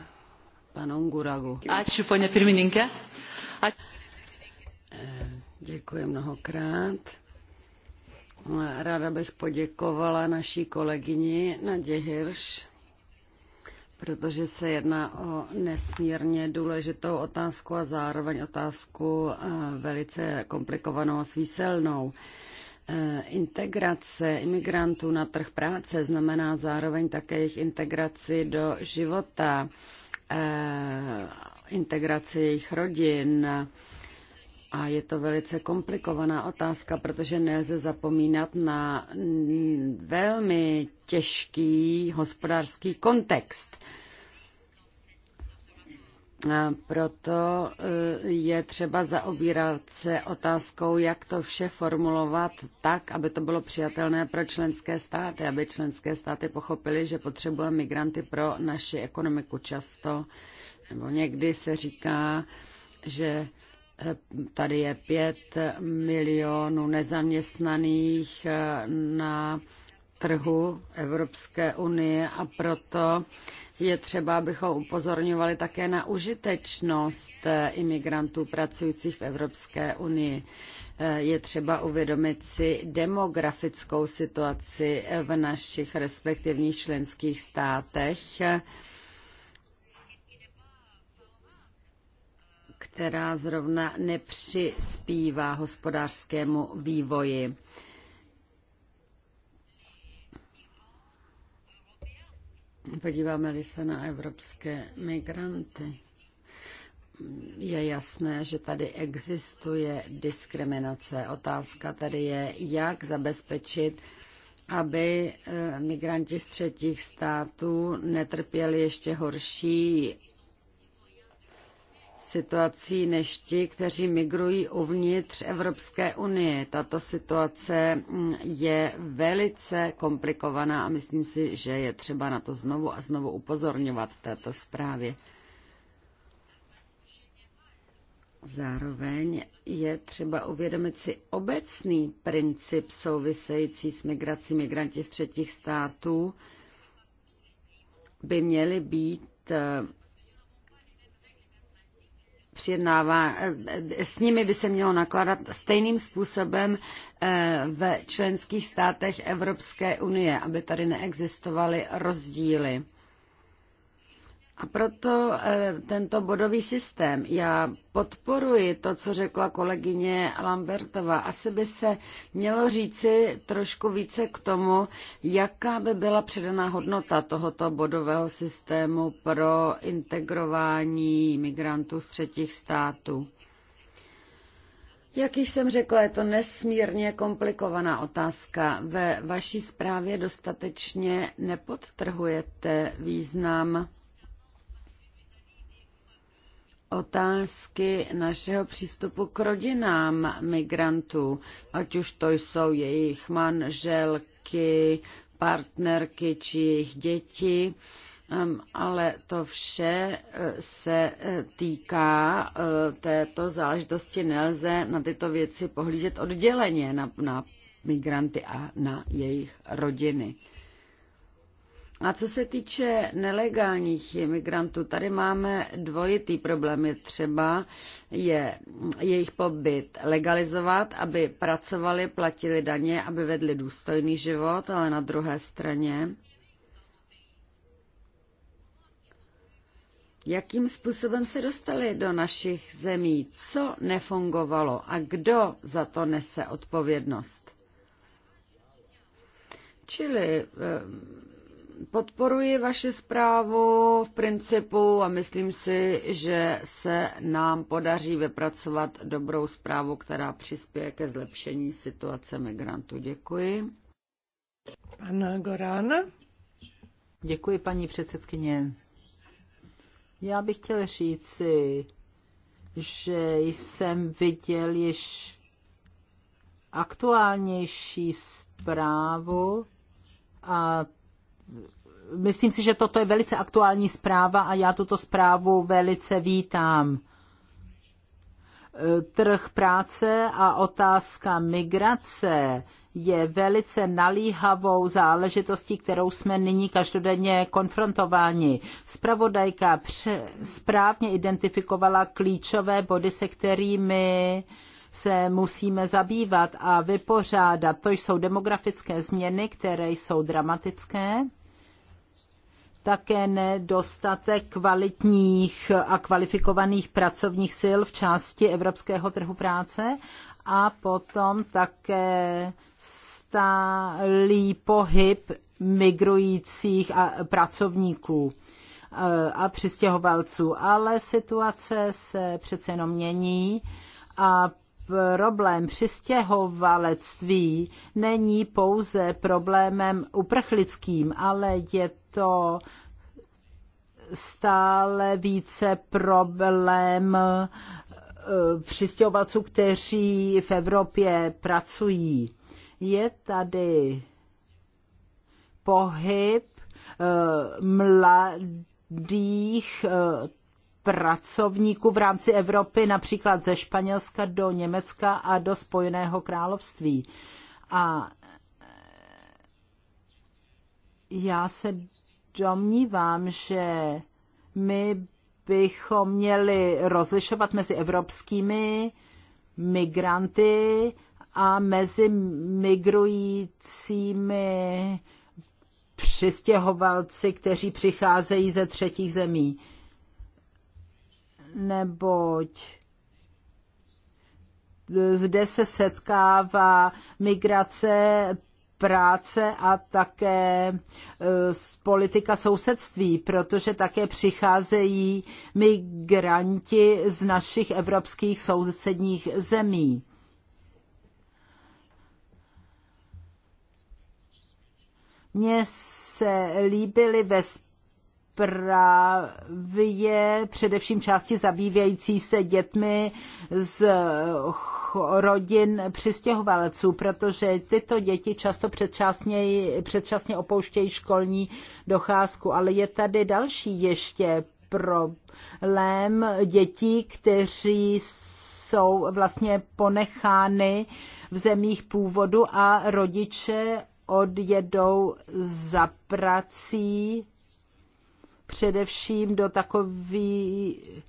panu Guragu. Ač, paní pirmininke. Ač... Děkuji mnohokrát. Ráda bych poděkovala naší kolegyni Nadě Hirš, protože se jedná o nesmírně důležitou otázku a zároveň otázku eh, velice komplikovanou a svíselnou. Eh, integrace imigrantů na trh práce znamená zároveň také jejich integraci do života, eh, integraci jejich rodin, a je to velice komplikovaná otázka, protože nelze zapomínat na velmi těžký hospodářský kontext. A proto e, je třeba zaobírat se otázkou, jak to vše formulovat tak, aby to bylo přijatelné pro členské státy, aby členské státy pochopily, že potřebujeme migranty pro naši ekonomiku často. Nebo někdy se říká, že Tady je 5 milionů nezaměstnaných na trhu Evropské unie a proto je třeba, abychom upozorňovali také na užitečnost imigrantů pracujících v Evropské unii. Je třeba uvědomit si demografickou situaci v našich respektivních členských státech která zrovna nepřispívá hospodářskému vývoji. Podíváme-li se na evropské migranty, je jasné, že tady existuje diskriminace. Otázka tady je, jak zabezpečit, aby eh, migranti z třetích států netrpěli ještě horší situací než ti, kteří migrují uvnitř Evropské unie. Tato situace mm, je velice komplikovaná a myslím si, že je třeba na to znovu a znovu upozorňovat v této zprávě. Zároveň je třeba uvědomit si obecný princip související s migrací migranti z třetích států by měly být eh, přijednává, eh, s nimi by se mělo nakládat stejným způsobem eh, ve členských státech Evropské unie, aby tady neexistovaly rozdíly. A proto eh, tento bodový systém. Já podporuji to, co řekla kolegyně Lambertová. Asi by se mělo říci trošku více k tomu, jaká by byla předaná hodnota tohoto bodového systému pro integrování migrantů z třetích států. Jak již jsem řekla, je to nesmírně komplikovaná otázka. Ve vaší zprávě dostatečně nepodtrhujete význam otázky našeho přístupu k rodinám migrantů, ať už to jsou jejich manželky, partnerky či jejich děti, ale to vše eh, se eh, týká eh, této záležitosti. Nelze na tyto věci pohlížet odděleně na, na migranty a na jejich rodiny. A co se týče nelegálních imigrantů, tady máme dvojitý problém. Je třeba je, jejich pobyt legalizovat, aby pracovali, platili daně, aby vedli důstojný život, ale na druhé straně jakým způsobem se dostali do našich zemí, co nefungovalo a kdo za to nese odpovědnost. Čili eh, Podporuji vaši zprávu v principu a myslím si, že se nám podaří vypracovat dobrou zprávu, která přispěje ke zlepšení situace migrantů. Děkuji. Pana Goran. Děkuji, paní předsedkyně. Já bych chtěl říci, že jsem viděl již aktuálnější zprávu a myslím si, že toto je velice aktuální zpráva a já tuto zprávu velice vítám. E, trh práce a otázka migrace je velice nalíhavou záležitostí, kterou jsme nyní každodenně konfrontováni. Spravodajka správně identifikovala klíčové body, se kterými se musíme zabývat a vypořádat. To jsou demografické změny, které jsou dramatické také nedostatek kvalitních a kvalifikovaných pracovních sil v části evropského trhu práce a potom také stálý pohyb migrujících a pracovníků eh, a přistěhovalců. Ale situace se přece jenom mění a problém přistěhovalectví není pouze problémem uprchlickým, ale je to stále více problém eh, přistěhovalců, kteří v Evropě pracují. Je tady pohyb eh, mladých eh, pracovníků v rámci Evropy, například ze Španělska do Německa a do Spojeného království. A eh, já se domnívám, že my bychom měli rozlišovat mezi evropskými migranty a mezi migrujícími přistěhovalci, kteří přicházejí ze třetích zemí neboť zde se setkává migrace, práce a také z e, politika sousedství, protože také přicházejí migranti z našich evropských sousedních zemí. Mně se líbily ve právě především části zabývající se dětmi z rodin přistěhovalců, protože tyto děti často předčasně, předčasně opouštějí školní docházku. Ale je tady další ještě problém dětí, kteří jsou vlastně ponechány v zemích původu a rodiče odjedou za prací především do takových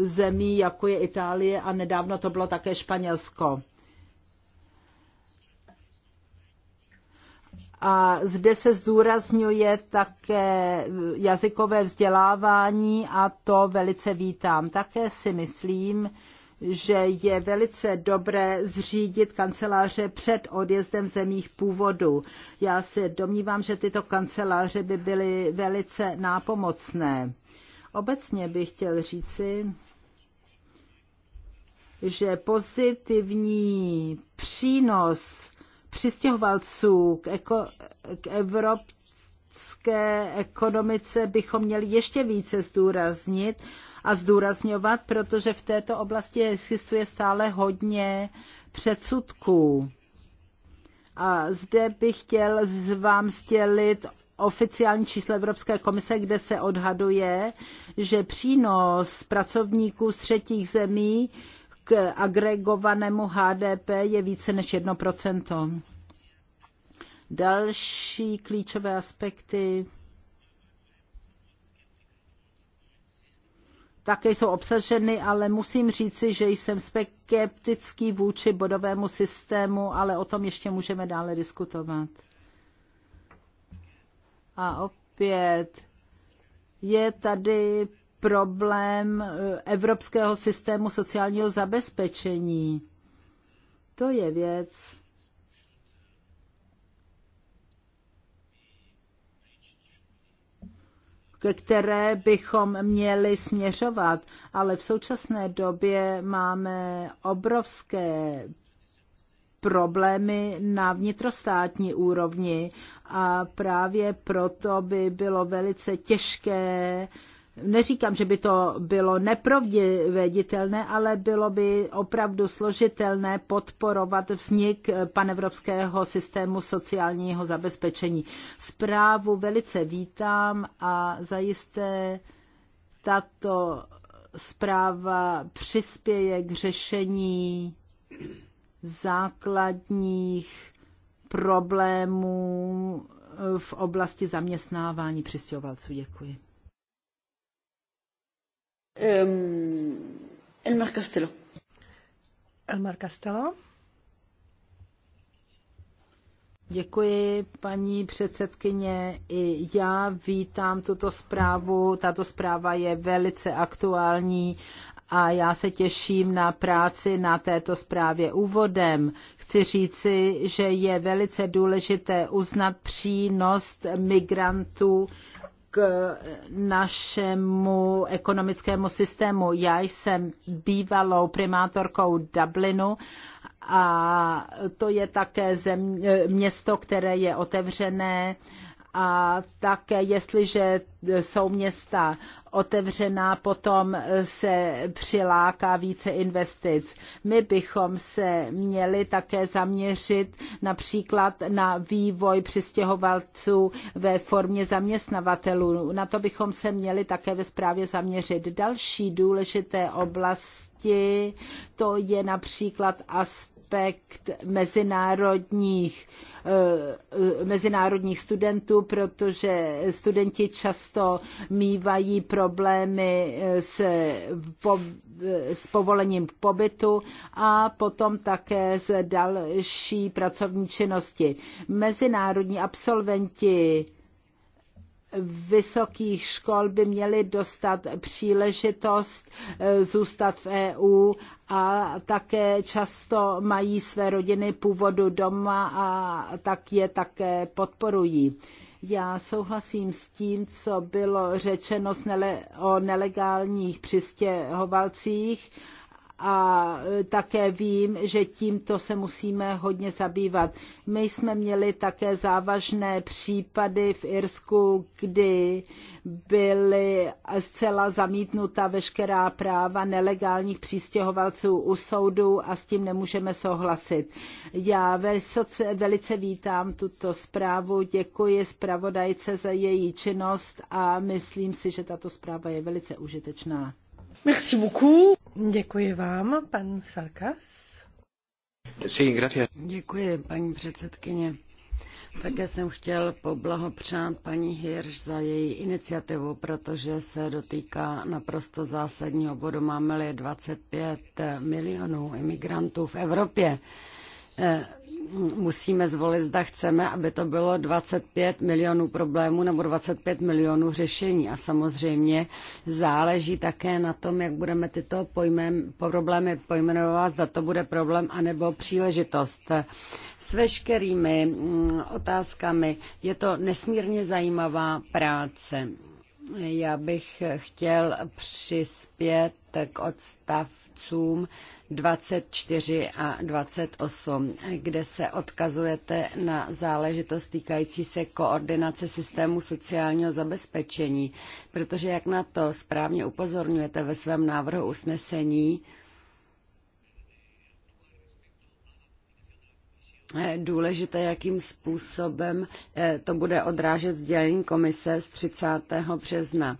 zemí, jako je Itálie a nedávno to bylo také Španělsko. A zde se zdůrazňuje také jazykové vzdělávání a to velice vítám. Také si myslím, že je velice dobré zřídit kanceláře před odjezdem zemích původu. Já se domnívám, že tyto kanceláře by byly velice nápomocné. Obecně bych chtěl říci, že pozitivní přínos přistěhovalců k, eko, k evropské ekonomice bychom měli ještě více zdůraznit a zdůrazňovat, protože v této oblasti existuje stále hodně předsudků. A zde bych chtěl z vám sdělit oficiální číslo Evropské komise, kde se odhaduje, že přínos pracovníků z třetích zemí k agregovanému HDP je více než 1%. Další klíčové aspekty také jsou obsaženy, ale musím říci, že jsem skeptický vůči bodovému systému, ale o tom ještě můžeme dále diskutovat. A opět je tady problém eh, evropského systému sociálního zabezpečení. To je věc, ke které bychom měli směřovat, ale v současné době máme obrovské problémy na vnitrostátní úrovni a právě proto by bylo velice těžké neříkám, že by to bylo neproveditelné, ale bylo by opravdu složitelné podporovat vznik eh, panevropského systému sociálního zabezpečení. Zprávu velice vítám a zajisté tato zpráva přispěje k řešení základních problémů eh, v oblasti zaměstnávání přistěhovalců. Děkuji. Elmar Castello. Elmar Castello. Děkuji, paní předsedkyně. I já vítám tuto zprávu. Tato zpráva je velice aktuální a já se těším na práci na této zprávě. Úvodem chci říci, že je velice důležité uznat přínos migrantů k našemu ekonomickému systému. Já jsem bývalou primátorkou Dublinu a to je také země, město, které je otevřené uh, a také jestliže jsou města otevřená, potom se přiláká více investic. My bychom se měli také zaměřit například na vývoj přistěhovalců ve formě zaměstnavatelů. Na to bychom se měli také ve zprávě zaměřit. Další důležité oblasti, to je například aspekt aspekt mezinárodních, eh, mezinárodních studentů, protože studenti často mývají problémy eh, s, po, eh, s povolením k pobytu a potom také s další pracovní činnosti. Mezinárodní absolventi vysokých škol by měly dostat příležitost eh, zůstat v EU a také často mají své rodiny původu doma a tak je také podporují. Já souhlasím s tím, co bylo řečeno o nelegálních přistěhovalcích a e, také vím, že tímto se musíme hodně zabývat. My jsme měli také závažné případy v Irsku, kdy byly zcela zamítnuta veškerá práva nelegálních přistěhovalců u soudu a s tím nemůžeme souhlasit. Já velice vítám tuto zprávu, děkuji zpravodajce za její činnost a myslím si, že tato zpráva je velice užitečná. Merci beaucoup. Děkuji vám, pan Sarkas. Děkuji, paní předsedkyně. Také jsem chtěl poblahopřát paní Hirš za její iniciativu, protože se dotýká naprosto zásadního bodu. Máme-li 25 milionů imigrantů v Evropě Eh, musíme zvolit, zda chceme, aby to bylo 25 milionů problémů nebo 25 milionů řešení. A samozřejmě záleží také na tom, jak budeme tyto pojmem, problémy pojmenovat, zda to bude problém anebo příležitost. S veškerými mm, otázkami je to nesmírně zajímavá práce. Já bych chtěl přispět k odstav odstavcům 24 a 28, kde se odkazujete na záležitost týkající se koordinace systému sociálního zabezpečení, protože jak na to správně upozorňujete ve svém návrhu usnesení, Eh, důležité, jakým způsobem eh, to bude odrážet sdělení komise z 30. března.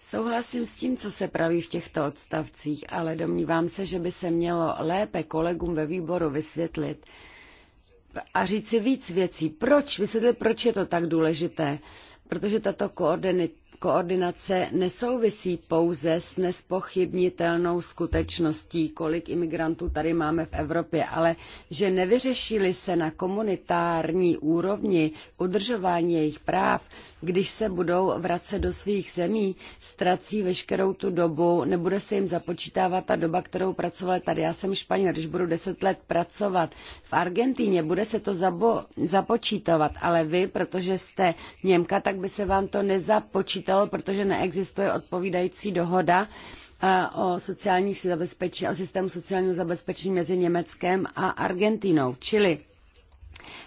Souhlasím s tím, co se praví v těchto odstavcích, ale domnívám se, že by se mělo lépe kolegům ve výboru vysvětlit a říci víc věcí. Proč? Vysvětlit, proč je to tak důležité. Protože tato koordinace nesouvisí pouze s nespochybnitelnou skutečností, kolik imigrantů tady máme v Evropě, ale že nevyřešili se na komunitární úrovni udržování jejich práv, když se budou vracet do svých zemí, ztrací veškerou tu dobu, nebude se jim započítávat ta doba, kterou pracovali tady. Já jsem Španěl, když budu deset let pracovat v Argentíně, bude se to započítávat, ale vy, protože jste Němka, tak by se vám to nezapočítávalo nepočítalo, protože neexistuje odpovídající dohoda eh, o sociálních zabezpečení, o systému sociálního zabezpečení mezi Německem a Argentinou. Čili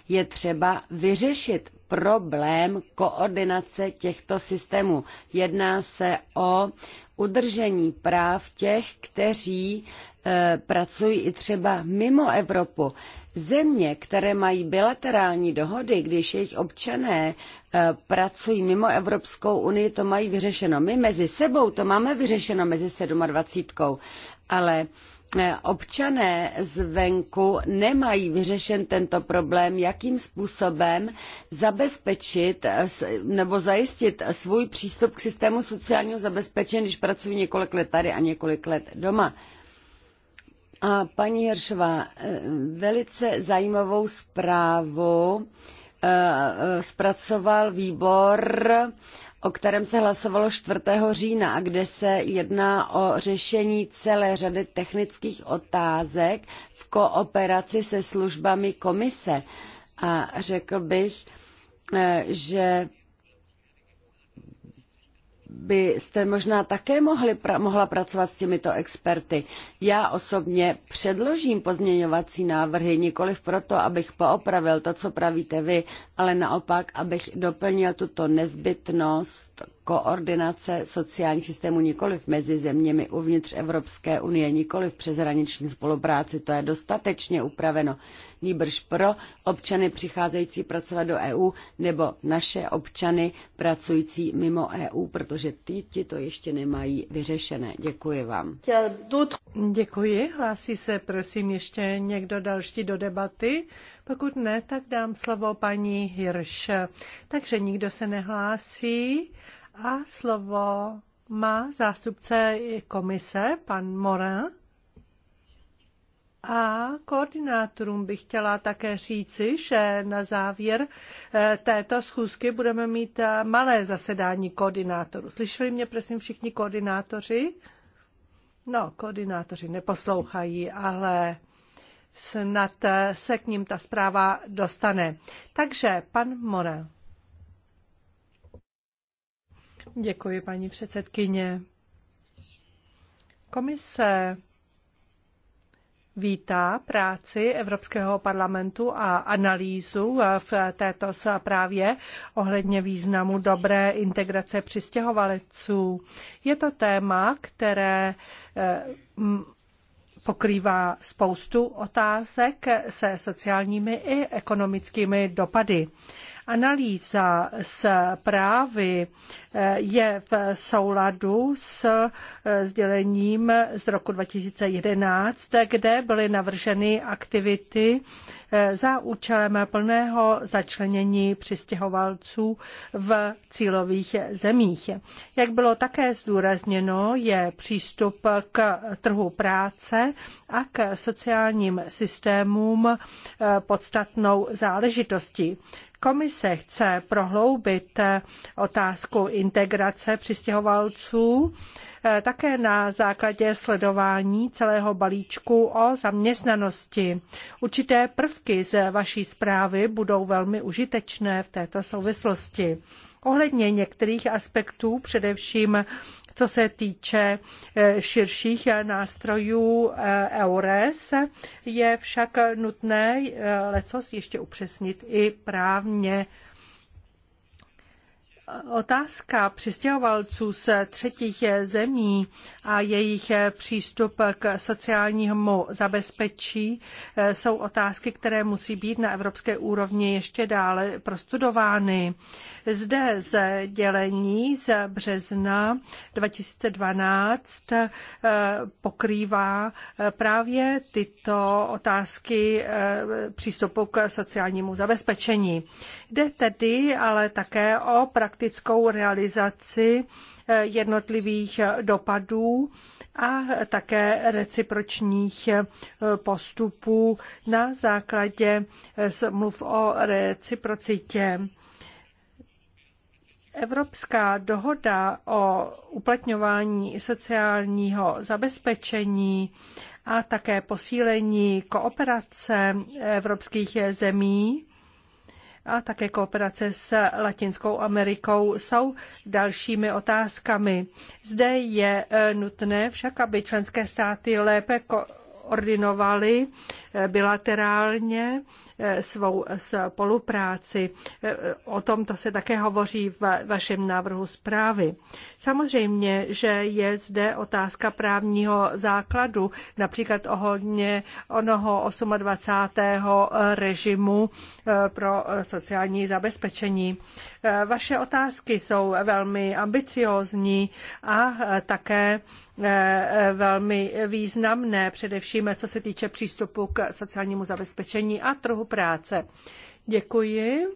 je třeba vyřešit problém koordinace těchto systémů. Jedná se o udržení práv těch, kteří e, pracují i třeba mimo Evropu. Země, které mají bilaterální dohody, když jejich občané e, pracují mimo Evropskou unii, to mají vyřešeno. My mezi sebou to máme vyřešeno mezi 27. Ale Eh, občané zvenku nemají vyřešen tento problém, jakým způsobem zabezpečit eh, nebo zajistit svůj přístup k systému sociálního zabezpečení, když pracují několik let tady a několik let doma. A paní Hiršová, eh, velice zajímavou zprávu zpracoval výbor o kterém se hlasovalo 4. října a kde se jedná o řešení celé řady technických otázek v kooperaci se službami komise. A řekl bych, eh, že byste možná také mohli, pra, mohla pracovat s těmito experty. Já osobně předložím pozměňovací návrhy nikoliv proto, abych poopravil to, co pravíte vy, ale naopak, abych doplnil tuto nezbytnost koordinace sociálních systémů nikoliv mezi zeměmi uvnitř Evropské unie, nikoliv přes hraniční spolupráci, to je dostatečně upraveno, níbrž pro občany přicházející pracovat do EU nebo naše občany pracující mimo EU, protože ty, ti to ještě nemají vyřešené. Děkuji vám. Děkuji. Hlásí se prosím ještě někdo další do debaty? Pokud ne, tak dám slovo paní Hirš. Takže nikdo se nehlásí. A slovo má zástupce komise, pan Morin. A koordinátorům bych chtěla také říci, že na závěr eh, této schůzky budeme mít eh, malé zasedání koordinátorů. Slyšeli mě prosím všichni koordinátoři? No, koordinátoři neposlouchají, ale snad eh, se k ním ta zpráva dostane. Takže pan Morel. Děkuji, paní předsedkyně. Komise vítá práci Evropského parlamentu a analýzu v této zprávě ohledně významu dobré integrace přistěhovaleců. Je to téma, které eh, pokrývá spoustu otázek se sociálními i ekonomickými dopady. Analýza právy eh, je v souladu s eh, sdělením z roku 2011, kde byly navrženy aktivity eh, za účelem plného začlenění přistěhovalců v cílových zemích. Jak bylo také zdůrazněno, je přístup k trhu práce a k sociálním systémům podstatnou záležitostí. Komise chce prohloubit eh, otázku integrace přistěhovalců eh, také na základě sledování celého balíčku o zaměstnanosti. Určité prvky z vaší zprávy budou velmi užitečné v této souvislosti. Ohledně některých aspektů, především co se týče e, širších e, nástrojů e, EURES, je však nutné lecos ještě upřesnit i právně Otázka přistěhovalců z třetích zemí a jejich přístup k sociálnímu zabezpečí jsou otázky, které musí být na evropské úrovni ještě dále prostudovány. Zde z dělení z března 2012 eh, pokrývá právě tyto otázky eh, přístupu k sociálnímu zabezpečení. Jde tedy ale také o praktické praktickou realizaci eh, jednotlivých eh, dopadů a také recipročních eh, postupů na základě smluv o reciprocitě. Evropská dohoda o uplatňování sociálního zabezpečení a také posílení kooperace evropských zemí a také kooperace s Latinskou Amerikou jsou dalšími otázkami. Zde je e, nutné však, aby členské státy lépe koordinovaly e, bilaterálně svou spolupráci. O tomto se také hovoří v vašem návrhu zprávy. Samozřejmě, že je zde otázka právního základu, například ohledně onoho 28. režimu eh, pro sociální zabezpečení. Eh, vaše otázky jsou velmi ambiciózní a eh, také Eh, velmi významné, především co se týče přístupu k sociálnímu zabezpečení a trhu práce. Děkuji.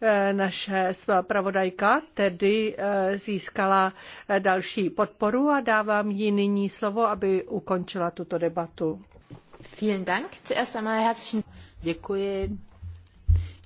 Eh, naše zpravodajka tedy eh, získala další podporu a dávám jí nyní slovo, aby ukončila tuto debatu. Vielen Dank. Zuerst einmal herzlichen Děkuji.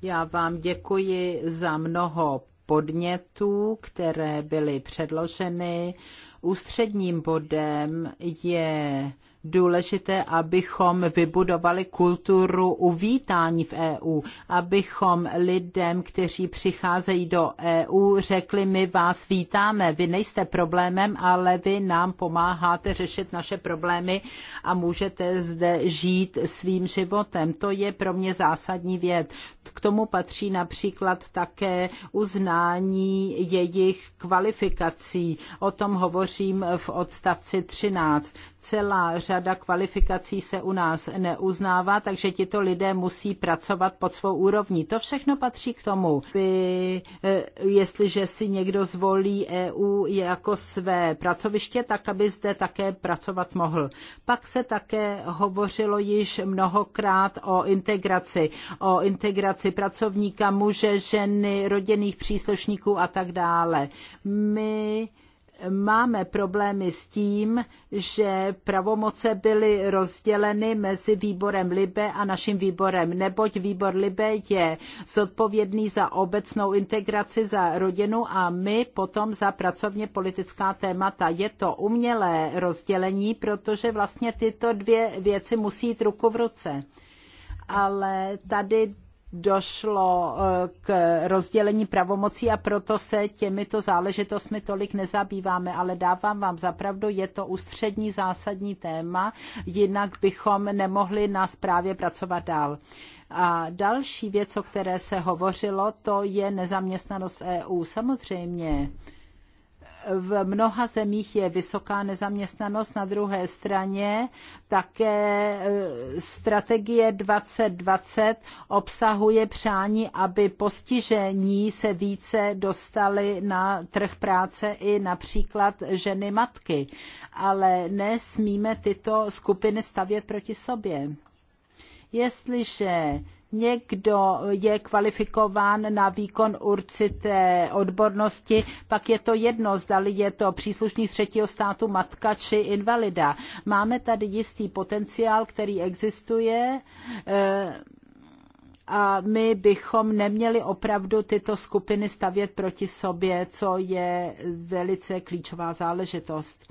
Já vám děkuji za mnoho podnětů, které byly předloženy. Ústředním bodem je důležité, abychom vybudovali kulturu uvítání v EU, abychom lidem, kteří přicházejí do EU, řekli, my vás vítáme, vy nejste problémem, ale vy nám pomáháte řešit naše problémy a můžete zde žít svým životem. To je pro mě zásadní věc. K tomu patří například také uznání jejich kvalifikací. O tom hovořím v odstavci 13 celá řada kvalifikací se u nás neuznává, takže tito lidé musí pracovat pod svou úrovní. To všechno patří k tomu, by, eh, jestliže si někdo zvolí EU jako své pracoviště, tak aby zde také pracovat mohl. Pak se také hovořilo již mnohokrát o integraci, o integraci pracovníka, muže, ženy, rodinných příslušníků a tak dále. My máme problémy s tím, že pravomoce byly rozděleny mezi výborem Libe a naším výborem, neboť výbor Libe je zodpovědný za obecnou integraci, za rodinu a my potom za pracovně politická témata. Je to umělé rozdělení, protože vlastně tyto dvě věci musí jít ruku v ruce. Ale tady došlo eh, k rozdělení pravomocí a proto se těmito záležitostmi tolik nezabýváme, ale dávám vám zapravdu, je to ústřední zásadní téma, jinak bychom nemohli na zprávě pracovat dál. A další věc, o které se hovořilo, to je nezaměstnanost v EU. Samozřejmě, v mnoha zemích je vysoká nezaměstnanost, na druhé straně také e, strategie 2020 obsahuje přání, aby postižení se více dostali na trh práce i například ženy matky. Ale nesmíme tyto skupiny stavět proti sobě. Jestliže někdo je kvalifikován na výkon určité odbornosti, pak je to jedno, zdali je to příslušný z třetího státu matka či invalida. Máme tady jistý potenciál, který existuje eh, a my bychom neměli opravdu tyto skupiny stavět proti sobě, co je velice klíčová záležitost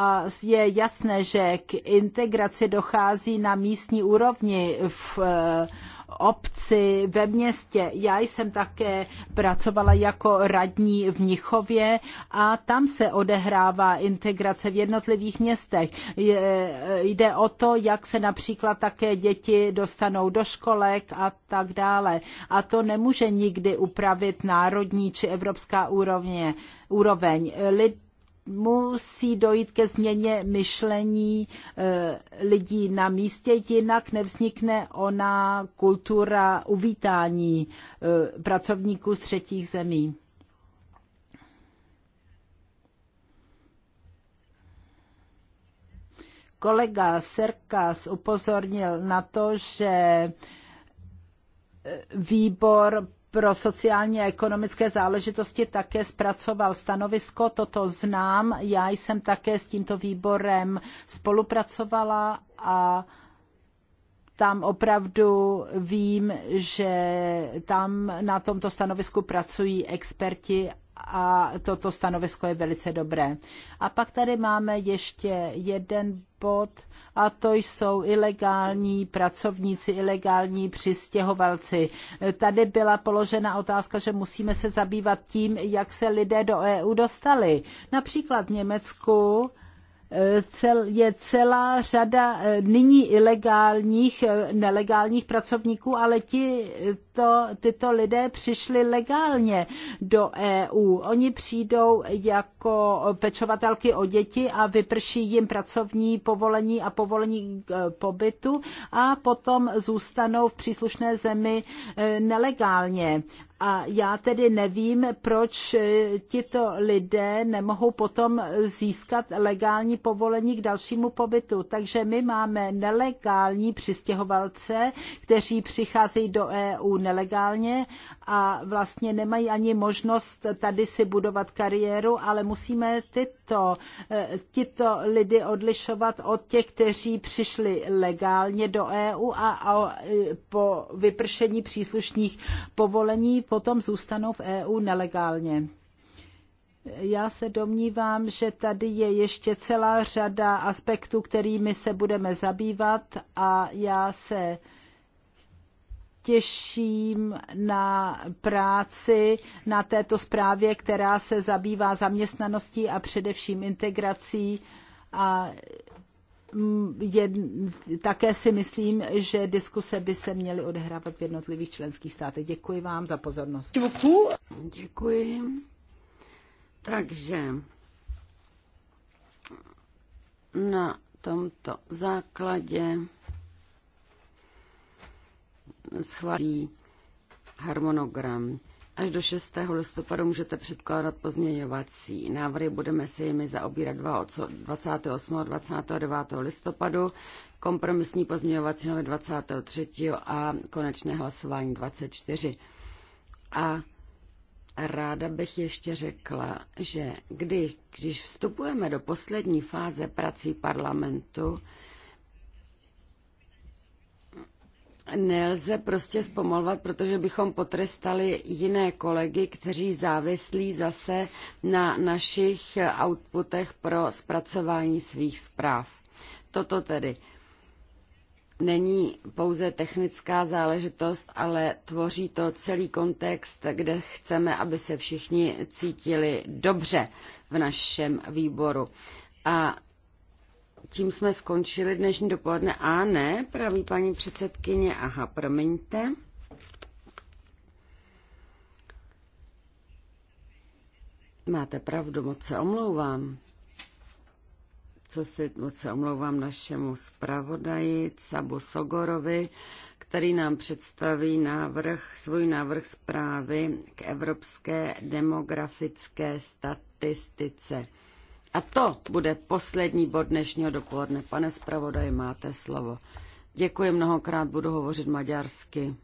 a je jasné, že k integraci dochází na místní úrovni v eh, obci, ve městě. Já jsem také pracovala jako radní v Mnichově a tam se odehrává integrace v jednotlivých městech. Eh, jde o to, jak se například také děti dostanou do školek a tak dále. A to nemůže nikdy upravit národní či evropská úrovně, úroveň. Lid musí dojít ke změně myšlení eh, lidí na místě, jinak nevznikne ona kultura uvítání eh, pracovníků z třetích zemí. Kolega Serkas upozornil na to, že eh, výbor pro sociálně a ekonomické záležitosti také zpracoval stanovisko, toto znám, já jsem také s tímto výborem spolupracovala a tam opravdu vím, že tam na tomto stanovisku pracují experti a toto stanovisko je velice dobré. A pak tady máme ještě jeden bod a to jsou ilegální pracovníci, ilegální přistěhovalci. Tady byla položena otázka, že musíme se zabývat tím, jak se lidé do EU dostali. Například v Německu Eh, cel, je celá řada eh, nyní ilegálních, eh, nelegálních pracovníků, ale ti, to, tyto lidé přišli legálně do EU. Oni přijdou jako pečovatelky o děti a vyprší jim pracovní povolení a povolení k pobytu a potom zůstanou v příslušné zemi nelegálně. A já tedy nevím, proč eh, tito lidé nemohou potom získat legální povolení k dalšímu pobytu. Takže my máme nelegální přistěhovalce, kteří přicházejí do EU nelegálně a vlastně nemají ani možnost tady si budovat kariéru, ale musíme tyto, eh, tyto lidi odlišovat od těch, kteří přišli legálně do EU a, a eh, po vypršení příslušných povolení potom zůstanou v EU nelegálně. Já se domnívám, že tady je ještě celá řada aspektů, kterými se budeme zabývat a já se těším na práci na této zprávě, která se zabývá zaměstnaností a především integrací a mm, je, také si myslím, že diskuse by se měly odehrávat v jednotlivých členských státech. Děkuji vám za pozornost. Děkuji. Takže na tomto základě schválí harmonogram. Až do 6. listopadu můžete předkládat pozměňovací návrhy. Budeme se jimi zaobírat 28. a 29. listopadu, kompromisní pozměňovací návrhy 23. a konečné hlasování 24. A ráda bych ještě řekla, že kdy, když vstupujeme do poslední fáze prací parlamentu, nelze prostě zpomalovat, protože bychom potrestali jiné kolegy, kteří závislí zase na našich outputech pro zpracování svých zpráv. Toto tedy není pouze technická záležitost, ale tvoří to celý kontext, kde chceme, aby se všichni cítili dobře v našem výboru. A tím jsme skončili dnešní dopoledne. A ne, praví paní předsedkyně, aha, promiňte. Máte pravdu, moc se omlouvám. Co si, moc se omlouvám našemu zpravodaji Sabu Sogorovi, který nám představí návrh, svůj návrh zprávy k evropské demografické statistice. A to bude poslední bod dnešního dopoledne. Pane zpravodaj, máte slovo. Děkuji mnohokrát, budu hovořit maďarsky.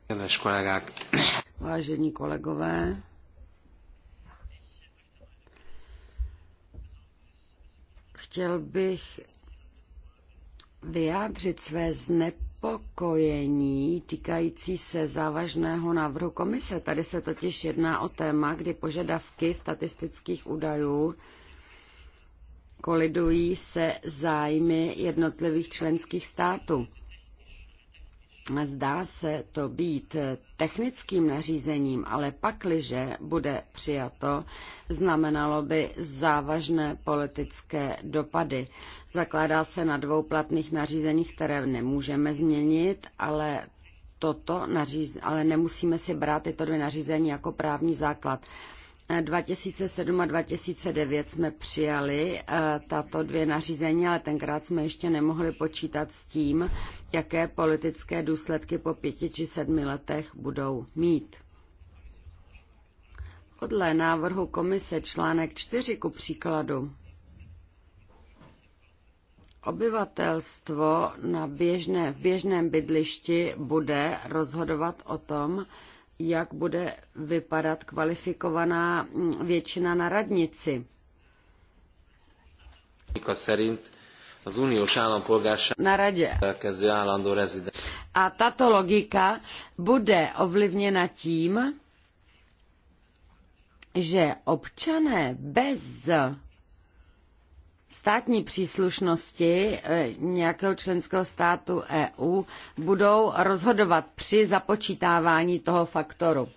Vážení kolegové, chtěl bych vyjádřit své znepokojení týkající se závažného návrhu komise. Tady se totiž jedná o téma, kdy požadavky statistických údajů kolidují se zájmy jednotlivých členských států. Zdá se to být technickým nařízením, ale pakliže bude přijato, znamenalo by závažné politické dopady. Zakládá se na dvou platných nařízeních, které nemůžeme změnit, ale toto nařízení, ale nemusíme si brát tyto dvě nařízení jako právní základ. 2007 a 2009 jsme přijali eh, tato dvě nařízení, ale tenkrát jsme ještě nemohli počítat s tím, jaké politické důsledky po pěti či sedmi letech budou mít. Podle návrhu komise článek 4 ku příkladu obyvatelstvo na běžné, v běžném bydlišti bude rozhodovat o tom, jak bude vypadat kvalifikovaná mm, většina na radnici. Na radě. A tato logika bude ovlivněna tím, že občané bez státní příslušnosti eh, nějakého členského státu EU budou rozhodovat při započítávání toho faktoru.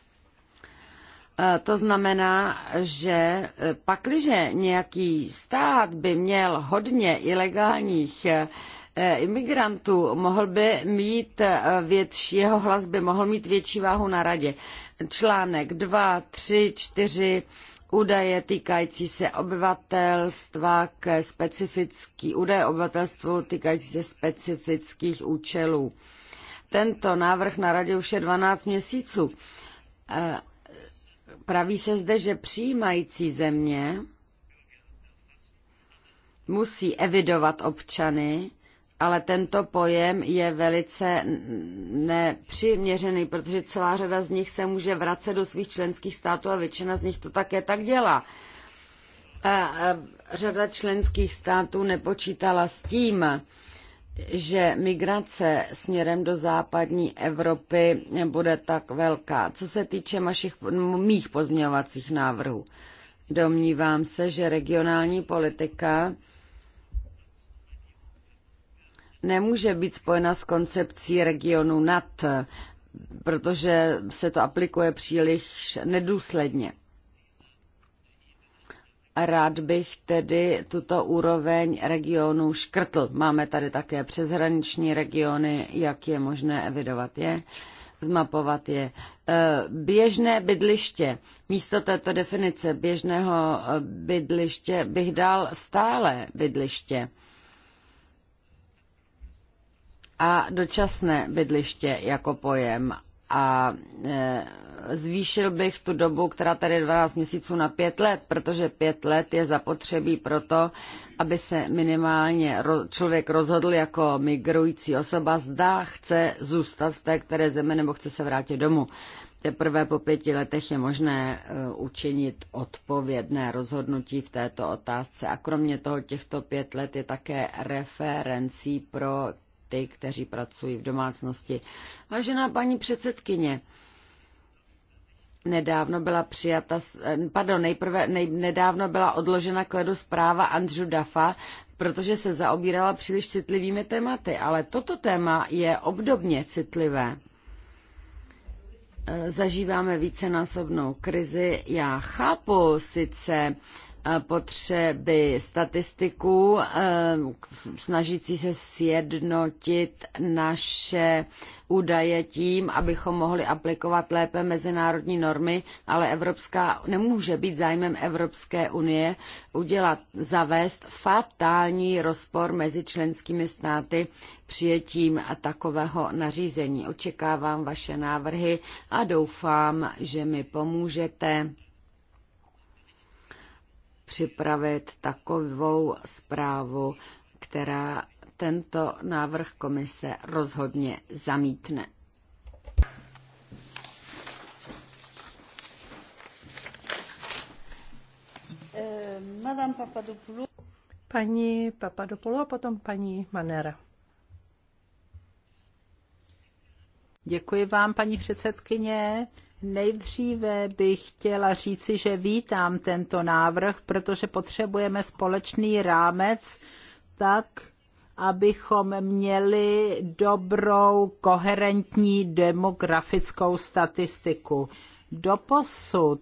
Eh, to znamená, že eh, pakliže nějaký stát by měl hodně ilegálních imigrantů, mohl by mít větší, jeho hlas by mohl mít větší váhu na radě. Článek 2, 3, 4 údaje týkající se obyvatelstva k specifický, údaje obyvatelstvu týkající se specifických účelů. Tento návrh na radě už je 12 měsíců. E, praví se zde, že přijímající země musí evidovat občany ale tento pojem je velice nepřiměřený, protože celá řada z nich se může vracet do svých členských států a většina z nich to také tak dělá. A řada členských států nepočítala s tím, že migrace směrem do západní Evropy bude tak velká. Co se týče mašich, mých pozměňovacích návrhů, domnívám se, že regionální politika nemůže být spojena s koncepcí regionu NAT, protože se to aplikuje příliš nedůsledně. Rád bych tedy tuto úroveň regionu škrtl. Máme tady také přeshraniční regiony, jak je možné evidovat je, zmapovat je. E, běžné bydliště. Místo této definice běžného bydliště bych dal stále bydliště a dočasné bydliště jako pojem a e, zvýšil bych tu dobu, která tady je 12 měsíců na 5 let, protože 5 let je zapotřebí proto, aby se minimálně člověk rozhodl jako migrující osoba, zda chce zůstat v té které zemi nebo chce se vrátit domů. Teprve po pěti letech je možné e, učinit odpovědné rozhodnutí v této otázce. A kromě toho těchto pět let je také referencí pro ty, kteří pracují v domácnosti. Vážená paní předsedkyně, nedávno byla přijata, eh, pardon, nejprve, nej, nedávno byla odložena k ledu zpráva Andřu Dafa, protože se zaobírala příliš citlivými tématy, ale toto téma je obdobně citlivé. Eh, zažíváme vícenásobnou krizi. Já chápu sice potřeby statistiků, eh, snažící se sjednotit naše údaje tím, abychom mohli aplikovat lépe mezinárodní normy, ale Evropská nemůže být zájmem Evropské unie udělat, zavést fatální rozpor mezi členskými státy přijetím takového nařízení. Očekávám vaše návrhy a doufám, že mi pomůžete připravit takovou zprávu, která tento návrh komise rozhodně zamítne. Madame Paní Papadopoulou a potom paní Manera. Děkuji vám, paní předsedkyně. Nejdříve bych chtěla říci, že vítám tento návrh, protože potřebujeme společný rámec tak, abychom měli dobrou, koherentní demografickou statistiku. Doposud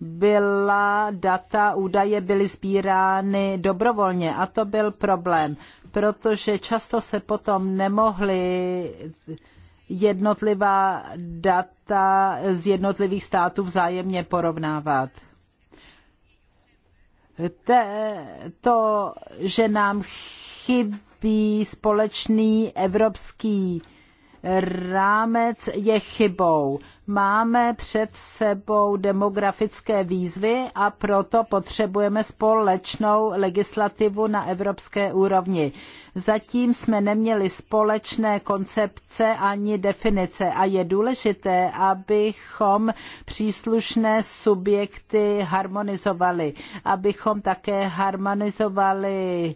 byla data, údaje byly sbírány dobrovolně a to byl problém, protože často se potom nemohli jednotlivá data z jednotlivých států vzájemně porovnávat. to, že nám chybí společný evropský rámec, je chybou Máme před sebou demografické výzvy a proto potřebujeme společnou legislativu na evropské úrovni. Zatím jsme neměli společné koncepce ani definice a je důležité, abychom příslušné subjekty harmonizovali, abychom také harmonizovali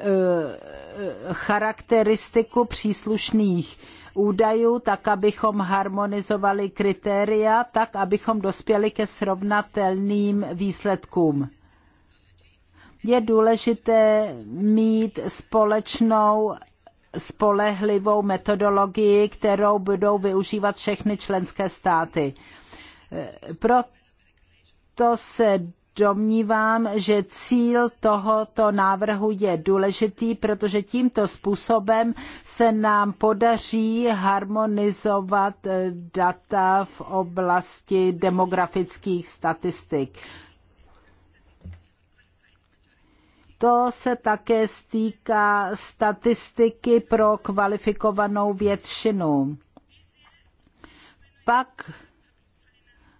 eh, eh, charakteristiku příslušných údajů, tak abychom harmonizovali kritéria, tak abychom dospěli ke srovnatelným výsledkům. Je důležité mít společnou spolehlivou metodologii, kterou budou využívat všechny členské státy. Proto se domnívám, že cíl tohoto návrhu je důležitý, protože tímto způsobem se nám podaří harmonizovat eh, data v oblasti demografických statistik. To se také stýká statistiky pro kvalifikovanou většinu. Pak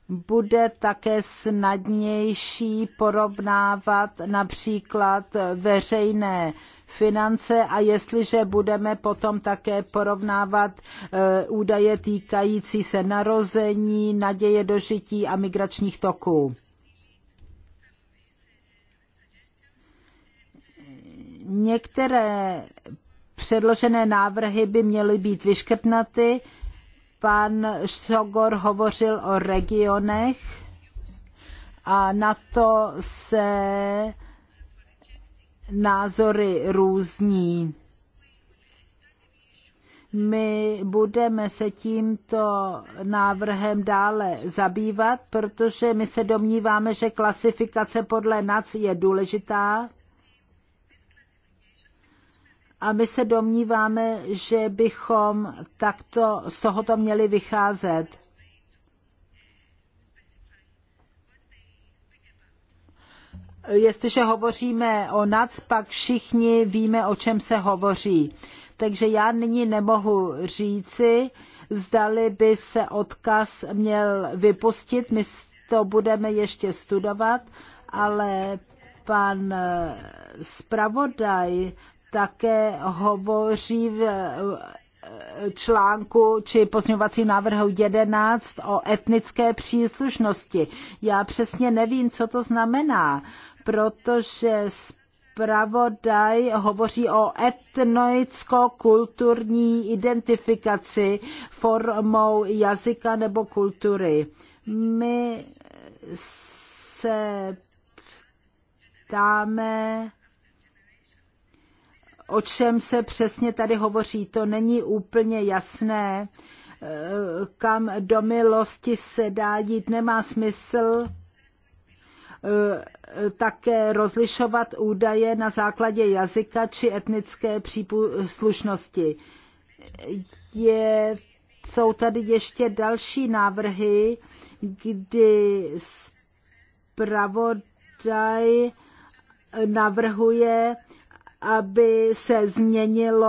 bude také snadnější porovnávat například veřejné finance a jestliže budeme potom také porovnávat eh, údaje týkající se narození, naděje dožití a migračních toků. Některé předložené návrhy by měly být vyškrtnuty, Pan Štogor hovořil o regionech a na to se názory různí. My budeme se tímto návrhem dále zabývat, protože my se domníváme, že klasifikace podle NAC je důležitá a my se domníváme, že bychom takto z tohoto měli vycházet. Jestliže hovoříme o NAC, pak všichni víme, o čem se hovoří. Takže já nyní nemohu říci, zdali by se odkaz měl vypustit. My to budeme ještě studovat, ale pan zpravodaj také hovoří v eh, článku či pozňovací návrhu 11 o etnické příslušnosti. Já přesně nevím, co to znamená, protože pravodaj hovoří o etnoicko kulturní identifikaci formou jazyka nebo kultury. My se ptáme, o čem se přesně tady hovoří. To není úplně jasné, eh, kam do milosti se dá jít. Nemá smysl eh, také rozlišovat údaje na základě jazyka či etnické příslušnosti. Je, jsou tady ještě další návrhy, kdy zpravodaj navrhuje aby se změnilo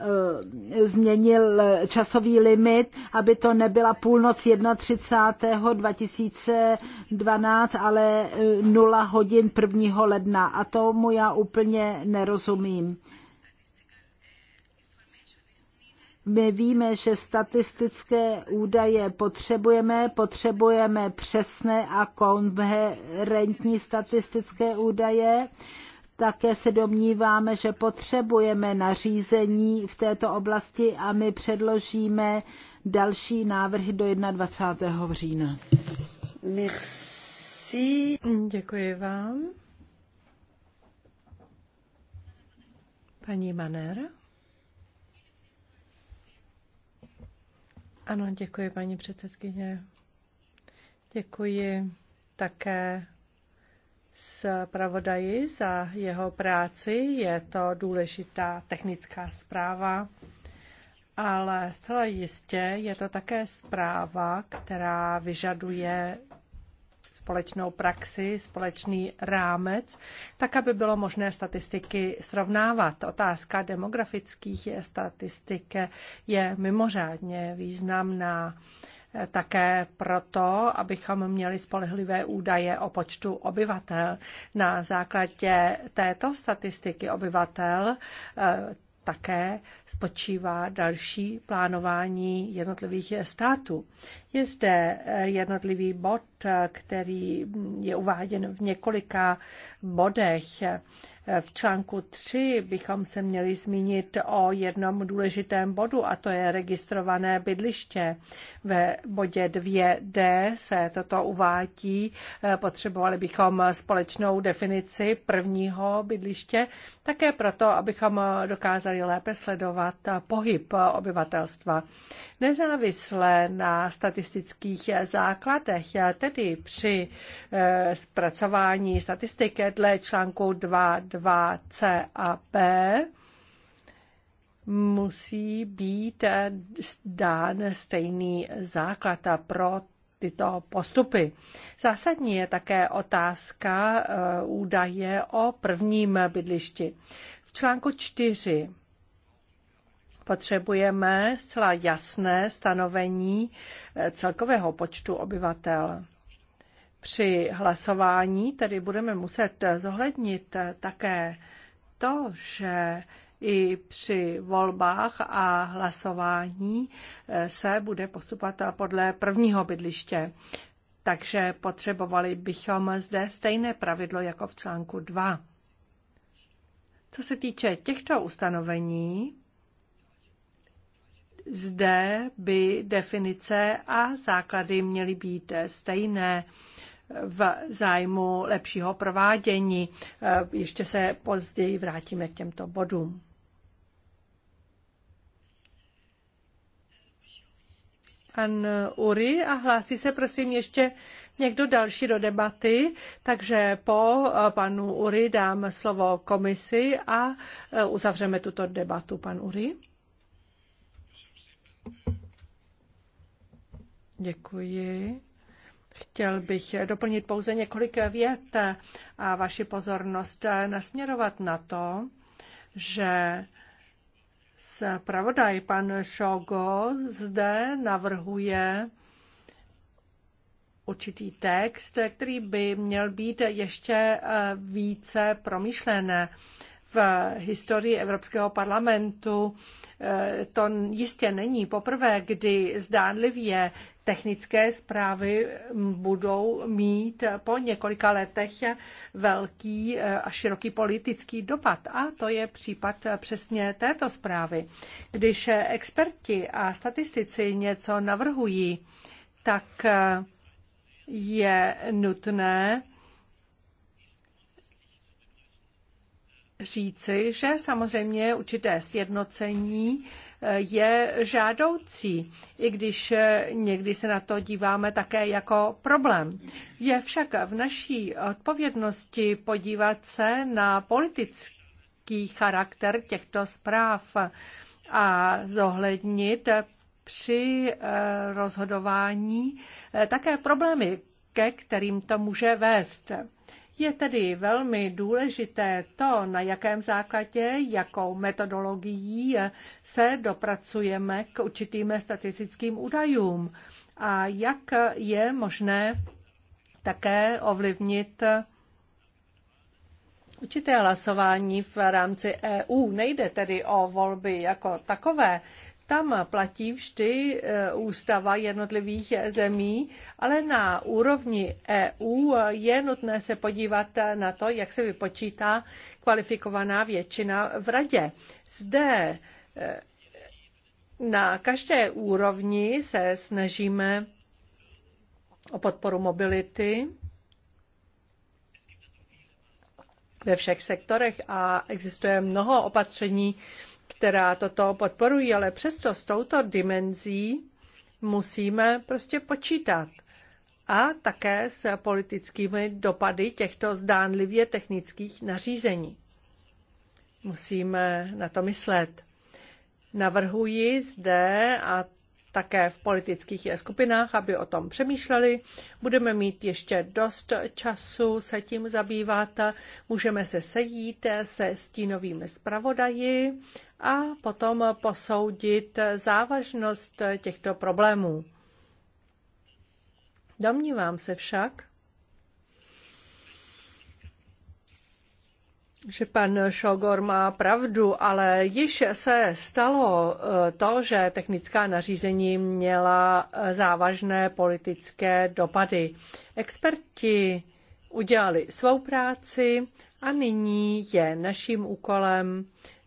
eh, změnil časový limit, aby to nebyla půlnoc 31. 2012, ale 0 eh, hodin 1. ledna. A tomu já úplně nerozumím. My víme, že statistické údaje potřebujeme, potřebujeme přesné a koherentní statistické údaje. Také se domníváme, že potřebujeme nařízení v této oblasti a my předložíme další návrhy do 21. října. Merci. Děkuji vám. Paní Manér. Ano, děkuji, paní předsedkyně. Děkuji také zpravodaji za jeho práci. Je to důležitá technická zpráva, ale zcela jistě je to také zpráva, která vyžaduje společnou praxi, společný rámec, tak, aby bylo možné statistiky srovnávat. Otázka demografických statistik je mimořádně významná také proto, abychom měli spolehlivé údaje o počtu obyvatel. Na základě této statistiky obyvatel eh, také spočívá další plánování jednotlivých států. Je zde eh, jednotlivý bod, eh, který je uváděn v několika bodech. Eh, v článku 3 bychom se měli zmínit o jednom důležitém bodu, a to je registrované bydliště. Ve bodě 2d se toto uvádí. Potřebovali bychom společnou definici prvního bydliště, také proto, abychom dokázali lépe sledovat pohyb obyvatelstva. Nezávisle na statistice statistických eh, základech, eh, tedy při eh, zpracování statistiky dle článku 2.2c a b, musí být dán stejný základ pro tyto postupy. Zásadní je také otázka údaje o prvním bydlišti. V článku 4 Potřebujeme zcela jasné stanovení eh, celkového počtu obyvatel. Při hlasování tedy budeme muset eh, zohlednit eh, také to, že i při volbách a hlasování se bude postupovat podle prvního bydliště. Takže potřebovali bychom zde stejné pravidlo jako v článku 2. Co se týče těchto ustanovení, zde by definice a základy měly být stejné v zájmu lepšího provádění. Eh, ještě se později vrátíme k těmto bodům. Pan Uri a hlásí se prosím ještě někdo další do debaty, takže po eh, panu Uri dám slovo komisi a eh, uzavřeme tuto debatu. Pan Uri. Děkuji. Chtěl bych doplnit pouze několik vět a vaši pozornost nasměrovat na to, že zpravodaj pan Šogo zde navrhuje určitý text, který by měl být ještě eh, více promyšlen v historii Evropského parlamentu. Eh, to jistě není poprvé, kdy zdánlivě technické zprávy budou mít po několika letech velký e, a široký politický dopad. A to je případ přesně této zprávy. Když experti a statistici něco navrhují, tak e, je nutné říci, že samozřejmě určité sjednocení je žádoucí, i když eh, někdy se na to díváme také jako problém. Je však v naší odpovědnosti podívat se na politický charakter těchto zpráv a zohlednit při eh, rozhodování eh, také problémy, ke kterým to může vést. Je tedy velmi důležité to, na jakém základě, jakou metodologií se dopracujeme k určitým statistickým údajům a jak je možné také ovlivnit určité hlasování v rámci EU. Nejde tedy o volby jako takové, tam platí vždy eh, ústava jednotlivých zemí, ale na úrovni EU je nutné se podívat na to, jak se vypočítá kvalifikovaná většina v radě. Zde eh, na každé úrovni se snažíme o podporu mobility ve všech sektorech a existuje mnoho opatření, která toto podporují, ale přesto s touto dimenzí musíme prostě počítat. A také s politickými dopady těchto zdánlivě technických nařízení. Musíme na to myslet. Navrhuji zde, a také v politických skupinách, aby o tom přemýšleli. Budeme mít ještě dost času se tím zabývat. Můžeme se sejít se stínovými zpravodaji a potom posoudit závažnost těchto problémů. Domnívám se však, že pan Šogor má pravdu, ale již se stalo eh, to, že technická nařízení měla eh, závažné politické dopady. Experti udělali svou práci a nyní je naším úkolem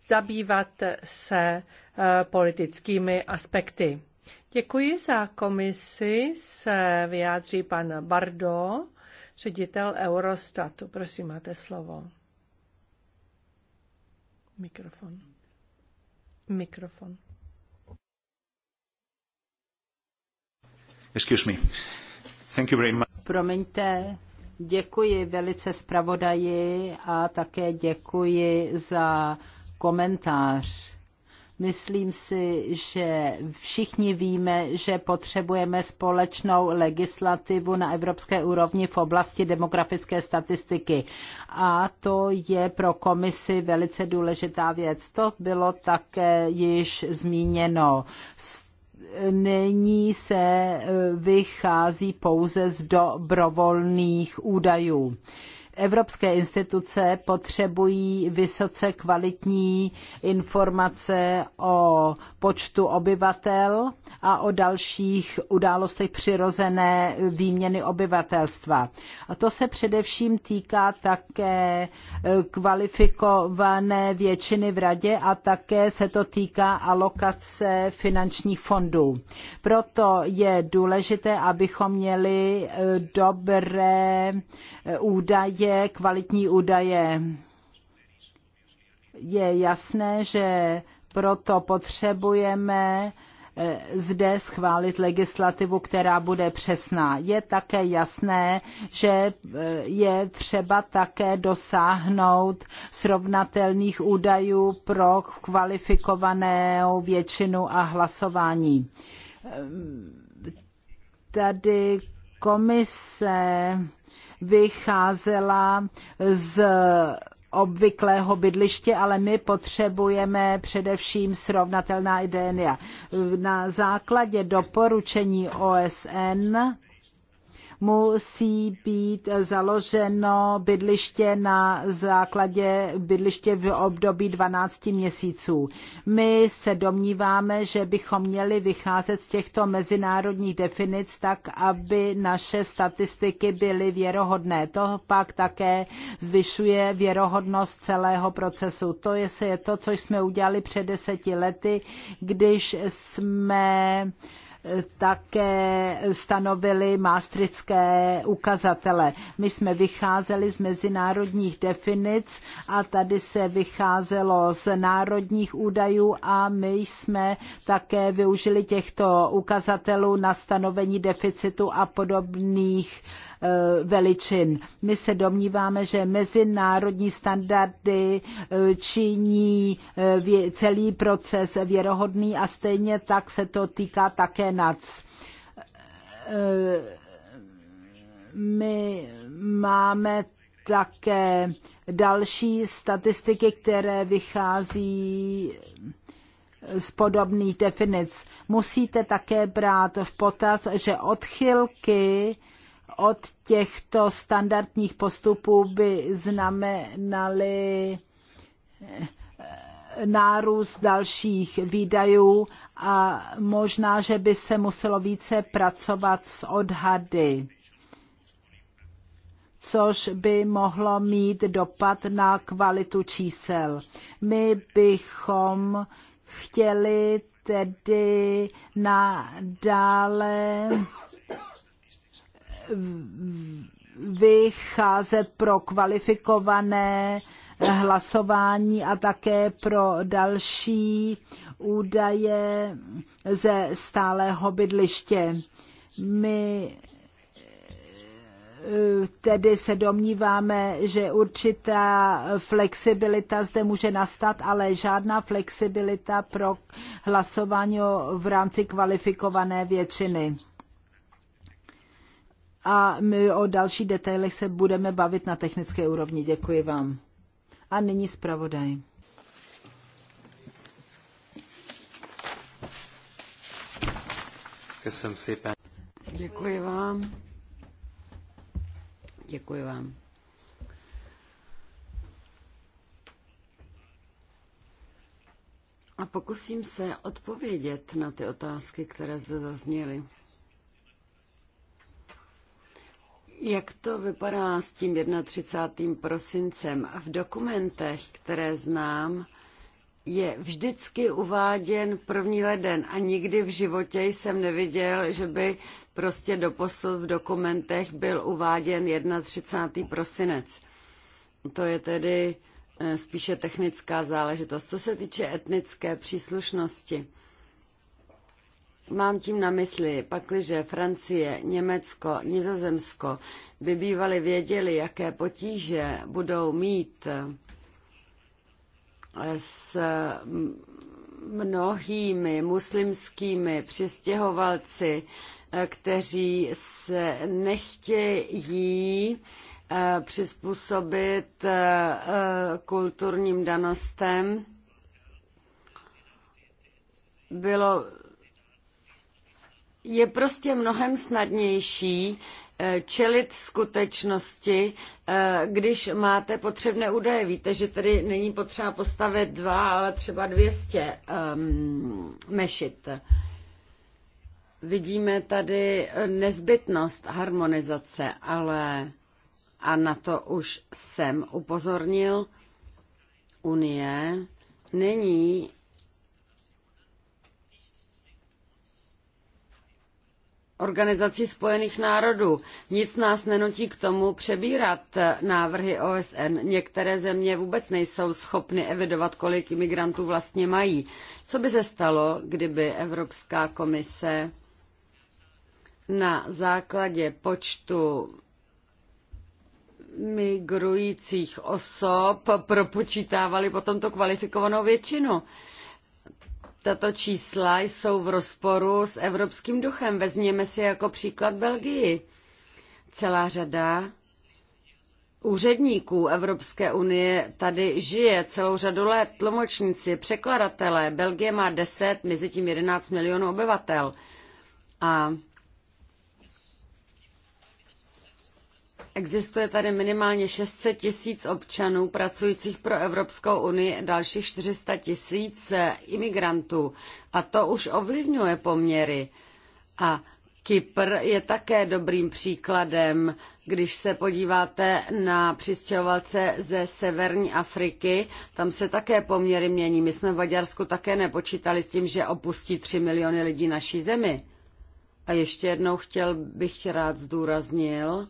zabývat se eh, politickými aspekty. Děkuji za komisi, se vyjádří pan Bardo, ředitel Eurostatu. Prosím, máte slovo. Mikrofon. Mikrofon. Excuse me. Thank you very much. Promiňte, děkuji velice zpravodaji a také děkuji za komentář. Myslím si, že všichni víme, že potřebujeme společnou legislativu na evropské úrovni v oblasti demografické statistiky. A to je pro komisi velice důležitá věc. To bylo také již zmíněno nyní se eh, vychází pouze z dobrovolných údajů evropské instituce potřebují vysoce kvalitní informace o počtu obyvatel a o dalších událostech přirozené výměny obyvatelstva. A to se především týká také e, kvalifikované většiny v radě a také se to týká alokace finančních fondů. Proto je důležité, abychom měli e, dobré e, údaje určitě kvalitní údaje. Je jasné, že proto potřebujeme eh, zde schválit legislativu, která bude přesná. Je také jasné, že eh, je třeba také dosáhnout srovnatelných údajů pro kvalifikovanou většinu a hlasování. Ehm, tady komise vycházela z obvyklého bydliště, ale my potřebujeme především srovnatelná idénia. Na základě doporučení OSN musí být založeno bydliště na základě bydliště v období 12 měsíců. My se domníváme, že bychom měli vycházet z těchto mezinárodních definic tak, aby naše statistiky byly věrohodné. To pak také zvyšuje věrohodnost celého procesu. To je, je to, co jsme udělali před deseti lety, když jsme také stanovili mástrické ukazatele. My jsme vycházeli z mezinárodních definic a tady se vycházelo z národních údajů a my jsme také využili těchto ukazatelů na stanovení deficitu a podobných uh, Eh, veličin. My se domníváme, že mezinárodní standardy eh, činí eh, celý proces věrohodný a stejně tak se to týká také NAC my máme také další statistiky, které vychází z podobných definic. Musíte také brát v potaz, že odchylky od těchto standardních postupů by znamenaly eh, nárůst dalších výdajů a možná, že by se muselo více pracovat s odhady, což by mohlo mít dopad na kvalitu čísel. My bychom chtěli tedy nadále vycházet pro kvalifikované hlasování a také pro další údaje ze stálého bydliště. My eh, tedy se domníváme, že určitá flexibilita zde může nastat, ale žádná flexibilita pro hlasování v rámci kvalifikované většiny a my o dalších detailech se budeme bavit na technické úrovni. Děkuji vám. A nyní zpravodaj. Děkuji vám. Děkuji vám. A pokusím se odpovědět na ty otázky, které zde zazněly. Jak to vypadá s tím 31. prosincem? V dokumentech, které znám, je vždycky uváděn první leden a nikdy v životě jsem neviděl, že by prostě doposud v dokumentech byl uváděn 31. prosinec. To je tedy eh, spíše technická záležitost. Co se týče etnické příslušnosti, Mám tím na mysli, pakliže Francie, Německo, Nizozemsko by bývali věděli, jaké potíže budou mít eh, s mnohými muslimskými přistěhovalci, eh, kteří se nechtějí eh, přizpůsobit kulturním danostem, bylo je prostě mnohem snadnější eh, čelit skutečnosti, eh, když máte potřebné údaje. Víte, že tady není potřeba postavit dva, ale třeba 200 um, ehm, mešit. Vidíme tady eh, nezbytnost harmonizace, ale a na to už jsem upozornil, Unie není Organizací spojených národů. Nic nás nenutí k tomu přebírat eh, návrhy OSN. Některé země vůbec nejsou schopny evidovat, kolik imigrantů vlastně mají. Co by se stalo, kdyby Evropská komise na základě počtu migrujících osob propočítávali potom to kvalifikovanou většinu? Tato čísla jsou v rozporu s evropským duchem. Vezměme si jako příklad Belgii. Celá řada úředníků Evropské unie tady žije celou řadu let, tlumočníci, překladatelé. Belgie má 10, mezi tím 11 milionů obyvatel. A Existuje tady minimálně 600 tisíc občanů pracujících pro Evropskou unii, dalších 400 tisíc eh, imigrantů. A to už ovlivňuje poměry. A Kypr je také dobrým příkladem, když se podíváte na přistěhovalce ze severní Afriky, tam se také poměry mění. My jsme v Maďarsku také nepočítali s tím, že opustí 3 miliony lidí naší zemi. A ještě jednou chtěl bych rád zdůraznil,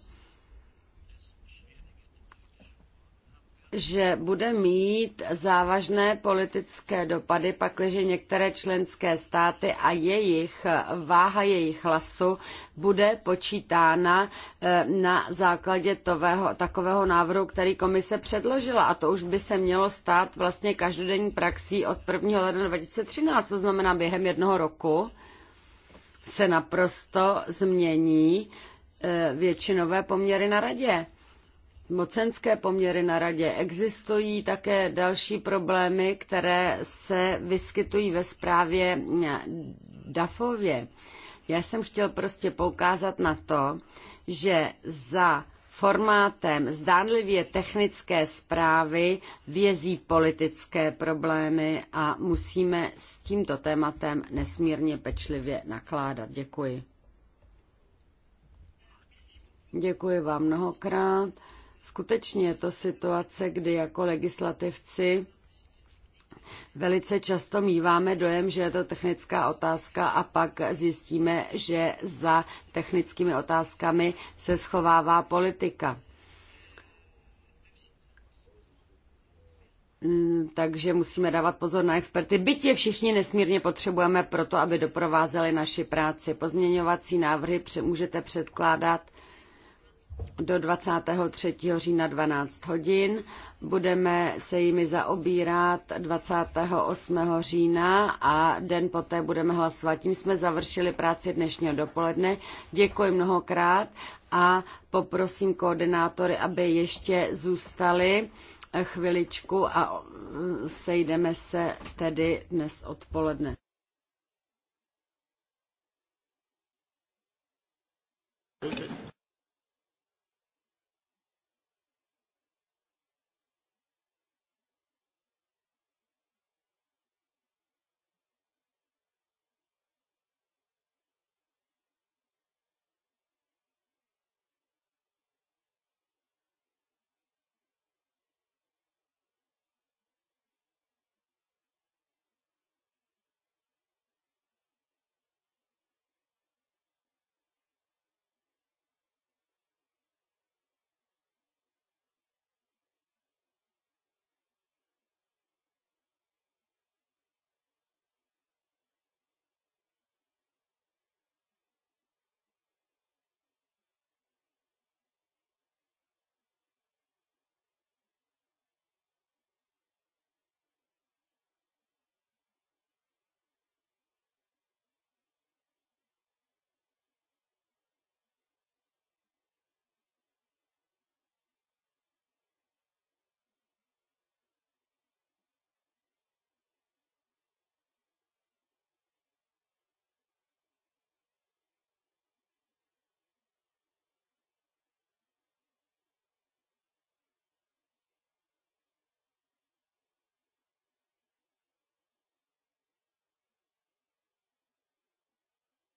že bude mít závažné politické dopady, pakliže některé členské státy a jejich váha jejich hlasu bude počítána eh, na základě tového, takového návrhu, který komise předložila. A to už by se mělo stát vlastně každodenní praxí od 1. ledna 2013, to znamená během jednoho roku se naprosto změní eh, většinové poměry na radě mocenské poměry na radě. Existují také další problémy, které se vyskytují ve zprávě DAFově. Já jsem chtěl prostě poukázat na to, že za formátem zdánlivě technické zprávy vězí politické problémy a musíme s tímto tématem nesmírně pečlivě nakládat. Děkuji. Děkuji vám mnohokrát. Skutečně je to situace, kdy jako legislativci Velice často míváme dojem, že je to technická otázka a pak zjistíme, že za technickými otázkami se schovává politika. Mm, takže musíme dávat pozor na experty. Byť je všichni nesmírně potřebujeme proto, aby doprovázeli naši práci. Pozměňovací návrhy můžete předkládat do 23. října 12 hodin. Budeme se jimi zaobírat 28. října a den poté budeme hlasovat. Tím jsme završili práci dnešního dopoledne. Děkuji mnohokrát a poprosím koordinátory, aby ještě zůstali chviličku a mm, sejdeme se tedy dnes odpoledne. Okay.